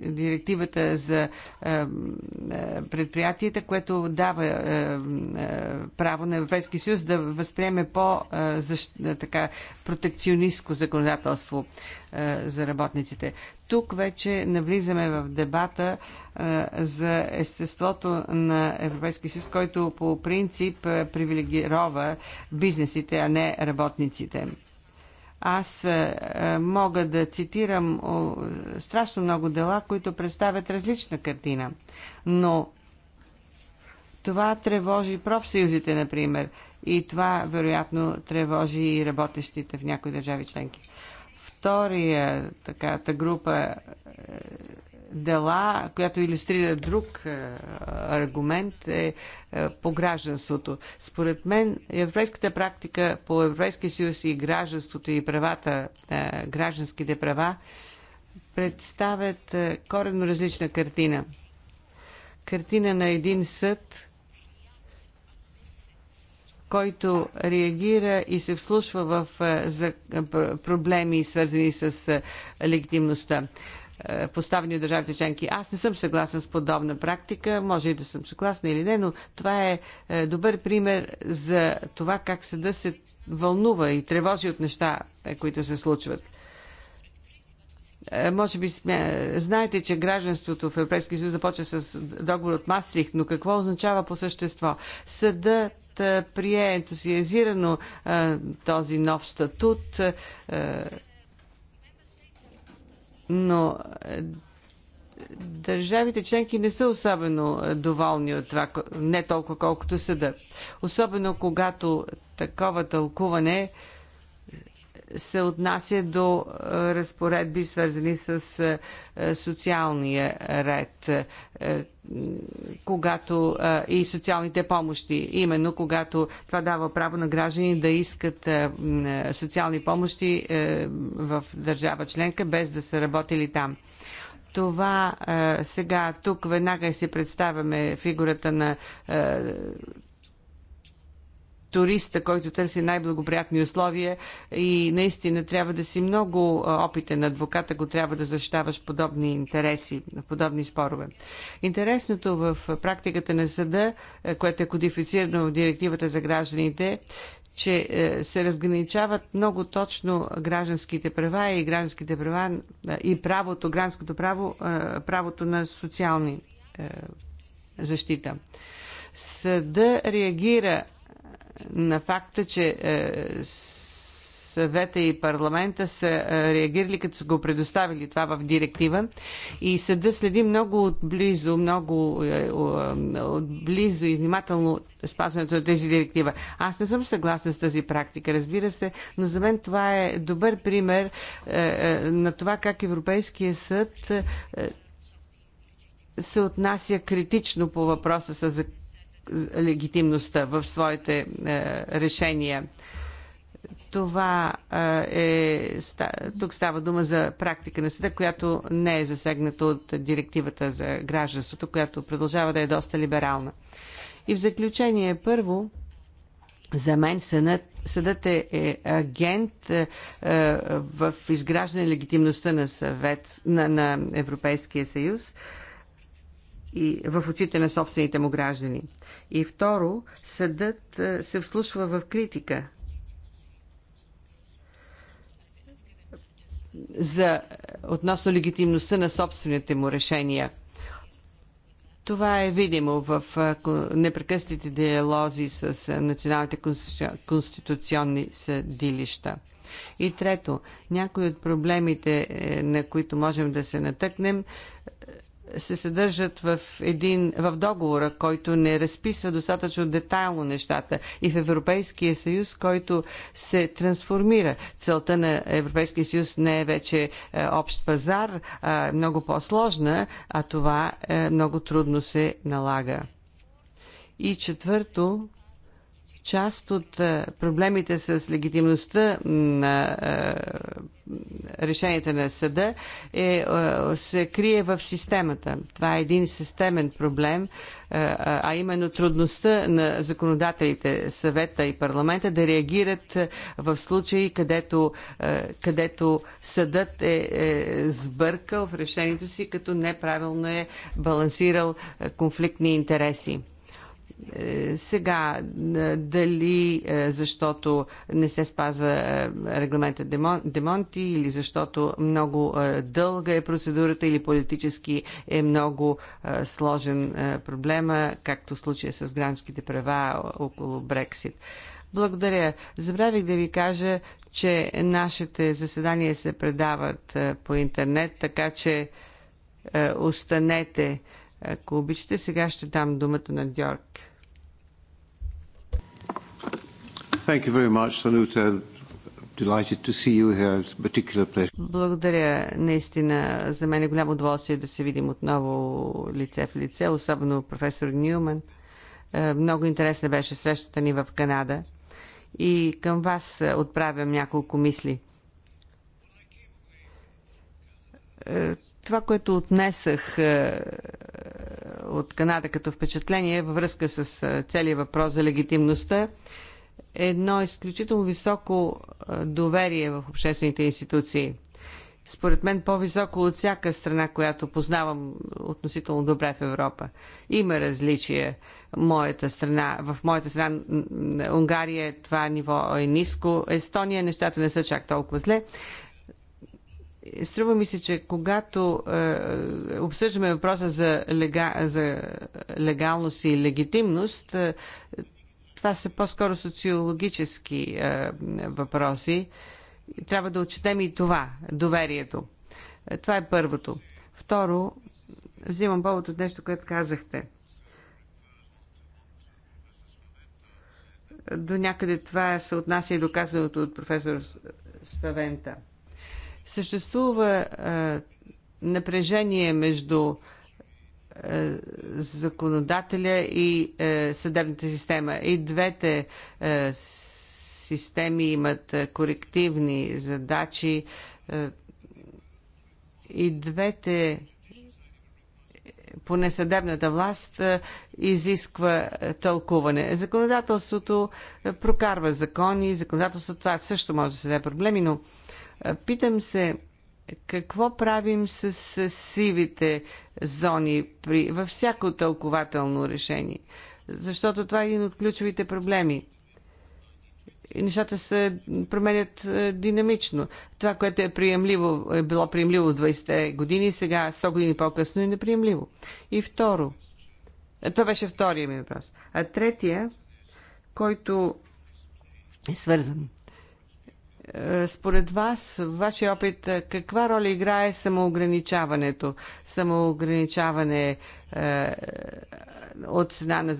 Speaker 2: директивата за е, е, предприятията, което дава е, право на Европейския съюз да възприеме по-така протекционистко законодателство за работниците. Тук вече навлизаме в дебата за естеството на Европейския съюз, който по принцип привилегирова бизнесите, а не работниците. Аз е, е, мога да цитирам страшно много дела, които представят различна картина. Но това тревожи профсъюзите, например, и това вероятно тревожи и работещите в някои държави членки. Втория така група е, дела, която иллюстрира друг е, аргумент е, е по гражданството. Според мен, европейската практика по Европейския съюз и гражданството и правата, е, гражданските права, представят коренно различна картина. Картина на един съд, който реагира и се вслушва в проблеми, свързани с легитимността. Е, поставени от държавите членки. Аз не съм съгласен с подобна практика, може и да съм съгласна или не, но това е, е добър пример за това как да се вълнува и тревожи от неща, е, които се случват може би знаете, че гражданството в Европейския съюз започва с договор от Мастрихт, но какво означава по същество? Съдът прие ентусиазирано този нов статут, но е, държавите членки не са особено е, доволни от това, не толкова колкото съда, Особено когато такова тълкуване е се отнася до е, разпоредби, свързани с е, е, социалния ред, когато и социалните помощи, именно когато това дава право на граждани да искат социални помощи в държава членка, без да са работили там това сега тук веднага си представяме фигурата на туриста, който търси най-благоприятни условия и наистина трябва да си много опитен адвокат, ако трябва да защитаваш подобни интереси, подобни спорове. Интересното в практиката на съда, е, което е кодифицирано в директивата за гражданите, че е, се разграничават много точно гражданските права и гражданските права е, и правото, гражданското право, правото на социални защита. Съда реагира на факта, че е, съвета и парламента са е, реагирали, като са го предоставили това в директива. И съда следи много отблизо, много е, отблизо и внимателно спазването на тези директива. Аз не съм съгласна с тази практика, разбира се, но за мен това е добър пример на това как Европейския съд се отнася критично по въпроса с легитимността в своите е, решения. Това е. е тук става дума за практика на съда, която не е засегната от директивата за гражданството, която продължава да е доста либерална. И в заключение, първо, за мен съдът, съдът е, е агент е, е, в изграждане легитимността на, съвет, на, на Европейския съюз. Е, и в очите на собствените му граждани. И второ, съдът е, се вслушва в критика за е, относно легитимността на собствените му решения. Това е видимо в е, непрекъснатите диалози с националните конституционни съдилища. И трето, някои от проблемите, на които можем да се натъкнем, се съдържат в, един, в договора, който не разписва достатъчно детайлно нещата и в Европейския съюз, който се трансформира. Целта на Европейския съюз не е вече е, общ пазар, а е много по-сложна, а това е, много трудно се налага. И четвърто, част от е, проблемите с легитимността на е, решенията на съда е, е, се крие в системата. Това е един системен проблем, а именно трудността на законодателите, съвета и парламента да реагират в случаи, където, където съдът е, е сбъркал в решението си, като неправилно е балансирал конфликтни интереси. Е, сега, е, дали е, защото не се спазва регламента Демонти или защото много дълга е процедурата или политически е много сложен проблема, както в случая с гранските права около Брексит. Благодаря. Забравих да ви кажа, че нашите заседания се предават по интернет, така че останете, ако обичате. Сега ще дам думата на Георг. Thank you very much, Sanuta. Delighted to see you here. It's a particular pleasure. Благодаря наистина. За мен е голямо удоволствие да се видим отново лице в лице, особено професор Нюман. Е, много интересна беше срещата ни в Канада. И към вас отправям няколко мисли. Е, това, което отнесах е, от Канада като впечатление във връзка с целият въпрос за легитимността, едно изключително високо доверие в обществените институции. Според мен по-високо от всяка страна, която познавам относително добре в Европа. Има различия. Моята страна, в моята страна Унгария това ниво е ниско. Естония нещата не са чак толкова зле струва ми се, че когато е, обсъждаме въпроса за, лега, за легалност и легитимност, е, това са по-скоро социологически е, въпроси. Трябва да отчетем и това, доверието. Е, това е първото. Второ, взимам повод от нещо, което казахте. До някъде това се отнася и доказаното от професор Ставента. Съществува е, напрежение между е, законодателя и е, съдебната система. И двете е, системи имат корективни задачи. И двете поне съдебната власт изисква тълкуване. Законодателството прокарва закони, законодателството това също може да се даде проблеми, но питам се какво правим с сивите зони при, във всяко тълкователно решение. Защото това е един от ключовите проблеми. И нещата се променят е, динамично. Това, което е, приемливо, е било приемливо в 20-те години, сега 100 години по-късно е неприемливо. И второ, е, това беше втория ми въпрос. А третия, който е свързан е, според вас, вашия опит, е, каква роля играе самоограничаването? Самоограничаване е, от цена на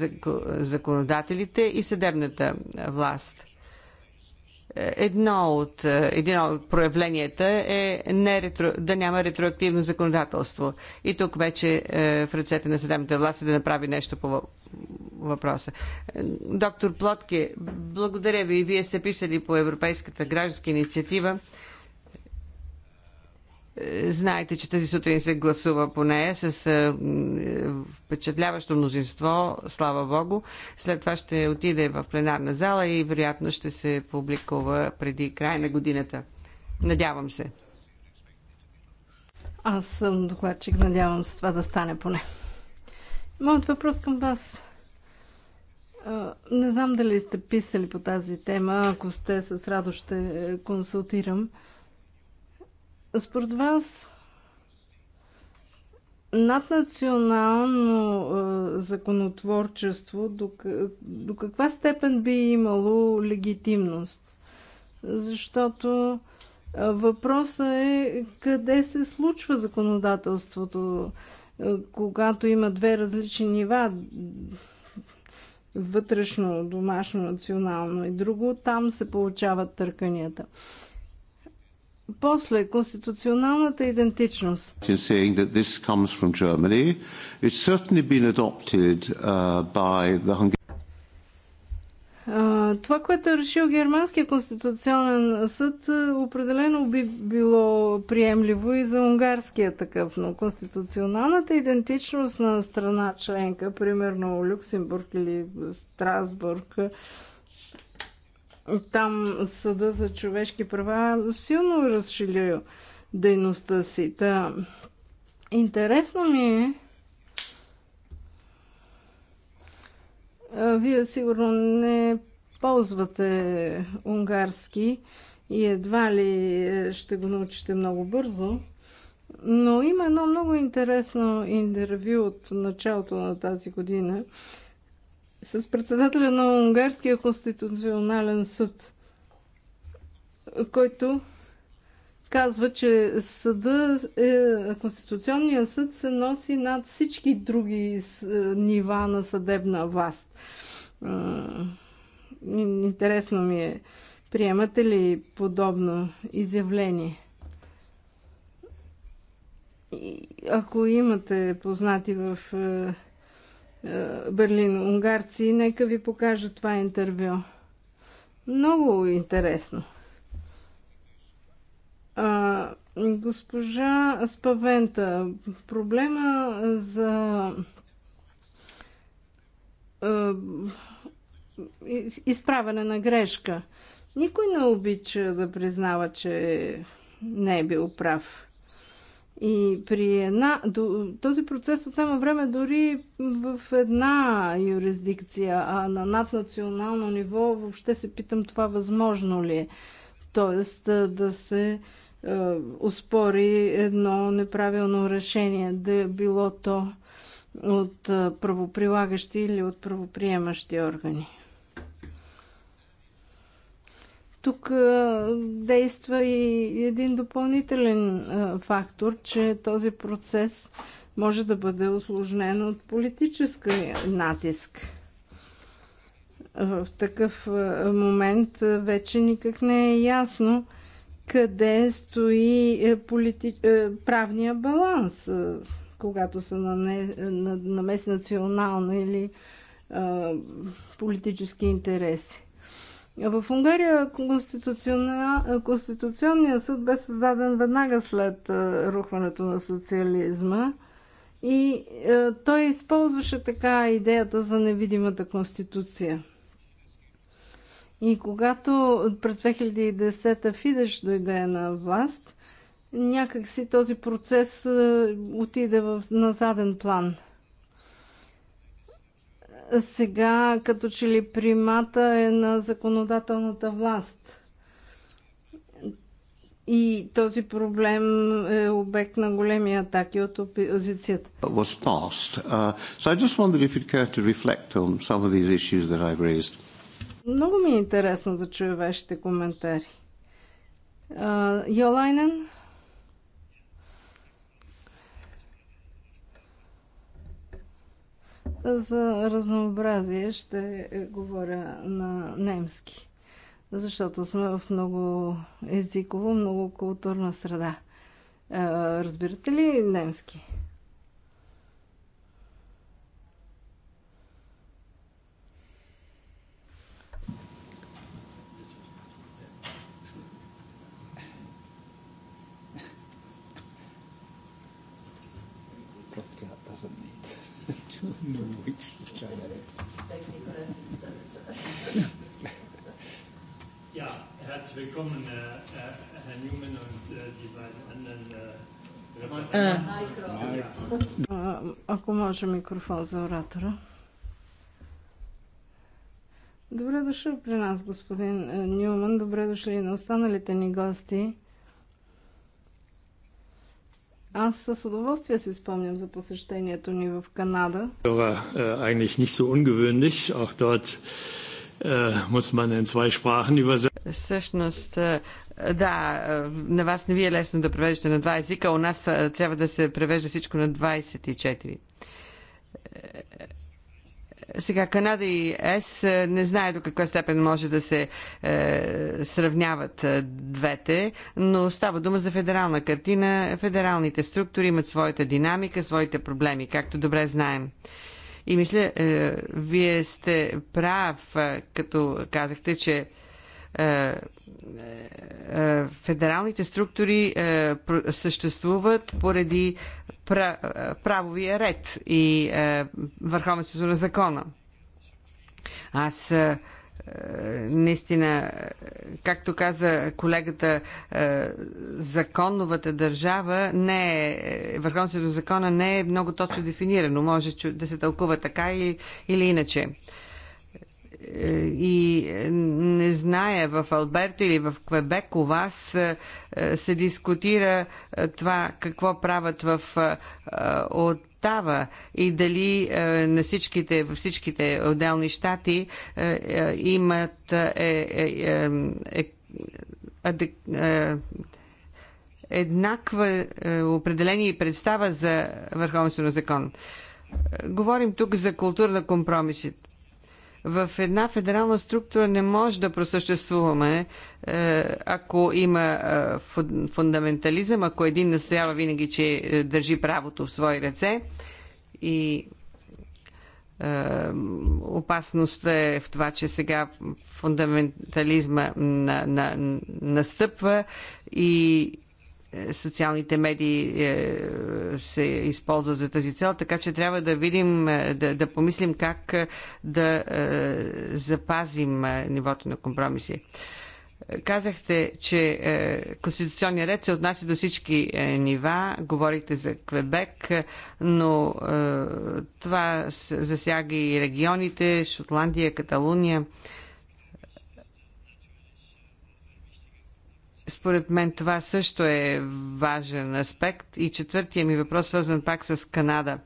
Speaker 2: законодателите и съдебната власт едно от, е, едно от проявленията е не ретро, да няма ретроактивно законодателство. И тук вече е, в ръцете на съдебната власт е да направи нещо по въпроса. Доктор Плотке, благодаря ви. Вие сте писали по Европейската гражданска инициатива. Знаете, че тази сутрин се гласува по нея с впечатляващо мнозинство, слава Богу. След това ще отиде в пленарна зала и вероятно ще се публикува преди края на годината. Надявам се.
Speaker 3: Аз съм докладчик, надявам се това да стане поне. Моят въпрос към вас. Не знам дали сте писали по тази тема, ако сте с радост ще е, консултирам. Според вас, наднационално е, законотворчество до, до каква степен би имало легитимност? Защото е, въпросът е къде се случва законодателството, е, когато има две различни нива вътрешно, домашно, национално и друго, там се получават търканията. После, конституционалната идентичност.
Speaker 2: saying that this comes from Germany, it's certainly been adopted uh, by the Hungarian
Speaker 3: това, което е решил Германския конституционен съд, е, определено би било приемливо и за унгарския такъв, но конституционалната идентичност на страна членка, примерно Люксембург или Страсбург, там Съда за човешки права силно разшили дейността си. Та, интересно ми е, Вие сигурно не ползвате унгарски и едва ли е, ще го научите много бързо. Но има едно много интересно интервю от началото на тази година с председателя на Унгарския конституционален съд, който казва, че съда, е, Конституционният съд се носи над всички други е, нива на съдебна власт. Интересно ми е, приемате ли подобно изявление? Ако имате познати в е, Берлин, унгарци, нека ви покажа това интервю. Много интересно. А, госпожа Спавента, проблема за а, на грешка. Никой не обича да признава, че не е бил прав. И при една, този процес отнема време дори в една юрисдикция, а на наднационално ниво въобще се питам това възможно ли е. Тоест да се е, успори едно неправилно решение, да е било то от правоприлагащи или от правоприемащи органи. Тук действа и един допълнителен фактор, че този процес може да бъде осложнен от политически натиск. В такъв момент вече никак не е ясно къде стои е, полити... Е, правния баланс, когато се намеси национално или политически интереси. В Унгария Конституционният съд бе създаден веднага след е, рухването на социализма и е, той използваше така идеята за невидимата конституция. И когато през 2010 Фидеш дойде на власт, някакси този процес е, отиде в, на заден план – сега като че ли примата е на законодателната власт. И този проблем е обект на големи атаки от опозицията.
Speaker 2: Was passed. Uh,
Speaker 4: so I just wondered if you'd care to reflect on some of these issues that I've raised.
Speaker 3: Много ми е интересно да чуя вашите коментари. Uh, Йолайнен? За разнообразие ще говоря на немски, защото сме в много езиково, много културна среда. Е, разбирате ли немски?
Speaker 1: Norwich.
Speaker 5: Ja, herzlich willkommen, äh, äh, Herr Newman und äh, die beiden anderen. Äh,
Speaker 3: ако може микрофон за оратора. Добре дошъл при нас, господин Нюман. Добре дошли и на останалите ни гости. Аз с удоволствие си спомням за посещението ни в Канада.
Speaker 2: Това е не ах Всъщност, э, да, э, на вас не ви е лесно да превеждате на два езика, у нас э, трябва да се превежда всичко на 24. Сега Канада и ЕС е, не знае до каква степен може да се е, сравняват е, двете, но става дума за федерална картина. Федералните структури имат своята динамика, своите проблеми, както добре знаем. И мисля, е, вие сте прав, е, като казахте, че е, е, федералните структури е, съществуват поради правовия ред и върховенството на закона. Аз наистина, както каза колегата, законовата държава не е, върховенството на закона не е много точно дефинирано. Може да се тълкува така или иначе. Е, и не зная в Алберта или в Квебек у вас е, е, се дискутира това какво правят в оттава и дали на всичките, във всичките отделни щати имат е, е, е, еднаква определение и представа за върховенство на закон. Говорим тук за култура на компромисите в една федерална структура не може да просъществуваме, е, ако има е, фундаментализъм, ако един настоява винаги, че е, държи правото в свои ръце и опасността е в това, че сега фундаментализма на, на, настъпва и е, социалните медии е, се използват за тази цел, така че трябва да видим, е, да, да помислим как да запазим нивото на компромиси. Казахте, че конституционният ред се отнася до всички нива, Говорите за Квебек, но това засяга и регионите, Шотландия, Каталуния. Според мен това също е важен аспект. И четвъртия ми въпрос, свързан пак с Канада.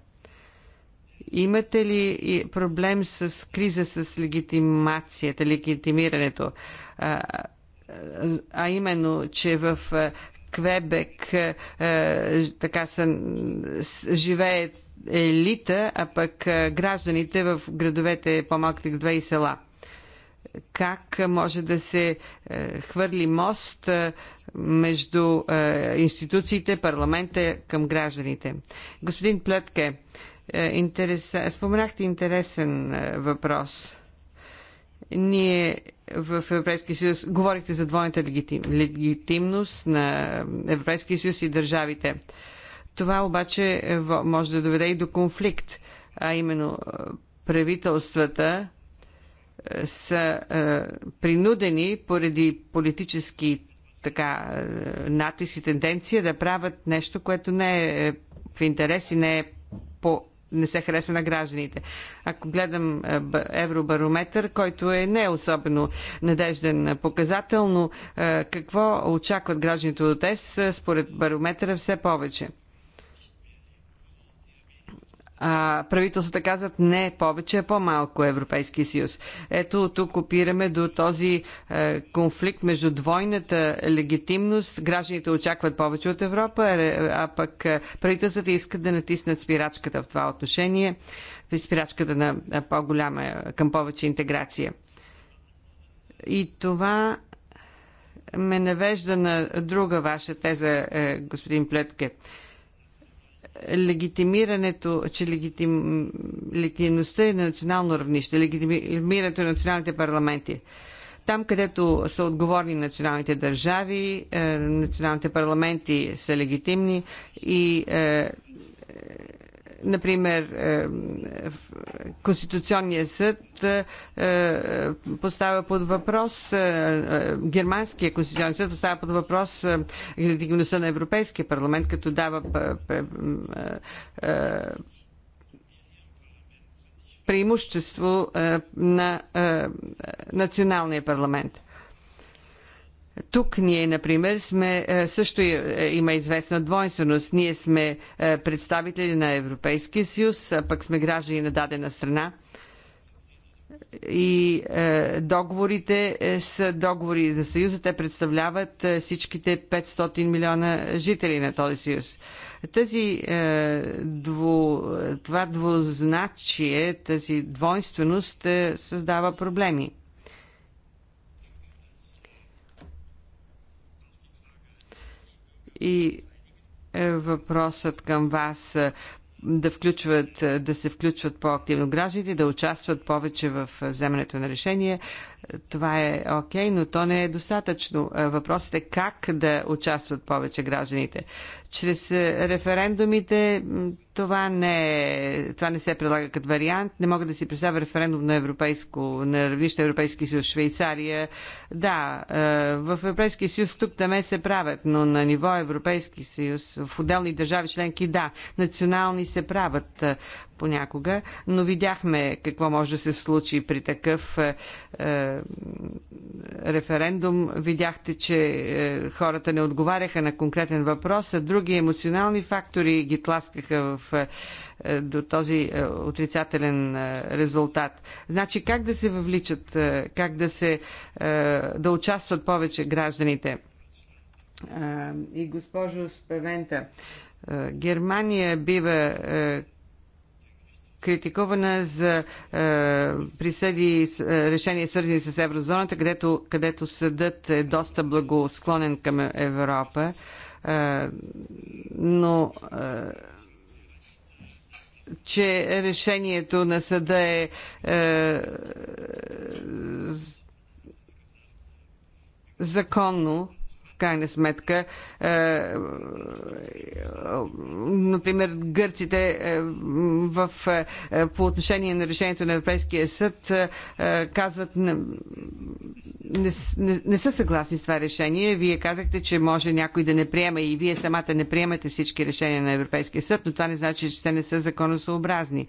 Speaker 2: Имате ли проблем с криза с легитимацията, легитимирането? А, а именно, че в Квебек а, така са, живеят елита, а пък гражданите в градовете, по-малките две и села – как може да се е, хвърли мост е, между е, институциите, парламента към гражданите. Господин Плетке, интерес... споменахте интересен въпрос. Ние в Европейския съюз говорихте за двойната легитим... легитимност на Европейския съюз и държавите. Това обаче може да доведе и до конфликт, а именно правителствата е, са е, принудени поради политически така е, натиси, и тенденция да правят нещо, което не е в интерес и не е по не се харесва на гражданите. Ако гледам Евробарометър, който е не особено надежден показател, но какво очакват гражданите от ЕС, според барометъра все повече – а правителствата казват не повече, а е по-малко Европейски съюз. Ето тук опираме до този е, конфликт между двойната легитимност. Гражданите очакват повече от Европа, а пък е, правителствата искат да натиснат спирачката в това отношение, спирачката на по-голяма, към повече интеграция. И това ме навежда на друга ваша теза, господин Плетке легитимирането, че легитим, легитимността е на национално равнище, легитимирането на националните парламенти. Там, където са отговорни националните държави, е, националните парламенти са легитимни и е, Например, е, Конституционният е, е, съд поставя под въпрос, Германския Конституционният съд поставя под въпрос легитимността на Европейския парламент, като дава преимущество на националния парламент. Тук ние, например, сме, е, също е, е, има известна двойственост. Ние сме представители на Европейския съюз, пък сме граждани на дадена страна. И договорите са договори за Съюза. Те представляват всичките 500 милиона жители на този Съюз. Тази, дво, това двузначие, тази двойственост създава проблеми и е, въпросът към вас е, да включват, е, да се включват по-активно гражданите, да участват повече в вземането на решения това е окей, okay, но то не е достатъчно. Е, въпросът е как да участват повече гражданите. Чрез е, референдумите това не, е, това не се предлага като вариант. Не мога да си представя референдум на, европейско, на равнище Европейски съюз, Швейцария. Да, в Европейския съюз тук да ме се правят, но на ниво Европейски съюз, в отделни държави членки, да, национални се правят понякога, но видяхме какво може да се случи при такъв е, е, референдум. Видяхте, че е, хората не отговаряха на конкретен въпрос, а други емоционални фактори ги тласкаха в. Е, е до този е, отрицателен е, резултат. Значи как да се въвличат, как да се да участват повече гражданите. И госпожо Спевента, Германия бива критикувана за е, присъди е, решения свързани с еврозоната, където, където съдът е доста благосклонен към Европа. Е, но е, че решението на съда е, е законно крайна сметка. Е, например, гърците е, в, е, по отношение на решението на Европейския съд казват не, не, не са съгласни с това решение. Вие казахте, че може някой да не приема и вие самата не приемате всички решения на Европейския съд, но това не значи, че те не са законосъобразни.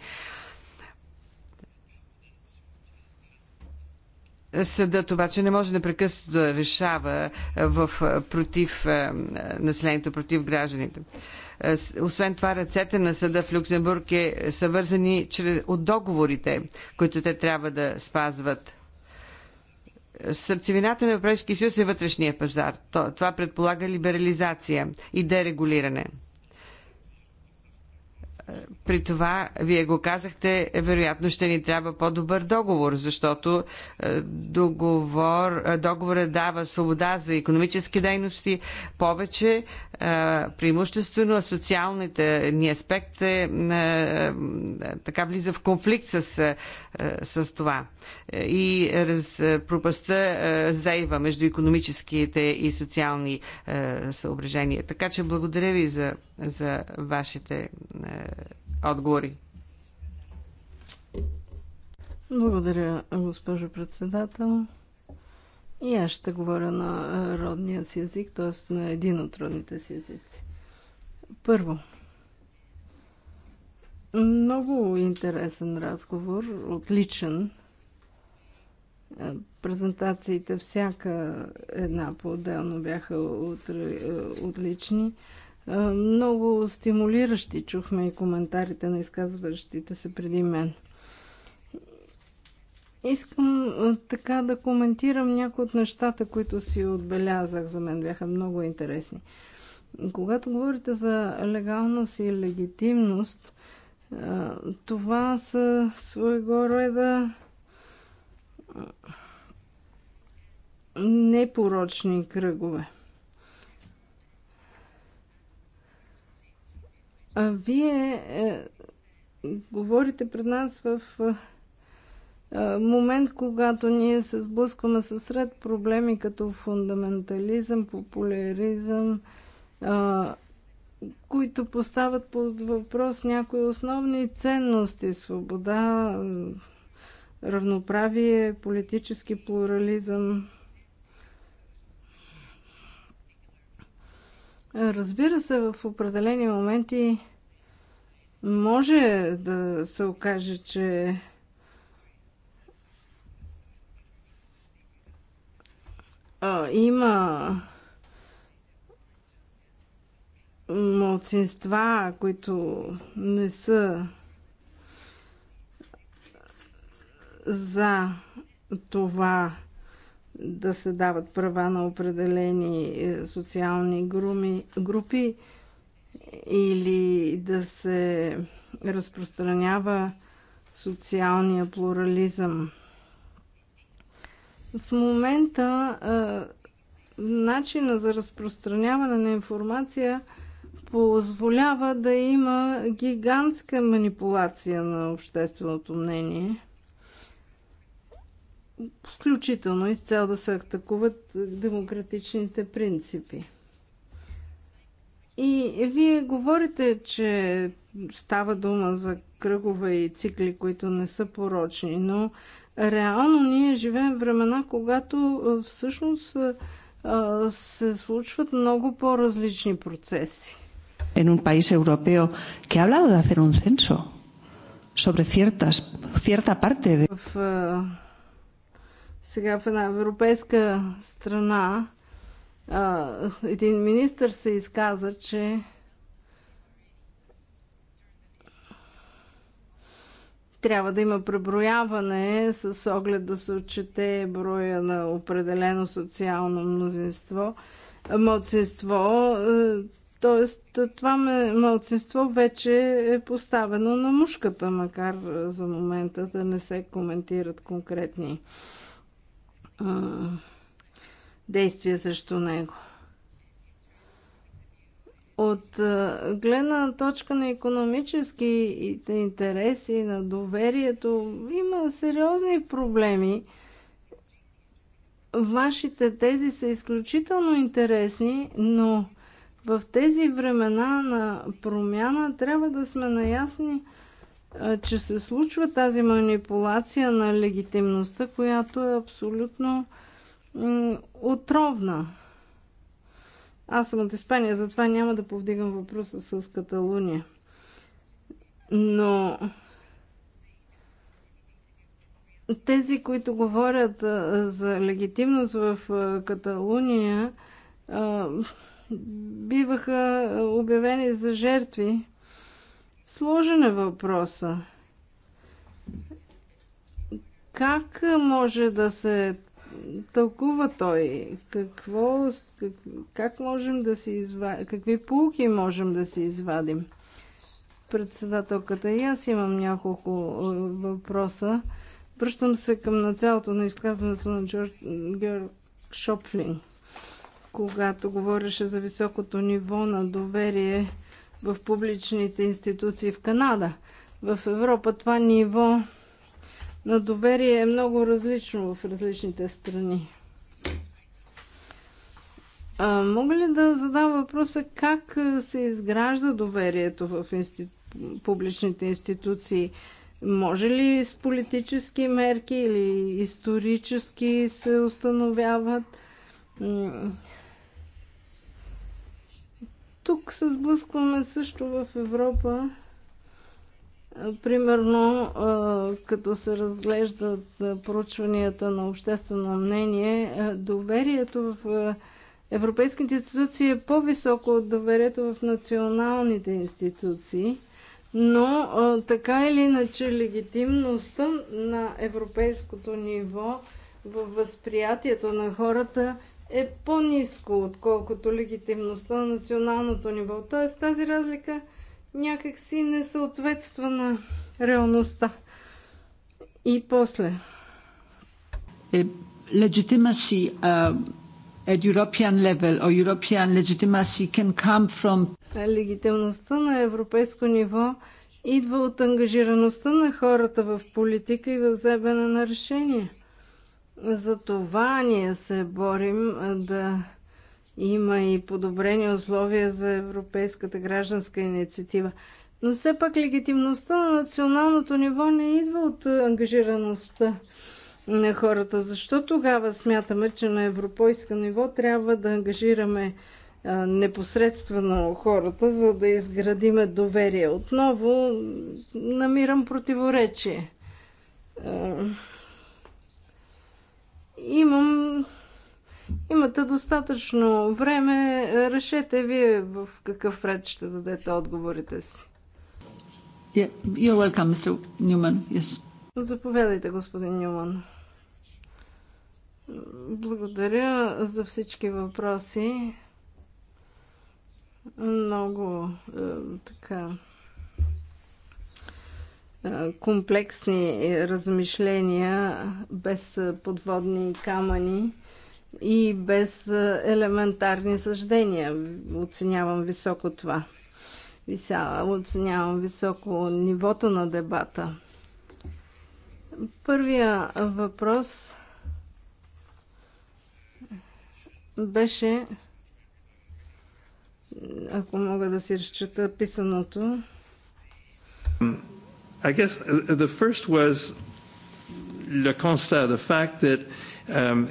Speaker 2: Съдът обаче не може непрекъснато да решава е, в, е, против е, населението, против гражданите. Освен това, ръцете на съда в Люксембург е, са вързани чрез, от договорите, които те трябва да спазват. Сърцевината на Европейския съюз е вътрешния пазар. Това предполага либерализация и дерегулиране при това, вие го казахте, вероятно ще ни трябва по-добър договор, защото е, договор, е, договорът дава свобода за економически дейности повече, е, преимуществено, а социалните ни аспект е, така влиза в конфликт с, с това. И раз, пропаста зейва между економическите и социални съображения. Така че благодаря ви за, за вашите отговори.
Speaker 3: Благодаря, госпожо председател. И аз ще говоря на родния си език, т.е. на един от родните си езици. Първо, много интересен разговор, отличен. Е, презентациите всяка една по-отделно бяха от, е, отлични. Много стимулиращи чухме и коментарите на изказващите се преди мен. Искам така да коментирам някои от нещата, които си отбелязах. За мен бяха много интересни. Когато говорите за легалност и легитимност, това са своего рода непорочни кръгове. А вие е, говорите пред нас в е, е момент, когато ние се сблъскваме със сред проблеми като фундаментализъм, популяризъм, е, които поставят под въпрос някои основни ценности свобода, равноправие, политически плурализъм. Разбира се, в определени моменти може да се окаже, че а, има младсинства, които не са за това да се дават права на определени е, социални груми, групи или да се разпространява социалния плурализъм. В момента е, начина за разпространяване на информация позволява да има гигантска манипулация на общественото мнение – включително и с цел да се атакуват демократичните принципи. И вие говорите, че става дума за кръгове и цикли, които не са порочни, но реално ние живеем времена, когато всъщност се случват много по-различни процеси.
Speaker 2: En un país europeo que ha hablado de hacer un censo sobre ciertas,
Speaker 3: cierta parte de... В сега в една европейска страна един министр се изказа, че трябва да има преброяване с оглед да се отчете броя на определено социално мнозинство, младсинство. Е, тоест, това младсинство вече е поставено на мушката, макар за момента да не се коментират конкретни действия срещу него. От гледна точка на економически интереси, на доверието, има сериозни проблеми. Вашите тези са изключително интересни, но в тези времена на промяна трябва да сме наясни, че се случва тази манипулация на легитимността, която е абсолютно отровна. Аз съм от Испания, затова няма да повдигам въпроса с Каталуния. Но тези, които говорят за легитимност в Каталуния, биваха обявени за жертви Сложен е въпроса. Как може да се тълкува той? Какво, как, как можем да се извадим? Какви полуки можем да се извадим? Председателката и аз имам няколко е, въпроса. Връщам се към началото на изказването на Джордж Георг Шопфлин, когато говореше за високото ниво на доверие в публичните институции в Канада. В Европа това ниво на доверие е много различно в различните страни. А, мога ли да задам въпроса как се изгражда доверието в институ... публичните институции? Може ли с политически мерки или исторически се установяват? Тук се сблъскваме също в Европа. Примерно, като се разглеждат проучванията на обществено мнение, доверието в европейските институции е по-високо от доверието в националните институции, но така или иначе легитимността на европейското ниво във възприятието на хората е по-низко, отколкото легитимността на националното ниво. Т.е. тази разлика някак си не съответства на реалността.
Speaker 1: И после. Е, legitimacy uh, at European level or European legitimacy can come from...
Speaker 3: Легитимността на европейско ниво идва от ангажираността на хората в политика и в вземане на решения за това ние се борим да има и подобрени условия за Европейската гражданска инициатива. Но все пак легитимността на националното ниво не идва от ангажираността на хората. Защо тогава смятаме, че на европейско ниво трябва да ангажираме непосредствено хората, за да изградиме доверие? Отново намирам противоречие имам Имате достатъчно време. Решете вие в какъв ред ще дадете отговорите си.
Speaker 1: Yeah, you're welcome, Mr. Newman. Yes.
Speaker 3: Заповядайте, господин Нюман. Благодаря за всички въпроси. Много е, така комплексни размишления без подводни камъни и без елементарни съждения. Оценявам високо това. Оценявам високо нивото на дебата. Първия въпрос беше, ако мога да си разчета писаното.
Speaker 5: I guess uh, uh, the first
Speaker 3: was le constat, the fact that um...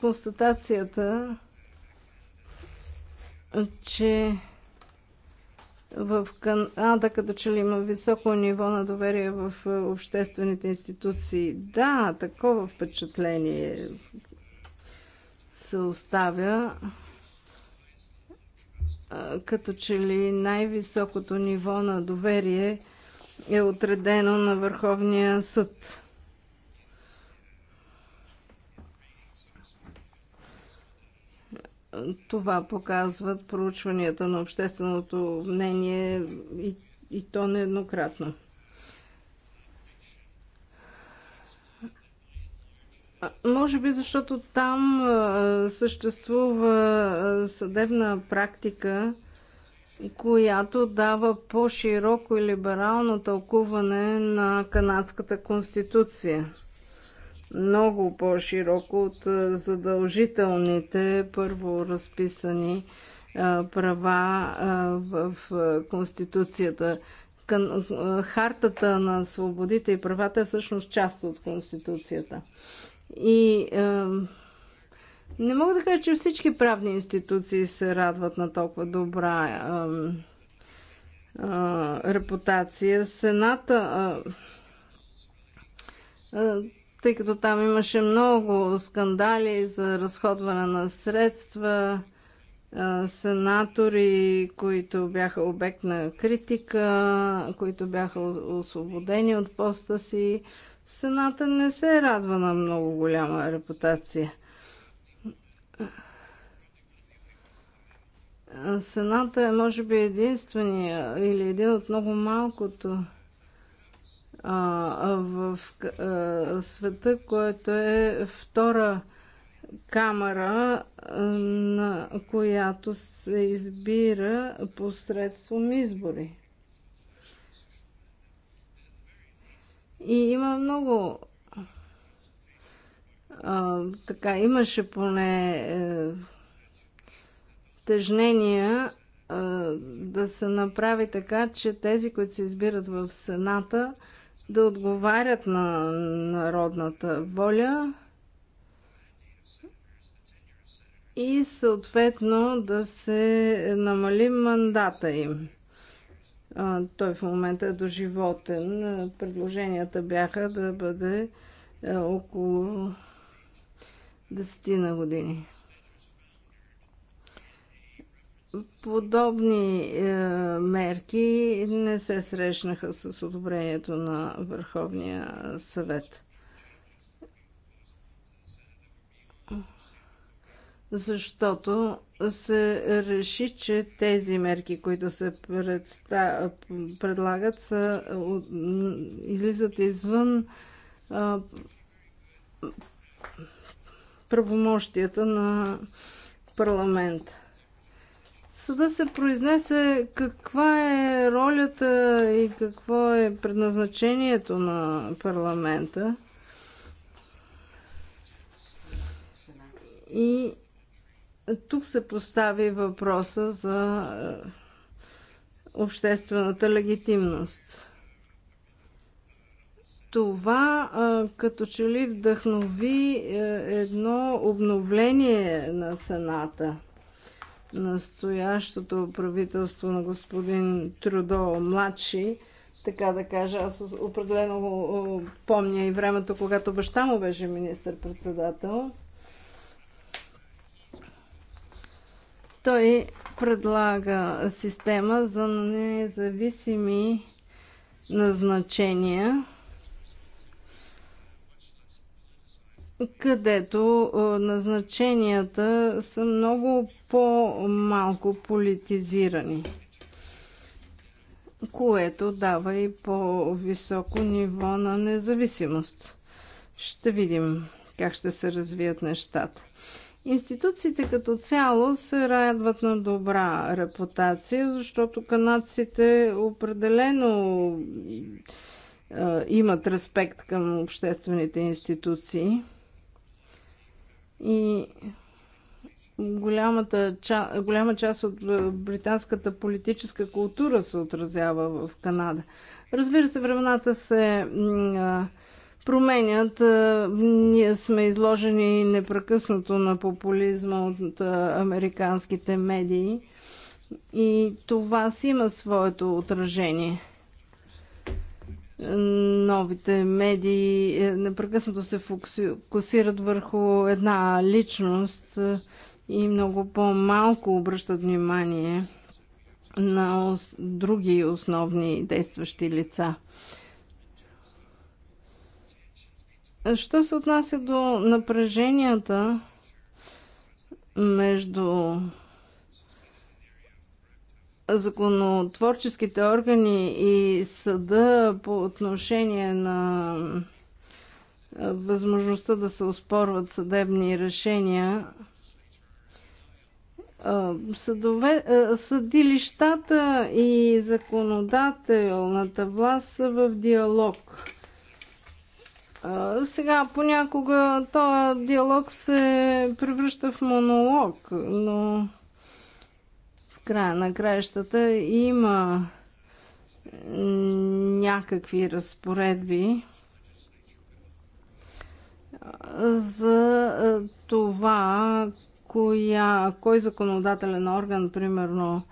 Speaker 3: констатацията, че в Канада като че ли има високо ниво на доверие в е, обществените институции. Да, такова впечатление се оставя като че ли най-високото ниво на доверие – е отредено на Върховния съд. Това показват проучванията на общественото мнение и, и то нееднократно. Може би защото там съществува съдебна практика, която дава по-широко и либерално тълкуване на канадската конституция. Много по-широко от задължителните първо разписани права в конституцията. Хартата на свободите и правата е всъщност част от конституцията. И не мога да кажа, че всички правни институции се радват на толкова добра а, а, репутация. Сената, а, а, тъй като там имаше много скандали за разходване на средства, а, сенатори, които бяха обект на критика, които бяха освободени от поста си, Сената не се радва на много голяма репутация. Сената е може би единствения или един от много малкото а, в а, света, който е втора камера, а, на която се избира посредством избори. И има много. А, така, имаше поне. А, е, стежнения да се направи така, че тези, които се избират в Сената, да отговарят на народната воля и съответно да се намали мандата им. Той в момента е доживотен. Предложенията бяха да бъде около 10 на години подобни е, мерки не се срещнаха с одобрението на Върховния съвет. Защото се реши, че тези мерки, които се предста... предлагат, са... излизат извън а, правомощията на парламента съда се произнесе каква е ролята и какво е предназначението на парламента. И тук се постави въпроса за е, обществената легитимност. Това е, като че ли вдъхнови е, едно обновление на Сената – настоящото правителство на господин Трудо младши, така да кажа, аз определено помня и времето, когато баща му беше министър-председател. Той предлага система за независими назначения, където назначенията са много по-малко политизирани, което дава и по-високо ниво на независимост. Ще видим как ще се развият нещата. Институциите като цяло се радват на добра репутация, защото канадците определено имат респект към обществените институции. И голямата, голяма част от е, британската политическа култура се отразява в Канада. Разбира се, времената се променят. Е, ние сме изложени непрекъснато на популизма от е, американските медии и това си има своето отражение новите медии непрекъснато се фокусират върху една личност и много по-малко обръщат внимание на други основни действащи лица. Що се отнася до напреженията между законотворческите органи и съда по отношение на възможността да се оспорват съдебни решения, Съдове, съдилищата и законодателната власт са в диалог. Сега понякога този диалог се превръща в монолог, но в края на краищата има някакви разпоредби за това коя, кой законодателен орган, примерно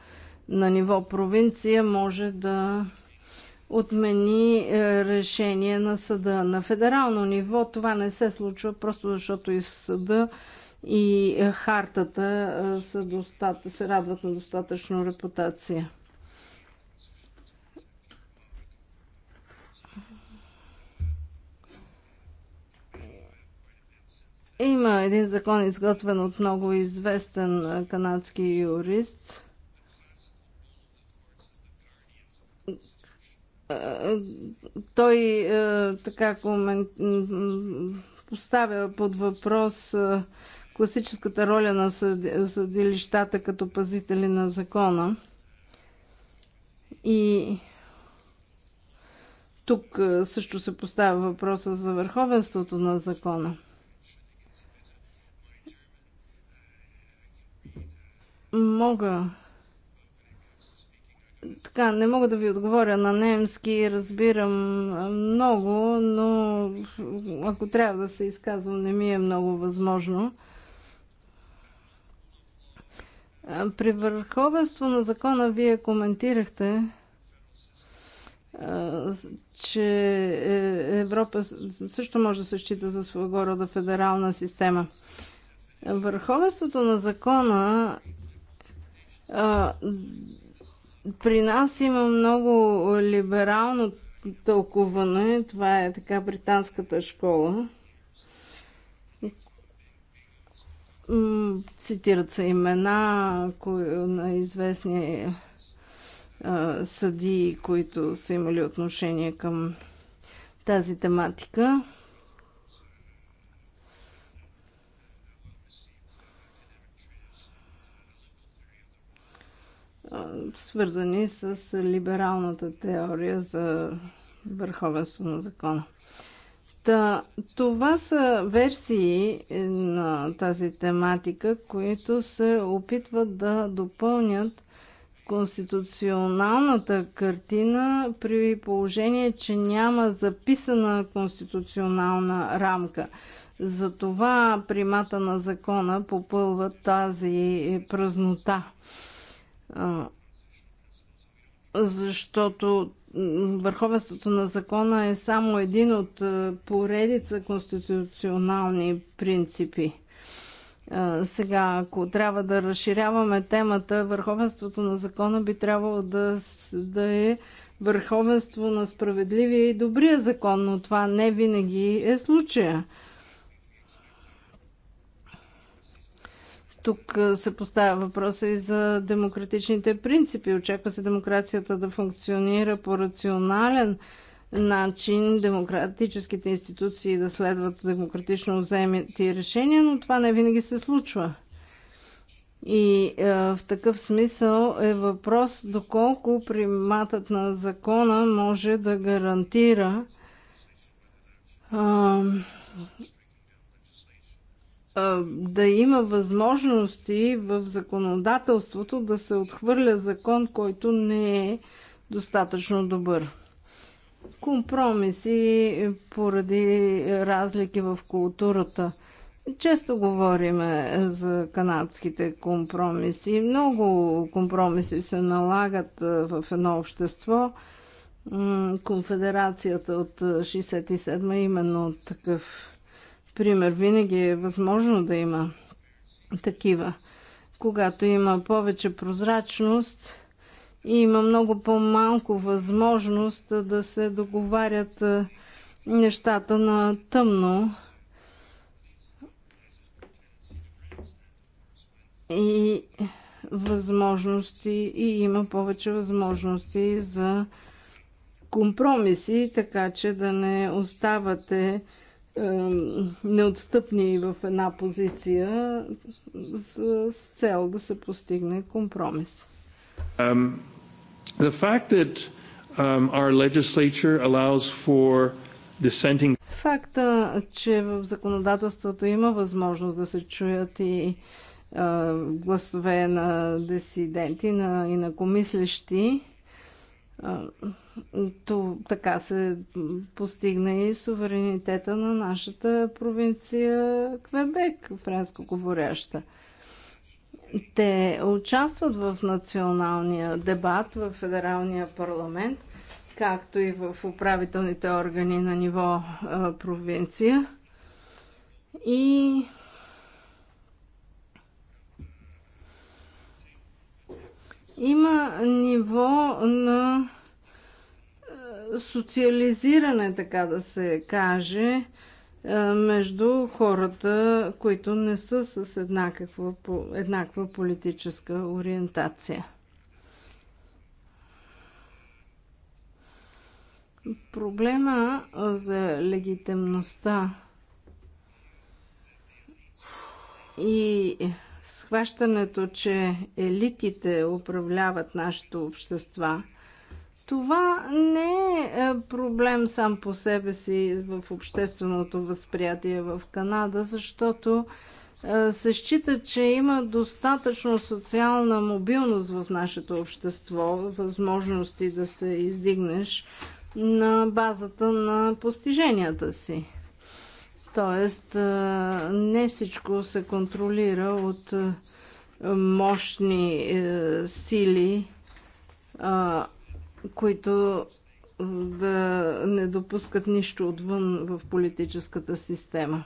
Speaker 3: на ниво провинция, може да отмени е, решение на съда. На федерално ниво това не се случва, просто защото и съда и е, хартата е, са достат... се радват на достатъчно репутация. Има един закон, изготвен от много известен канадски юрист, той така поставя под въпрос класическата роля на съдилищата като пазители на закона. И тук също се поставя въпроса за върховенството на закона. мога така, не мога да ви отговоря на немски, разбирам много, но ако трябва да се изказвам, не ми е много възможно. При върховенство на закона вие коментирахте, че е, Европа също може да се счита за своего рода федерална система. Върховенството на закона при нас има много либерално тълкуване. Това е така британската школа. Цитират се имена на известни съдии, които са имали отношение към тази тематика. свързани с либералната теория за върховенство на закона. Та, това са версии на тази тематика, които се опитват да допълнят конституционалната картина при положение, че няма записана конституционална рамка. Затова примата на закона попълва тази празнота защото върховенството на закона е само един от поредица конституционални принципи. Сега, ако трябва да разширяваме темата, върховенството на закона би трябвало да, да е върховенство на справедливия и добрия закон, но това не винаги е случая. Тук се поставя въпроса и за демократичните принципи. Очаква се демокрацията да функционира по рационален начин, демократическите институции да следват демократично вземите решения, но това не винаги се случва. И е, в такъв смисъл е въпрос доколко приматът на закона може да гарантира е, да има възможности в законодателството да се отхвърля закон, който не е достатъчно добър. Компромиси поради разлики в културата. Често говорим за канадските компромиси. Много компромиси се налагат в едно общество. Конфедерацията от 67 е именно такъв пример. Винаги е възможно да има такива. Когато има повече прозрачност, и има много по-малко възможност да се договарят нещата на тъмно. И възможности, и има повече възможности за компромиси, така че да не оставате неотстъпни в една позиция с цел да се постигне компромис.
Speaker 1: Um,
Speaker 5: the fact that um, our legislature allows for dissenting
Speaker 3: Факта, че в законодателството има възможност да се чуят и а, гласове на дисиденти на, и на комислещи, то, така се постигна и суверенитета на нашата провинция Квебек, говоряща. Те участват в националния дебат в федералния парламент, както и в управителните органи на ниво провинция. И Има ниво на е, социализиране, така да се каже, е, между хората, които не са с еднаква, еднаква политическа ориентация. Проблема е, за легитимността и схващането, че елитите управляват нашите общества, това не е, е проблем сам по себе си в общественото възприятие в Канада, защото е, се счита, че има достатъчно социална мобилност в нашето общество, възможности да се издигнеш на базата на постиженията си. Тоест, не всичко се контролира от мощни е, сили, които да не допускат нищо отвън в политическата система.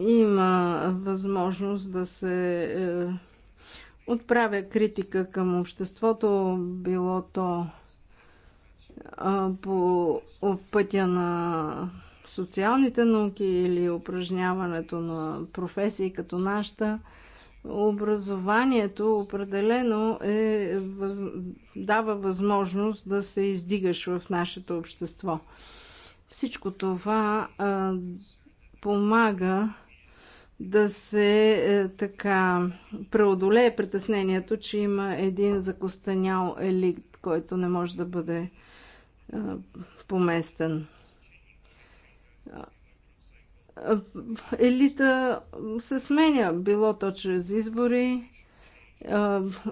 Speaker 3: Има възможност да се е, отправя критика към обществото, било то по пътя на социалните науки или упражняването на професии като нашата, образованието определено е, въз, дава възможност да се издигаш в нашето общество. Всичко това а, помага да се е, така преодолее притеснението, че има един закостанял елит, който не може да бъде поместен. Елита се сменя, било то чрез избори,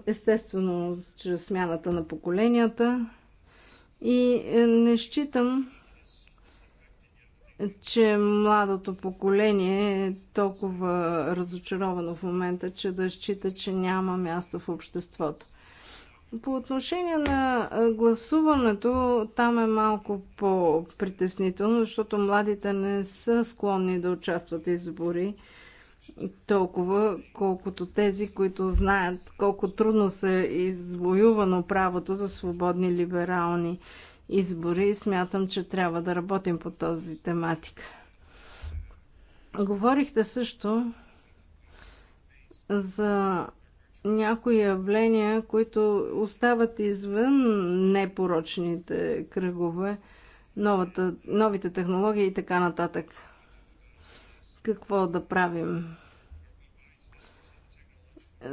Speaker 3: естествено чрез смяната на поколенията. И е, не считам, че младото поколение е толкова разочаровано в момента, че да счита, че няма място в обществото. По отношение на гласуването, там е малко по-притеснително, защото младите не са склонни да участват в избори толкова, колкото тези, които знаят колко трудно се извоювано правото за свободни либерални избори. Смятам, че трябва да работим по този тематика. Говорихте също за някои явления, които остават извън непорочните кръгове, новата, новите технологии и така нататък. Какво да правим?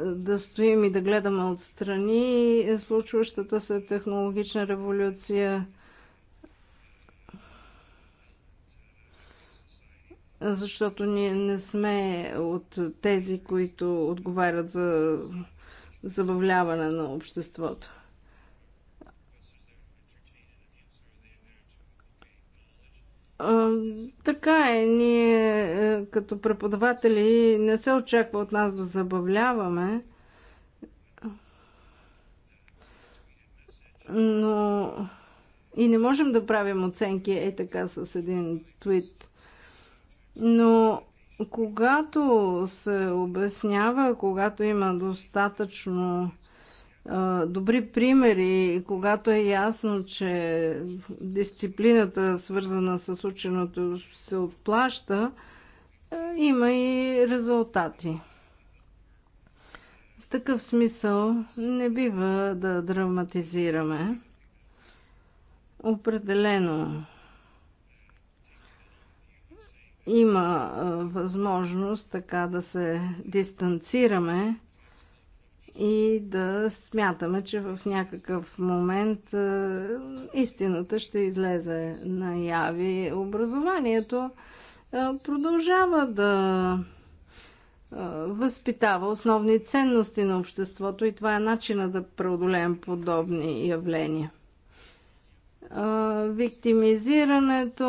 Speaker 3: Да стоим и да гледаме отстрани случващата се технологична революция, защото ние не сме от тези, които отговарят за забавляване на обществото. така е, ние е, като преподаватели не се очаква от нас да забавляваме, но и не можем да правим оценки е така с един твит. Но когато се обяснява, когато има достатъчно добри примери, когато е ясно, че дисциплината, свързана с ученото, се отплаща, има и резултати. В такъв смисъл не бива да драматизираме. Определено има възможност така да се дистанцираме и да смятаме, че в някакъв момент истината ще излезе наяви. Образованието продължава да възпитава основни ценности на обществото и това е начина да преодолеем подобни явления. Виктимизирането,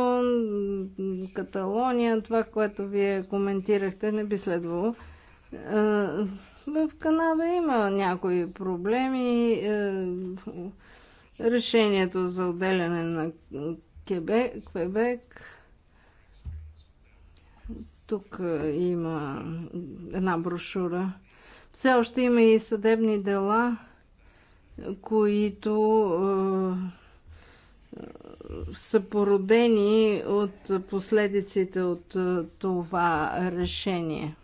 Speaker 3: Каталония, това, което вие коментирахте, не би следвало. В Канада има някои проблеми. Е, решението за отделяне на Кебек, Квебек. Тук е, има една брошура. Все още има и съдебни дела, които е, са породени от последиците от това решение.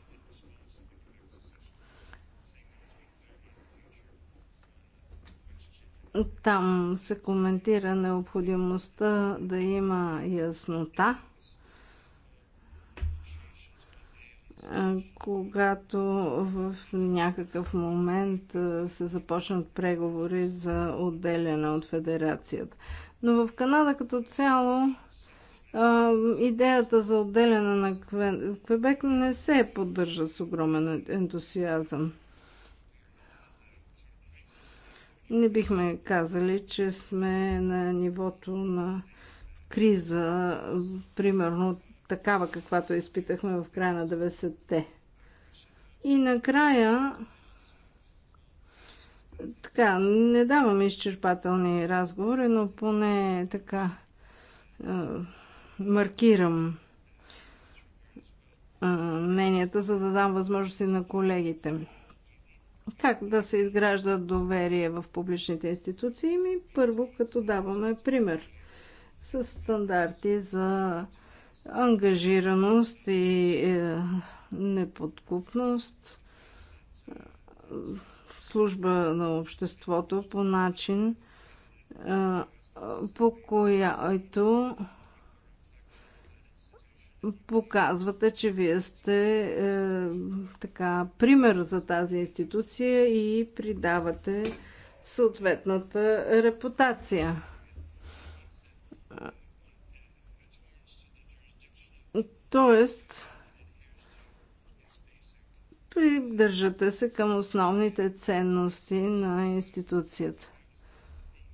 Speaker 3: Там се коментира необходимостта да има яснота. когато в някакъв момент се започнат преговори за отделяне от федерацията. Но в Канада като цяло идеята за отделяне на Квебек не се поддържа с огромен ентусиазъм. Не бихме казали, че сме на нивото на криза, примерно такава, каквато изпитахме в края на 90-те. И накрая, така, не давам изчерпателни разговори, но поне така е, маркирам е, мненията, за да дам възможности на колегите Как да се изгражда доверие в публичните институции? Ми първо, като даваме пример с стандарти за ангажираност и е, неподкупност, служба на обществото по начин, е, по която показвате, че вие сте е, така пример за тази институция и придавате съответната репутация. Тоест, придържате се към основните ценности на институцията.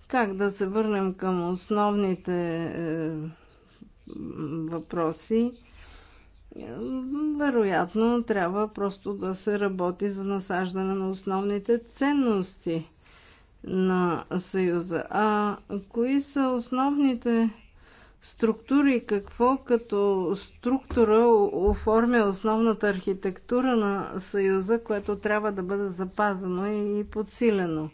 Speaker 3: Как да се върнем към основните е, въпроси? Вероятно, трябва просто да се работи за насаждане на основните ценности на Съюза. А кои са основните структури, какво като структура оформя основната архитектура на Съюза, което трябва да бъде запазено и подсилено.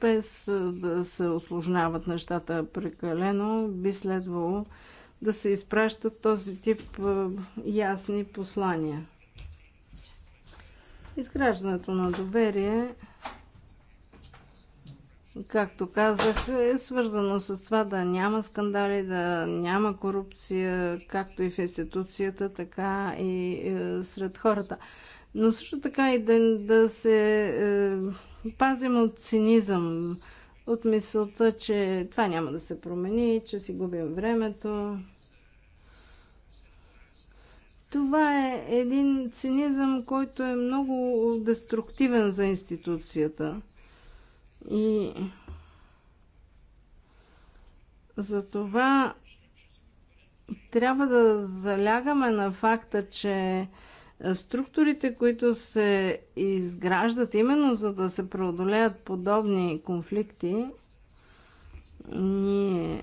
Speaker 3: Без да се осложняват нещата прекалено, би следвало да се изпращат този тип ясни послания. Изграждането на доверие, както казах, е свързано с това да няма скандали, да няма корупция, както и в институцията, така и е, сред хората. Но също така и да, да се е, пазим от цинизъм, от мисълта, че това няма да се промени, че си губим времето. Това е един цинизъм, който е много деструктивен за институцията. И за това трябва да залягаме на факта, че структурите, които се изграждат именно за да се преодолеят подобни конфликти, ние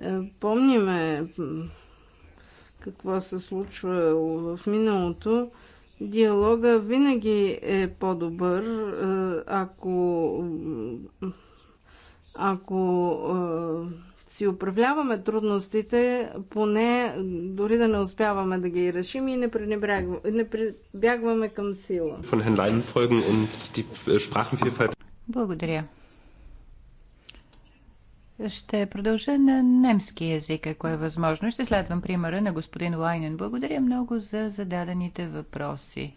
Speaker 3: е, помниме какво се случва в миналото, диалога винаги е по-добър, ако, ако си управляваме трудностите, поне дори да не успяваме да ги решим и не, не прибягваме към сила. Äh,
Speaker 4: Благодаря. Ще продължа на немски язик, ако е възможно. Ще следвам примера на господин Лайнен. Благодаря много за зададените въпроси.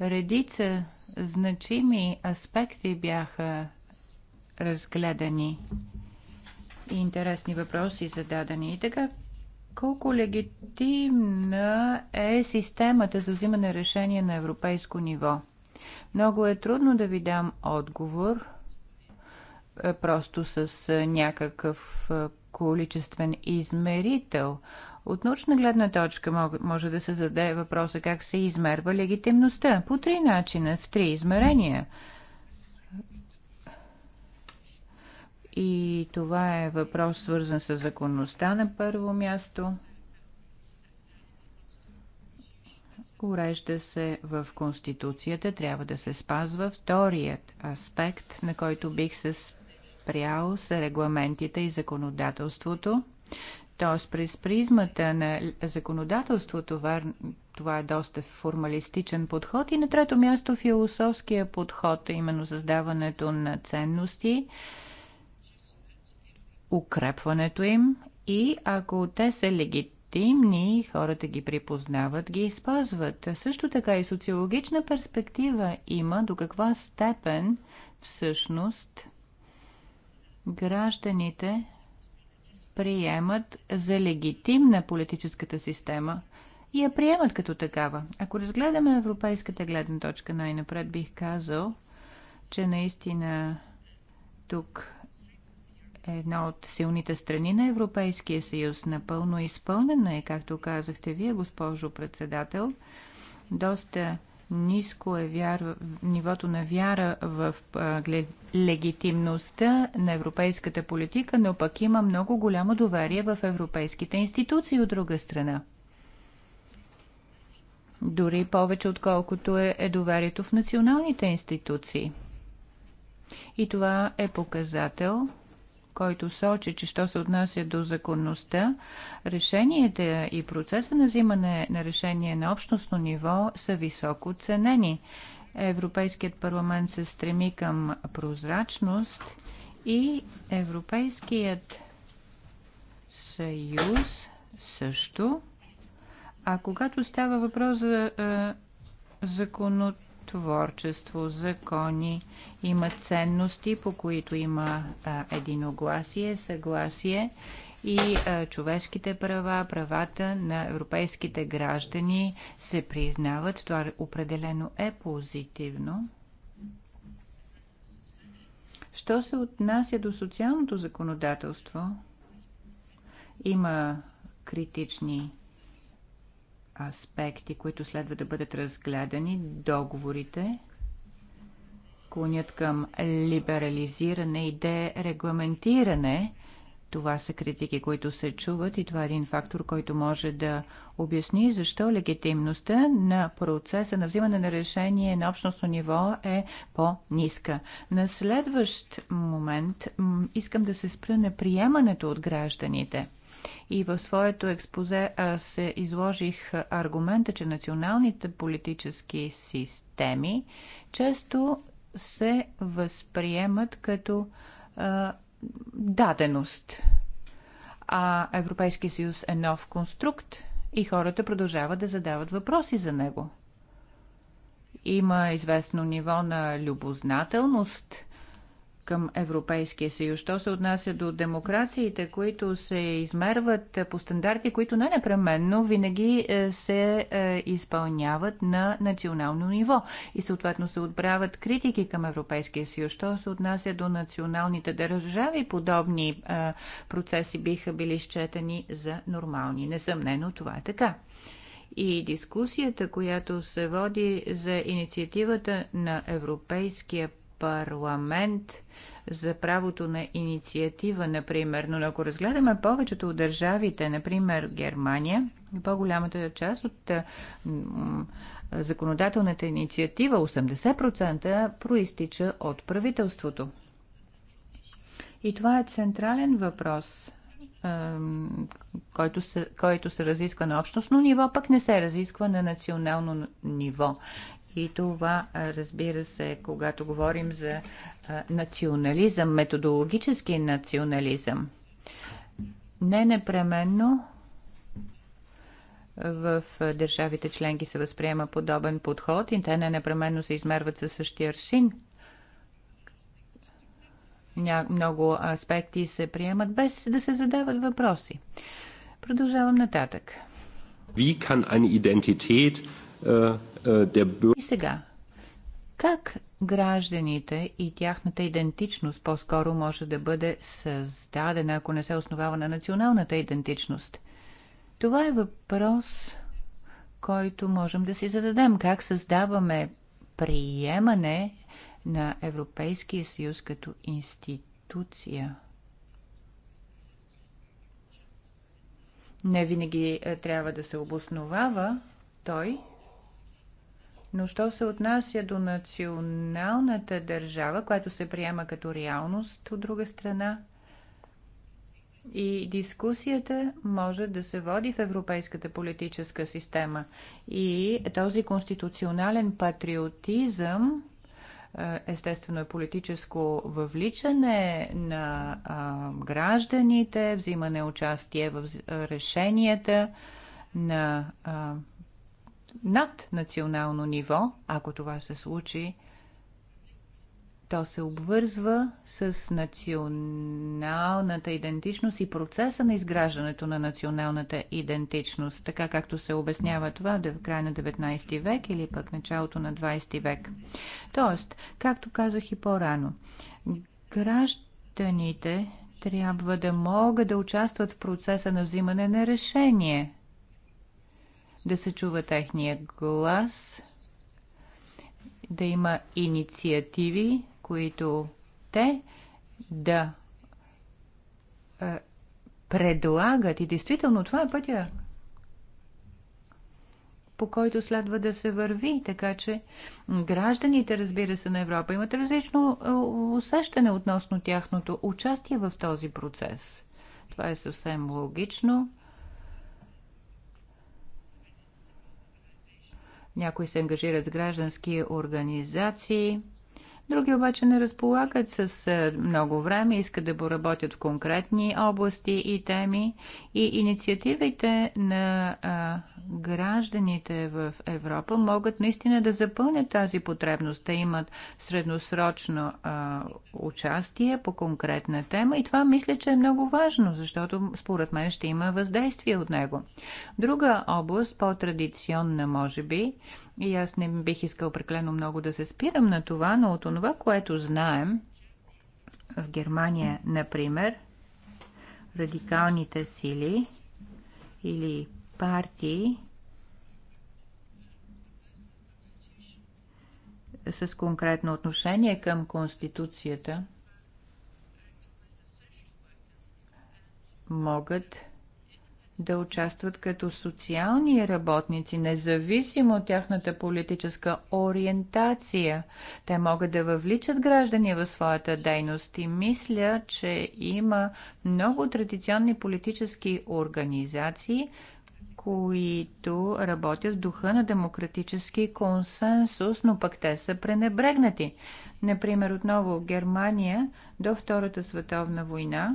Speaker 4: Редица значими аспекти бяха разгледани и интересни въпроси зададени. И така, колко легитимна е системата за взимане решение на европейско ниво? Много е трудно да ви дам отговор – е просто с е, някакъв е, количествен измерител. От научна гледна точка може да се зададе въпроса как се измерва легитимността. По три начина, в три измерения. И това е въпрос свързан с законността на първо място. урежда се в Конституцията, трябва да се спазва вторият аспект, на който бих се спрял с регламентите и законодателството. Тоест през призмата на законодателството, това, това е доста формалистичен подход. И на трето място философския подход, именно създаването на ценности, укрепването им и ако те са легитимни, хората ги припознават, ги използват. Също така и социологична перспектива има до каква степен всъщност гражданите приемат за легитимна политическата система и я приемат като такава. Ако разгледаме европейската гледна точка, най-напред бих казал, че наистина тук е една от силните страни на Европейския съюз. Напълно изпълнена е, както казахте вие, госпожо председател. Доста ниско е вяра, нивото на вяра в а, легитимността на европейската политика, но пък има много голямо доверие в европейските институции от друга страна. Дори повече отколкото е, е доверието в националните институции. И това е показател – който сочи, че що се отнася до законността, решенията и процеса на взимане на решение на общностно ниво са високо ценени. Европейският парламент се стреми към прозрачност и Европейският съюз също. А когато става въпрос за е, законодателство, творчество, закони, има ценности, по които има а, единогласие, съгласие и а, човешките права, правата на европейските граждани се признават. Това определено е позитивно. Що се отнася до социалното законодателство, има критични аспекти, които следва да бъдат разгледани. Договорите клонят към либерализиране и дерегламентиране. Това са критики, които се чуват и това е един фактор, който може да обясни защо легитимността на процеса на взимане на решение на общностно ниво е по-ниска. На следващ момент искам да се спра на приемането от гражданите – и в своето експозе аз изложих аргумента, че националните политически системи често се възприемат като а, даденост. А Европейския съюз е нов конструкт и хората продължават да задават въпроси за него. Има известно ниво на любознателност – към Европейския съюз. Що се отнася до демокрациите, които се измерват по стандарти, които не непременно винаги е, се е, изпълняват на национално ниво и съответно се отправят критики към Европейския съюз. Що се отнася до националните държави, подобни е, процеси биха били счетени за нормални. Несъмнено това е така и дискусията, която се води за инициативата на Европейския парламент за правото на инициатива, например. Но ако разгледаме повечето от държавите, например Германия, по-голямата част от законодателната инициатива, 80%, проистича от правителството. И това е централен въпрос, който се, който се разисква на общностно ниво, пък не се разисква на национално ниво. И това, разбира се, когато говорим за национализъм, методологически национализъм, не непременно в държавите членки се възприема подобен подход и те не непременно се измерват със същия аршин. Много аспекти се приемат без да се задават въпроси. Продължавам нататък. Wie kann eine Identität äh, е, и сега, как гражданите и тяхната идентичност по-скоро може да бъде създадена, ако не се основава на националната идентичност? Това е въпрос, който можем да си зададем. Как създаваме приемане на Европейския съюз като институция? Не винаги е, трябва да се обосновава той но що се отнася до националната държава, която се приема като реалност от друга страна, и дискусията може да се води в европейската политическа система. И този конституционален патриотизъм, е, естествено е политическо въвличане на гражданите, взимане участие в решенията на над национално ниво, ако това се случи, то се обвързва с националната идентичност и процеса на изграждането на националната идентичност, така както се обяснява това в края на 19 век или пък началото на 20 век. Тоест, както казах и по-рано, гражданите трябва да могат да участват в процеса на взимане на решение да се чува техния глас, да има инициативи, които те да е, предлагат. И действително това е пътя, по който следва да се върви. Така че гражданите, разбира се, на Европа имат различно усещане относно тяхното участие в този процес. Това е съвсем логично. Някои се ангажират с граждански организации Други обаче не разполагат с е, много време, искат да поработят в конкретни области и теми. И инициативите на а, гражданите в Европа могат наистина да запълнят тази потребност, да имат средносрочно а, участие по конкретна тема. И това мисля, че е много важно, защото според мен ще има въздействие от него. Друга област, по-традиционна може би, и аз не бих искал преклено много да се спирам на това, но от това, което знаем, в Германия, например, радикалните сили или партии с конкретно отношение към Конституцията могат да участват като социални работници, независимо от тяхната политическа ориентация. Те могат да въвличат граждани в своята дейност и мисля, че има много традиционни политически организации, които работят в духа на демократически консенсус, но пък те са пренебрегнати. Например, отново Германия до Втората световна война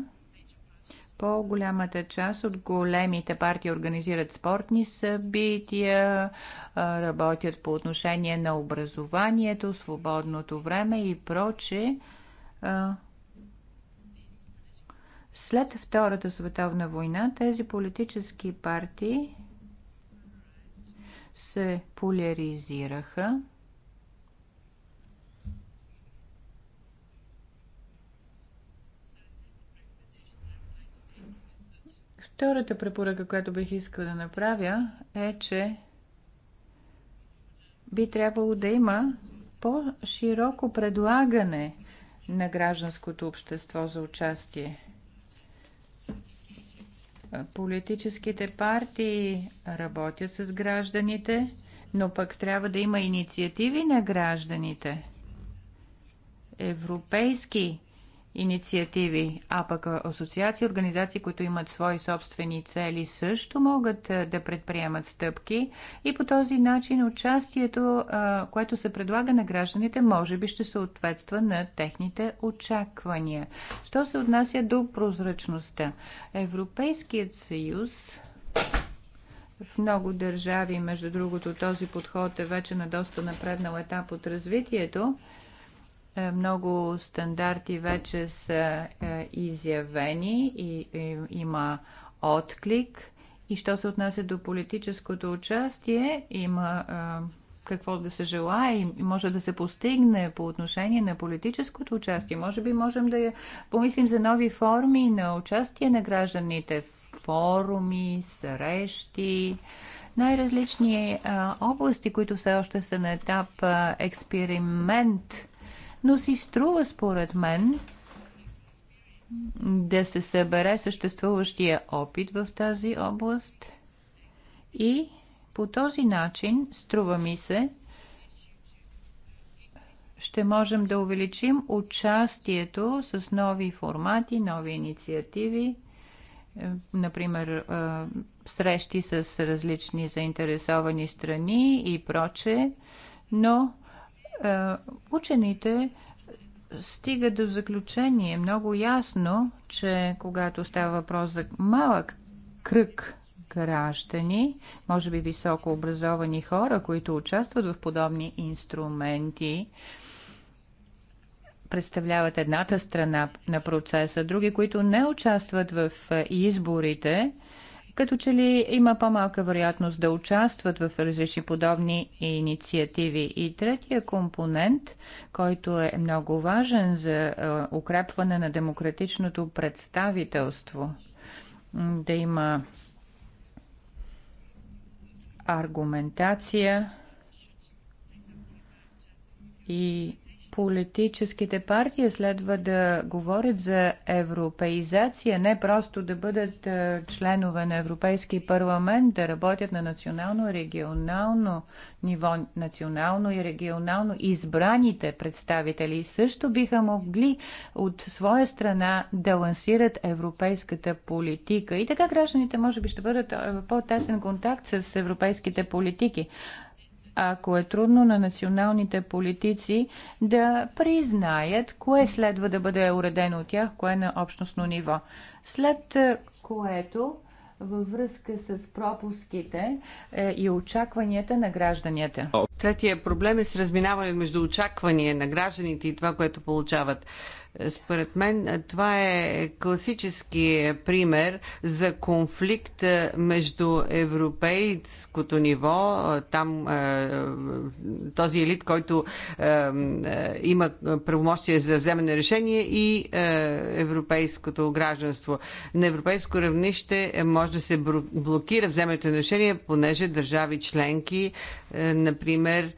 Speaker 4: по-голямата част от големите партии организират спортни събития, работят по отношение на образованието, свободното време и проче. След Втората световна война тези политически партии се поляризираха Втората препоръка, която бих искал да направя е, че би трябвало да има по-широко предлагане на гражданското общество за участие. Политическите партии работят с гражданите, но пък трябва да има инициативи на гражданите. Европейски инициативи, а пък асоциации, организации, които имат свои собствени цели, също могат да предприемат стъпки и по този начин участието, което се предлага на гражданите, може би ще съответства на техните очаквания. Що се отнася до прозрачността? Европейският съюз в много държави, между другото, този подход е вече на доста напреднал етап от развитието, е, много стандарти вече са е, изявени и има отклик. И що се отнася до политическото участие, има е, какво да се желае и може да се постигне по отношение на политическото участие. Може би можем да помислим за нови форми на участие на гражданите форуми, срещи, най-различни области, които все още са на етап а, експеримент но си струва според мен да се събере съществуващия опит в тази област и по този начин, струва ми се, ще можем да увеличим участието с нови формати, нови инициативи, е, например, е, срещи с различни заинтересовани страни и прочее, но е, учените стигат до заключение много ясно, че когато става въпрос за малък кръг граждани, може би високо образовани хора, които участват в подобни инструменти, представляват едната страна на процеса, други, които не участват в е, изборите – като че ли има по-малка вероятност да участват в различни подобни инициативи. И третия компонент, който е много важен за е, укрепване на демократичното представителство, да има аргументация и политическите партии следва да говорят за европеизация, не просто да бъдат е, членове на Европейски парламент, да работят на национално, регионално ниво, национално и регионално. Избраните представители също биха могли от своя страна да лансират европейската политика. И така гражданите може би ще бъдат в е, по-тесен контакт с европейските политики ако е трудно на националните политици да признаят кое следва да бъде уредено от тях, кое е на общностно ниво. След е, което във връзка с пропуските е, и очакванията на гражданите.
Speaker 2: Третия проблем е с разминаване между очаквания на гражданите и това, което получават. Според мен това е класически пример за конфликт между европейското ниво, там е, този елит, който е, е, има правомощие за вземане решение и европейското гражданство. На европейско равнище може да се блокира вземането на решение, понеже държави членки, например,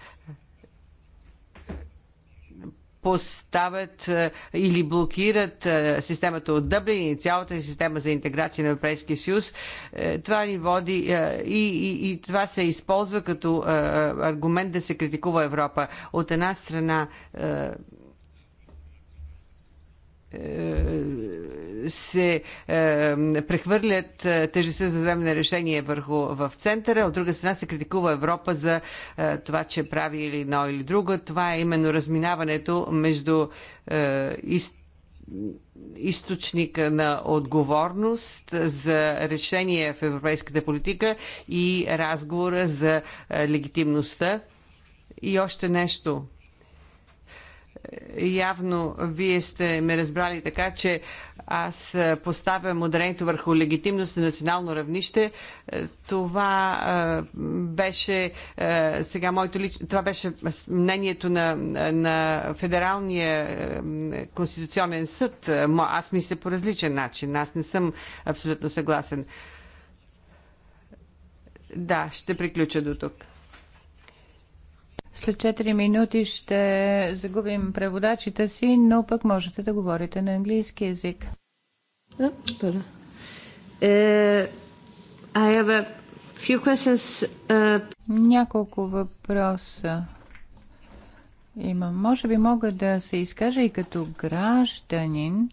Speaker 2: поставят е, или блокират е, системата от Дъблин и цялата система за интеграция на Европейския съюз. Е, това ни води и, и, и това се използва като аргумент да се критикува Европа. От една страна се е, прехвърлят е, тежестта за вземане решение върху в центъра, от друга страна се критикува Европа за е, това, че прави или едно или друго. Това е именно разминаването между източника на отговорност за решение в европейската политика и разговора за легитимността. И още нещо – явно вие сте ме разбрали така, че аз поставям ударението върху легитимност на национално равнище. Това беше сега моето лично, това беше мнението на, на Федералния конституционен съд. Аз мисля по различен начин. Аз не съм абсолютно съгласен. Да, ще приключа до тук.
Speaker 4: След 4 минути ще загубим преводачите си, но пък можете да говорите на английски язик. Да, е, I have a few questions. Uh... Няколко въпроса имам. Може би мога да се изкажа и като гражданин,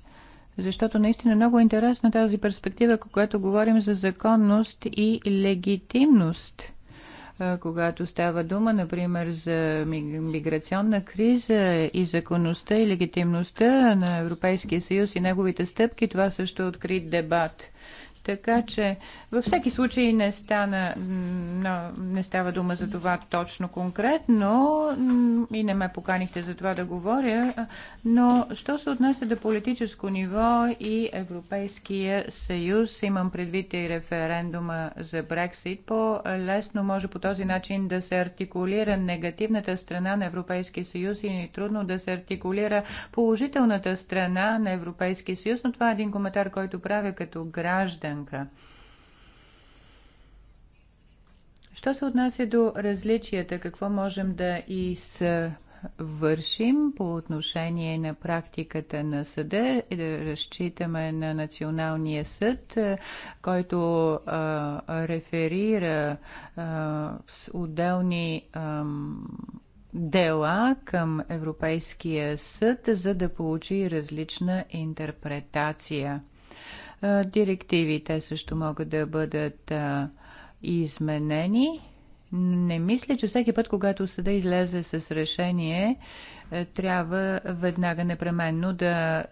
Speaker 4: защото наистина е много е интересна тази перспектива, когато говорим за законност и легитимност – когато става дума, например, за миграционна криза и законността и легитимността на Европейския съюз и неговите стъпки, това също е открит дебат. Така че във всеки случай не, стана, не става дума за това точно конкретно и не ме поканихте за това да говоря, но що се отнася до политическо ниво и Европейския съюз, имам предвид и референдума за Брексит, по-лесно може по този начин да се артикулира негативната страна на Европейския съюз и е трудно да се артикулира положителната страна на Европейския съюз, но това е един коментар, който правя като граждан членка. Що се отнася до различията, какво можем да извършим по отношение на практиката на съда и да разчитаме на Националния съд, който а, реферира а, с отделни а, дела към Европейския съд, за да получи различна интерпретация директивите също могат да бъдат изменени. Не мисля, че всеки път, когато съда излезе с решение, е, трябва веднага непременно да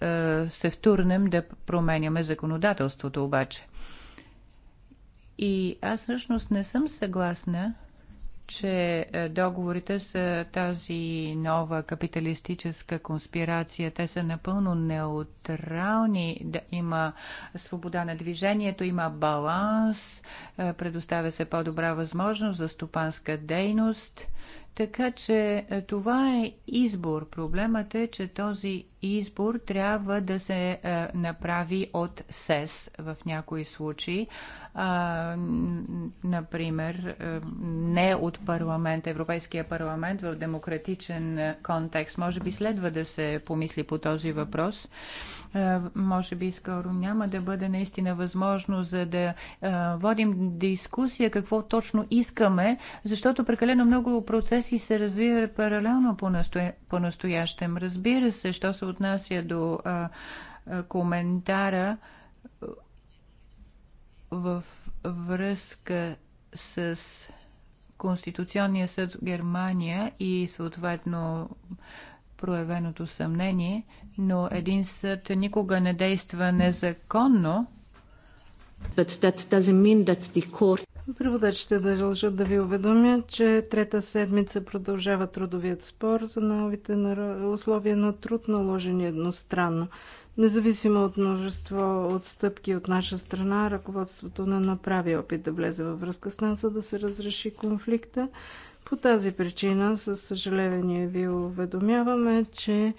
Speaker 4: се втурнем да променяме законодателството обаче. И аз всъщност не съм съгласна че е, договорите са тази нова капиталистическа конспирация. Те са напълно неутрални. Да има свобода на движението, има баланс, е, предоставя се по-добра възможност за стопанска дейност – така че е, това е избор. Проблемът е, че този избор трябва да се е, направи от СЕС в някои случаи. А, например, е, не от парламент, Европейския парламент в демократичен е, контекст. Може би следва да се помисли по този въпрос. може би скоро няма да бъде наистина възможно за да водим дискусия какво точно искаме, защото прекалено много процес процеси се развива паралелно по-настоящем. Разбира се, що се отнася до а, а, коментара в връзка с Конституционния съд в Германия и съответно проявеното съмнение, но един съд никога не действа незаконно.
Speaker 3: But that doesn't mean that the court
Speaker 4: Преводачите
Speaker 3: дължат да ви уведомят, че трета седмица продължава трудовият спор за новите условия на труд, наложени едностранно. Независимо от множество отстъпки от наша страна, ръководството не направи опит да влезе във връзка с нас, за да се разреши конфликта. По тази причина, със съжаление ви уведомяваме, че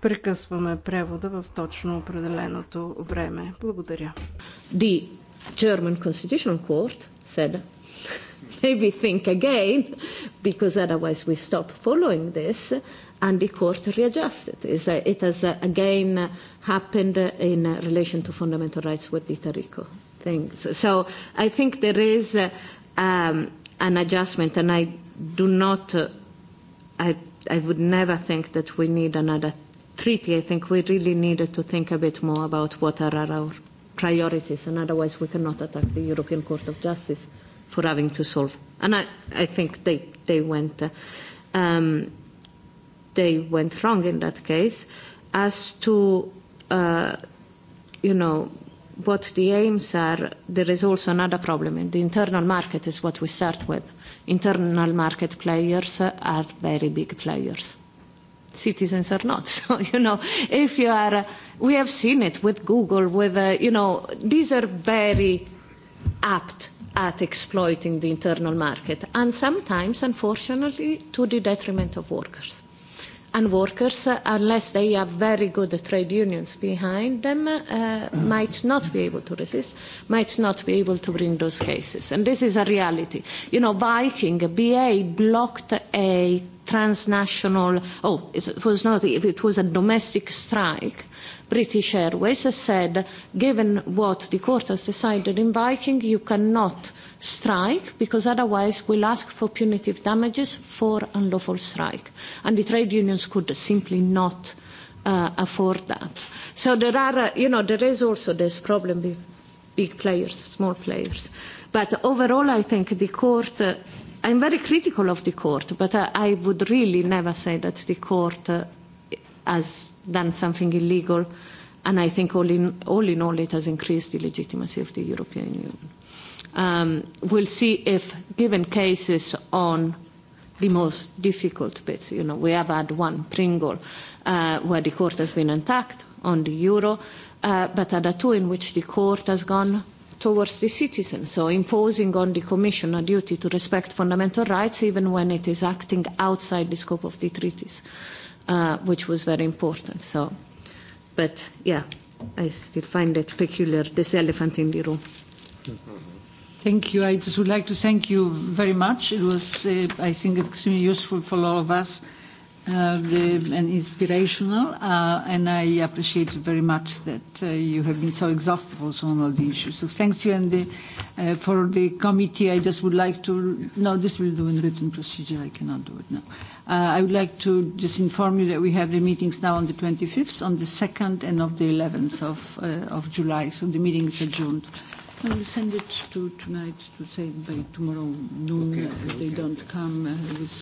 Speaker 3: прекъсваме превода в точно определеното време. Благодаря. The German Constitutional Court said,
Speaker 5: maybe think again, because otherwise we stop following this, and the court readjusted. it has again happened in relation to fundamental rights with the Tarico things. So I think there is um, an adjustment, and I do not, I, I would never think that we need another treaty. I think we really needed to think a bit more about what are our priorities, and otherwise we cannot attack the European Court of Justice for having to solve. And I, I think they, they went, uh, um, they went wrong in that case. As to, uh, you know, what the aims are, there is also another problem. The internal market is what we start with. Internal market players are very big players citizens or not. So, you know, if you are, we have seen it with Google, with, uh, you know, these are very apt at exploiting the internal market and sometimes, unfortunately, to the detriment of workers. And workers, uh, unless they have very good trade unions behind them, uh, might not be able to resist, might not be able to bring those cases. And this is a reality. You know, Viking, BA blocked a transnational, oh, it was not, if it was a domestic strike, British Airways has said, given what the court has decided in Viking, you cannot strike because otherwise we'll ask for punitive damages for unlawful strike. And the trade unions could simply not uh, afford that. So there are, uh, you know, there is also this problem with big players, small players. But overall, I think the court I'm very critical of the court, but I, I would really never say that the court uh, has done something illegal, and I think all in all, in all it has increased the legitimacy of the European Union. Um, we'll see if, given cases on the most difficult bits, you know, we have had one, Pringle, uh, where the court has been attacked on the euro, uh, but other two in which the court has gone towards the citizens, so imposing on the Commission a duty to respect fundamental rights even when it is acting outside the scope of the treaties, uh, which was very important. So, but yeah, I still find it peculiar, this elephant in the room.
Speaker 1: Thank you. I just would like to thank you very much. It was, uh, I think, extremely useful for all of us and inspirational, uh, and I appreciate very much that uh, you have been so exhaustive also on all the issues. So thanks you and the, uh, for the committee. I just would like to, no, this will do in written procedure. I cannot do it now. Uh, I would like to just inform you that we have the meetings now on the 25th, on the 2nd, and of the 11th of, uh, of July. So the meeting is adjourned. I will send it to tonight to say by tomorrow noon if they don't come uh, with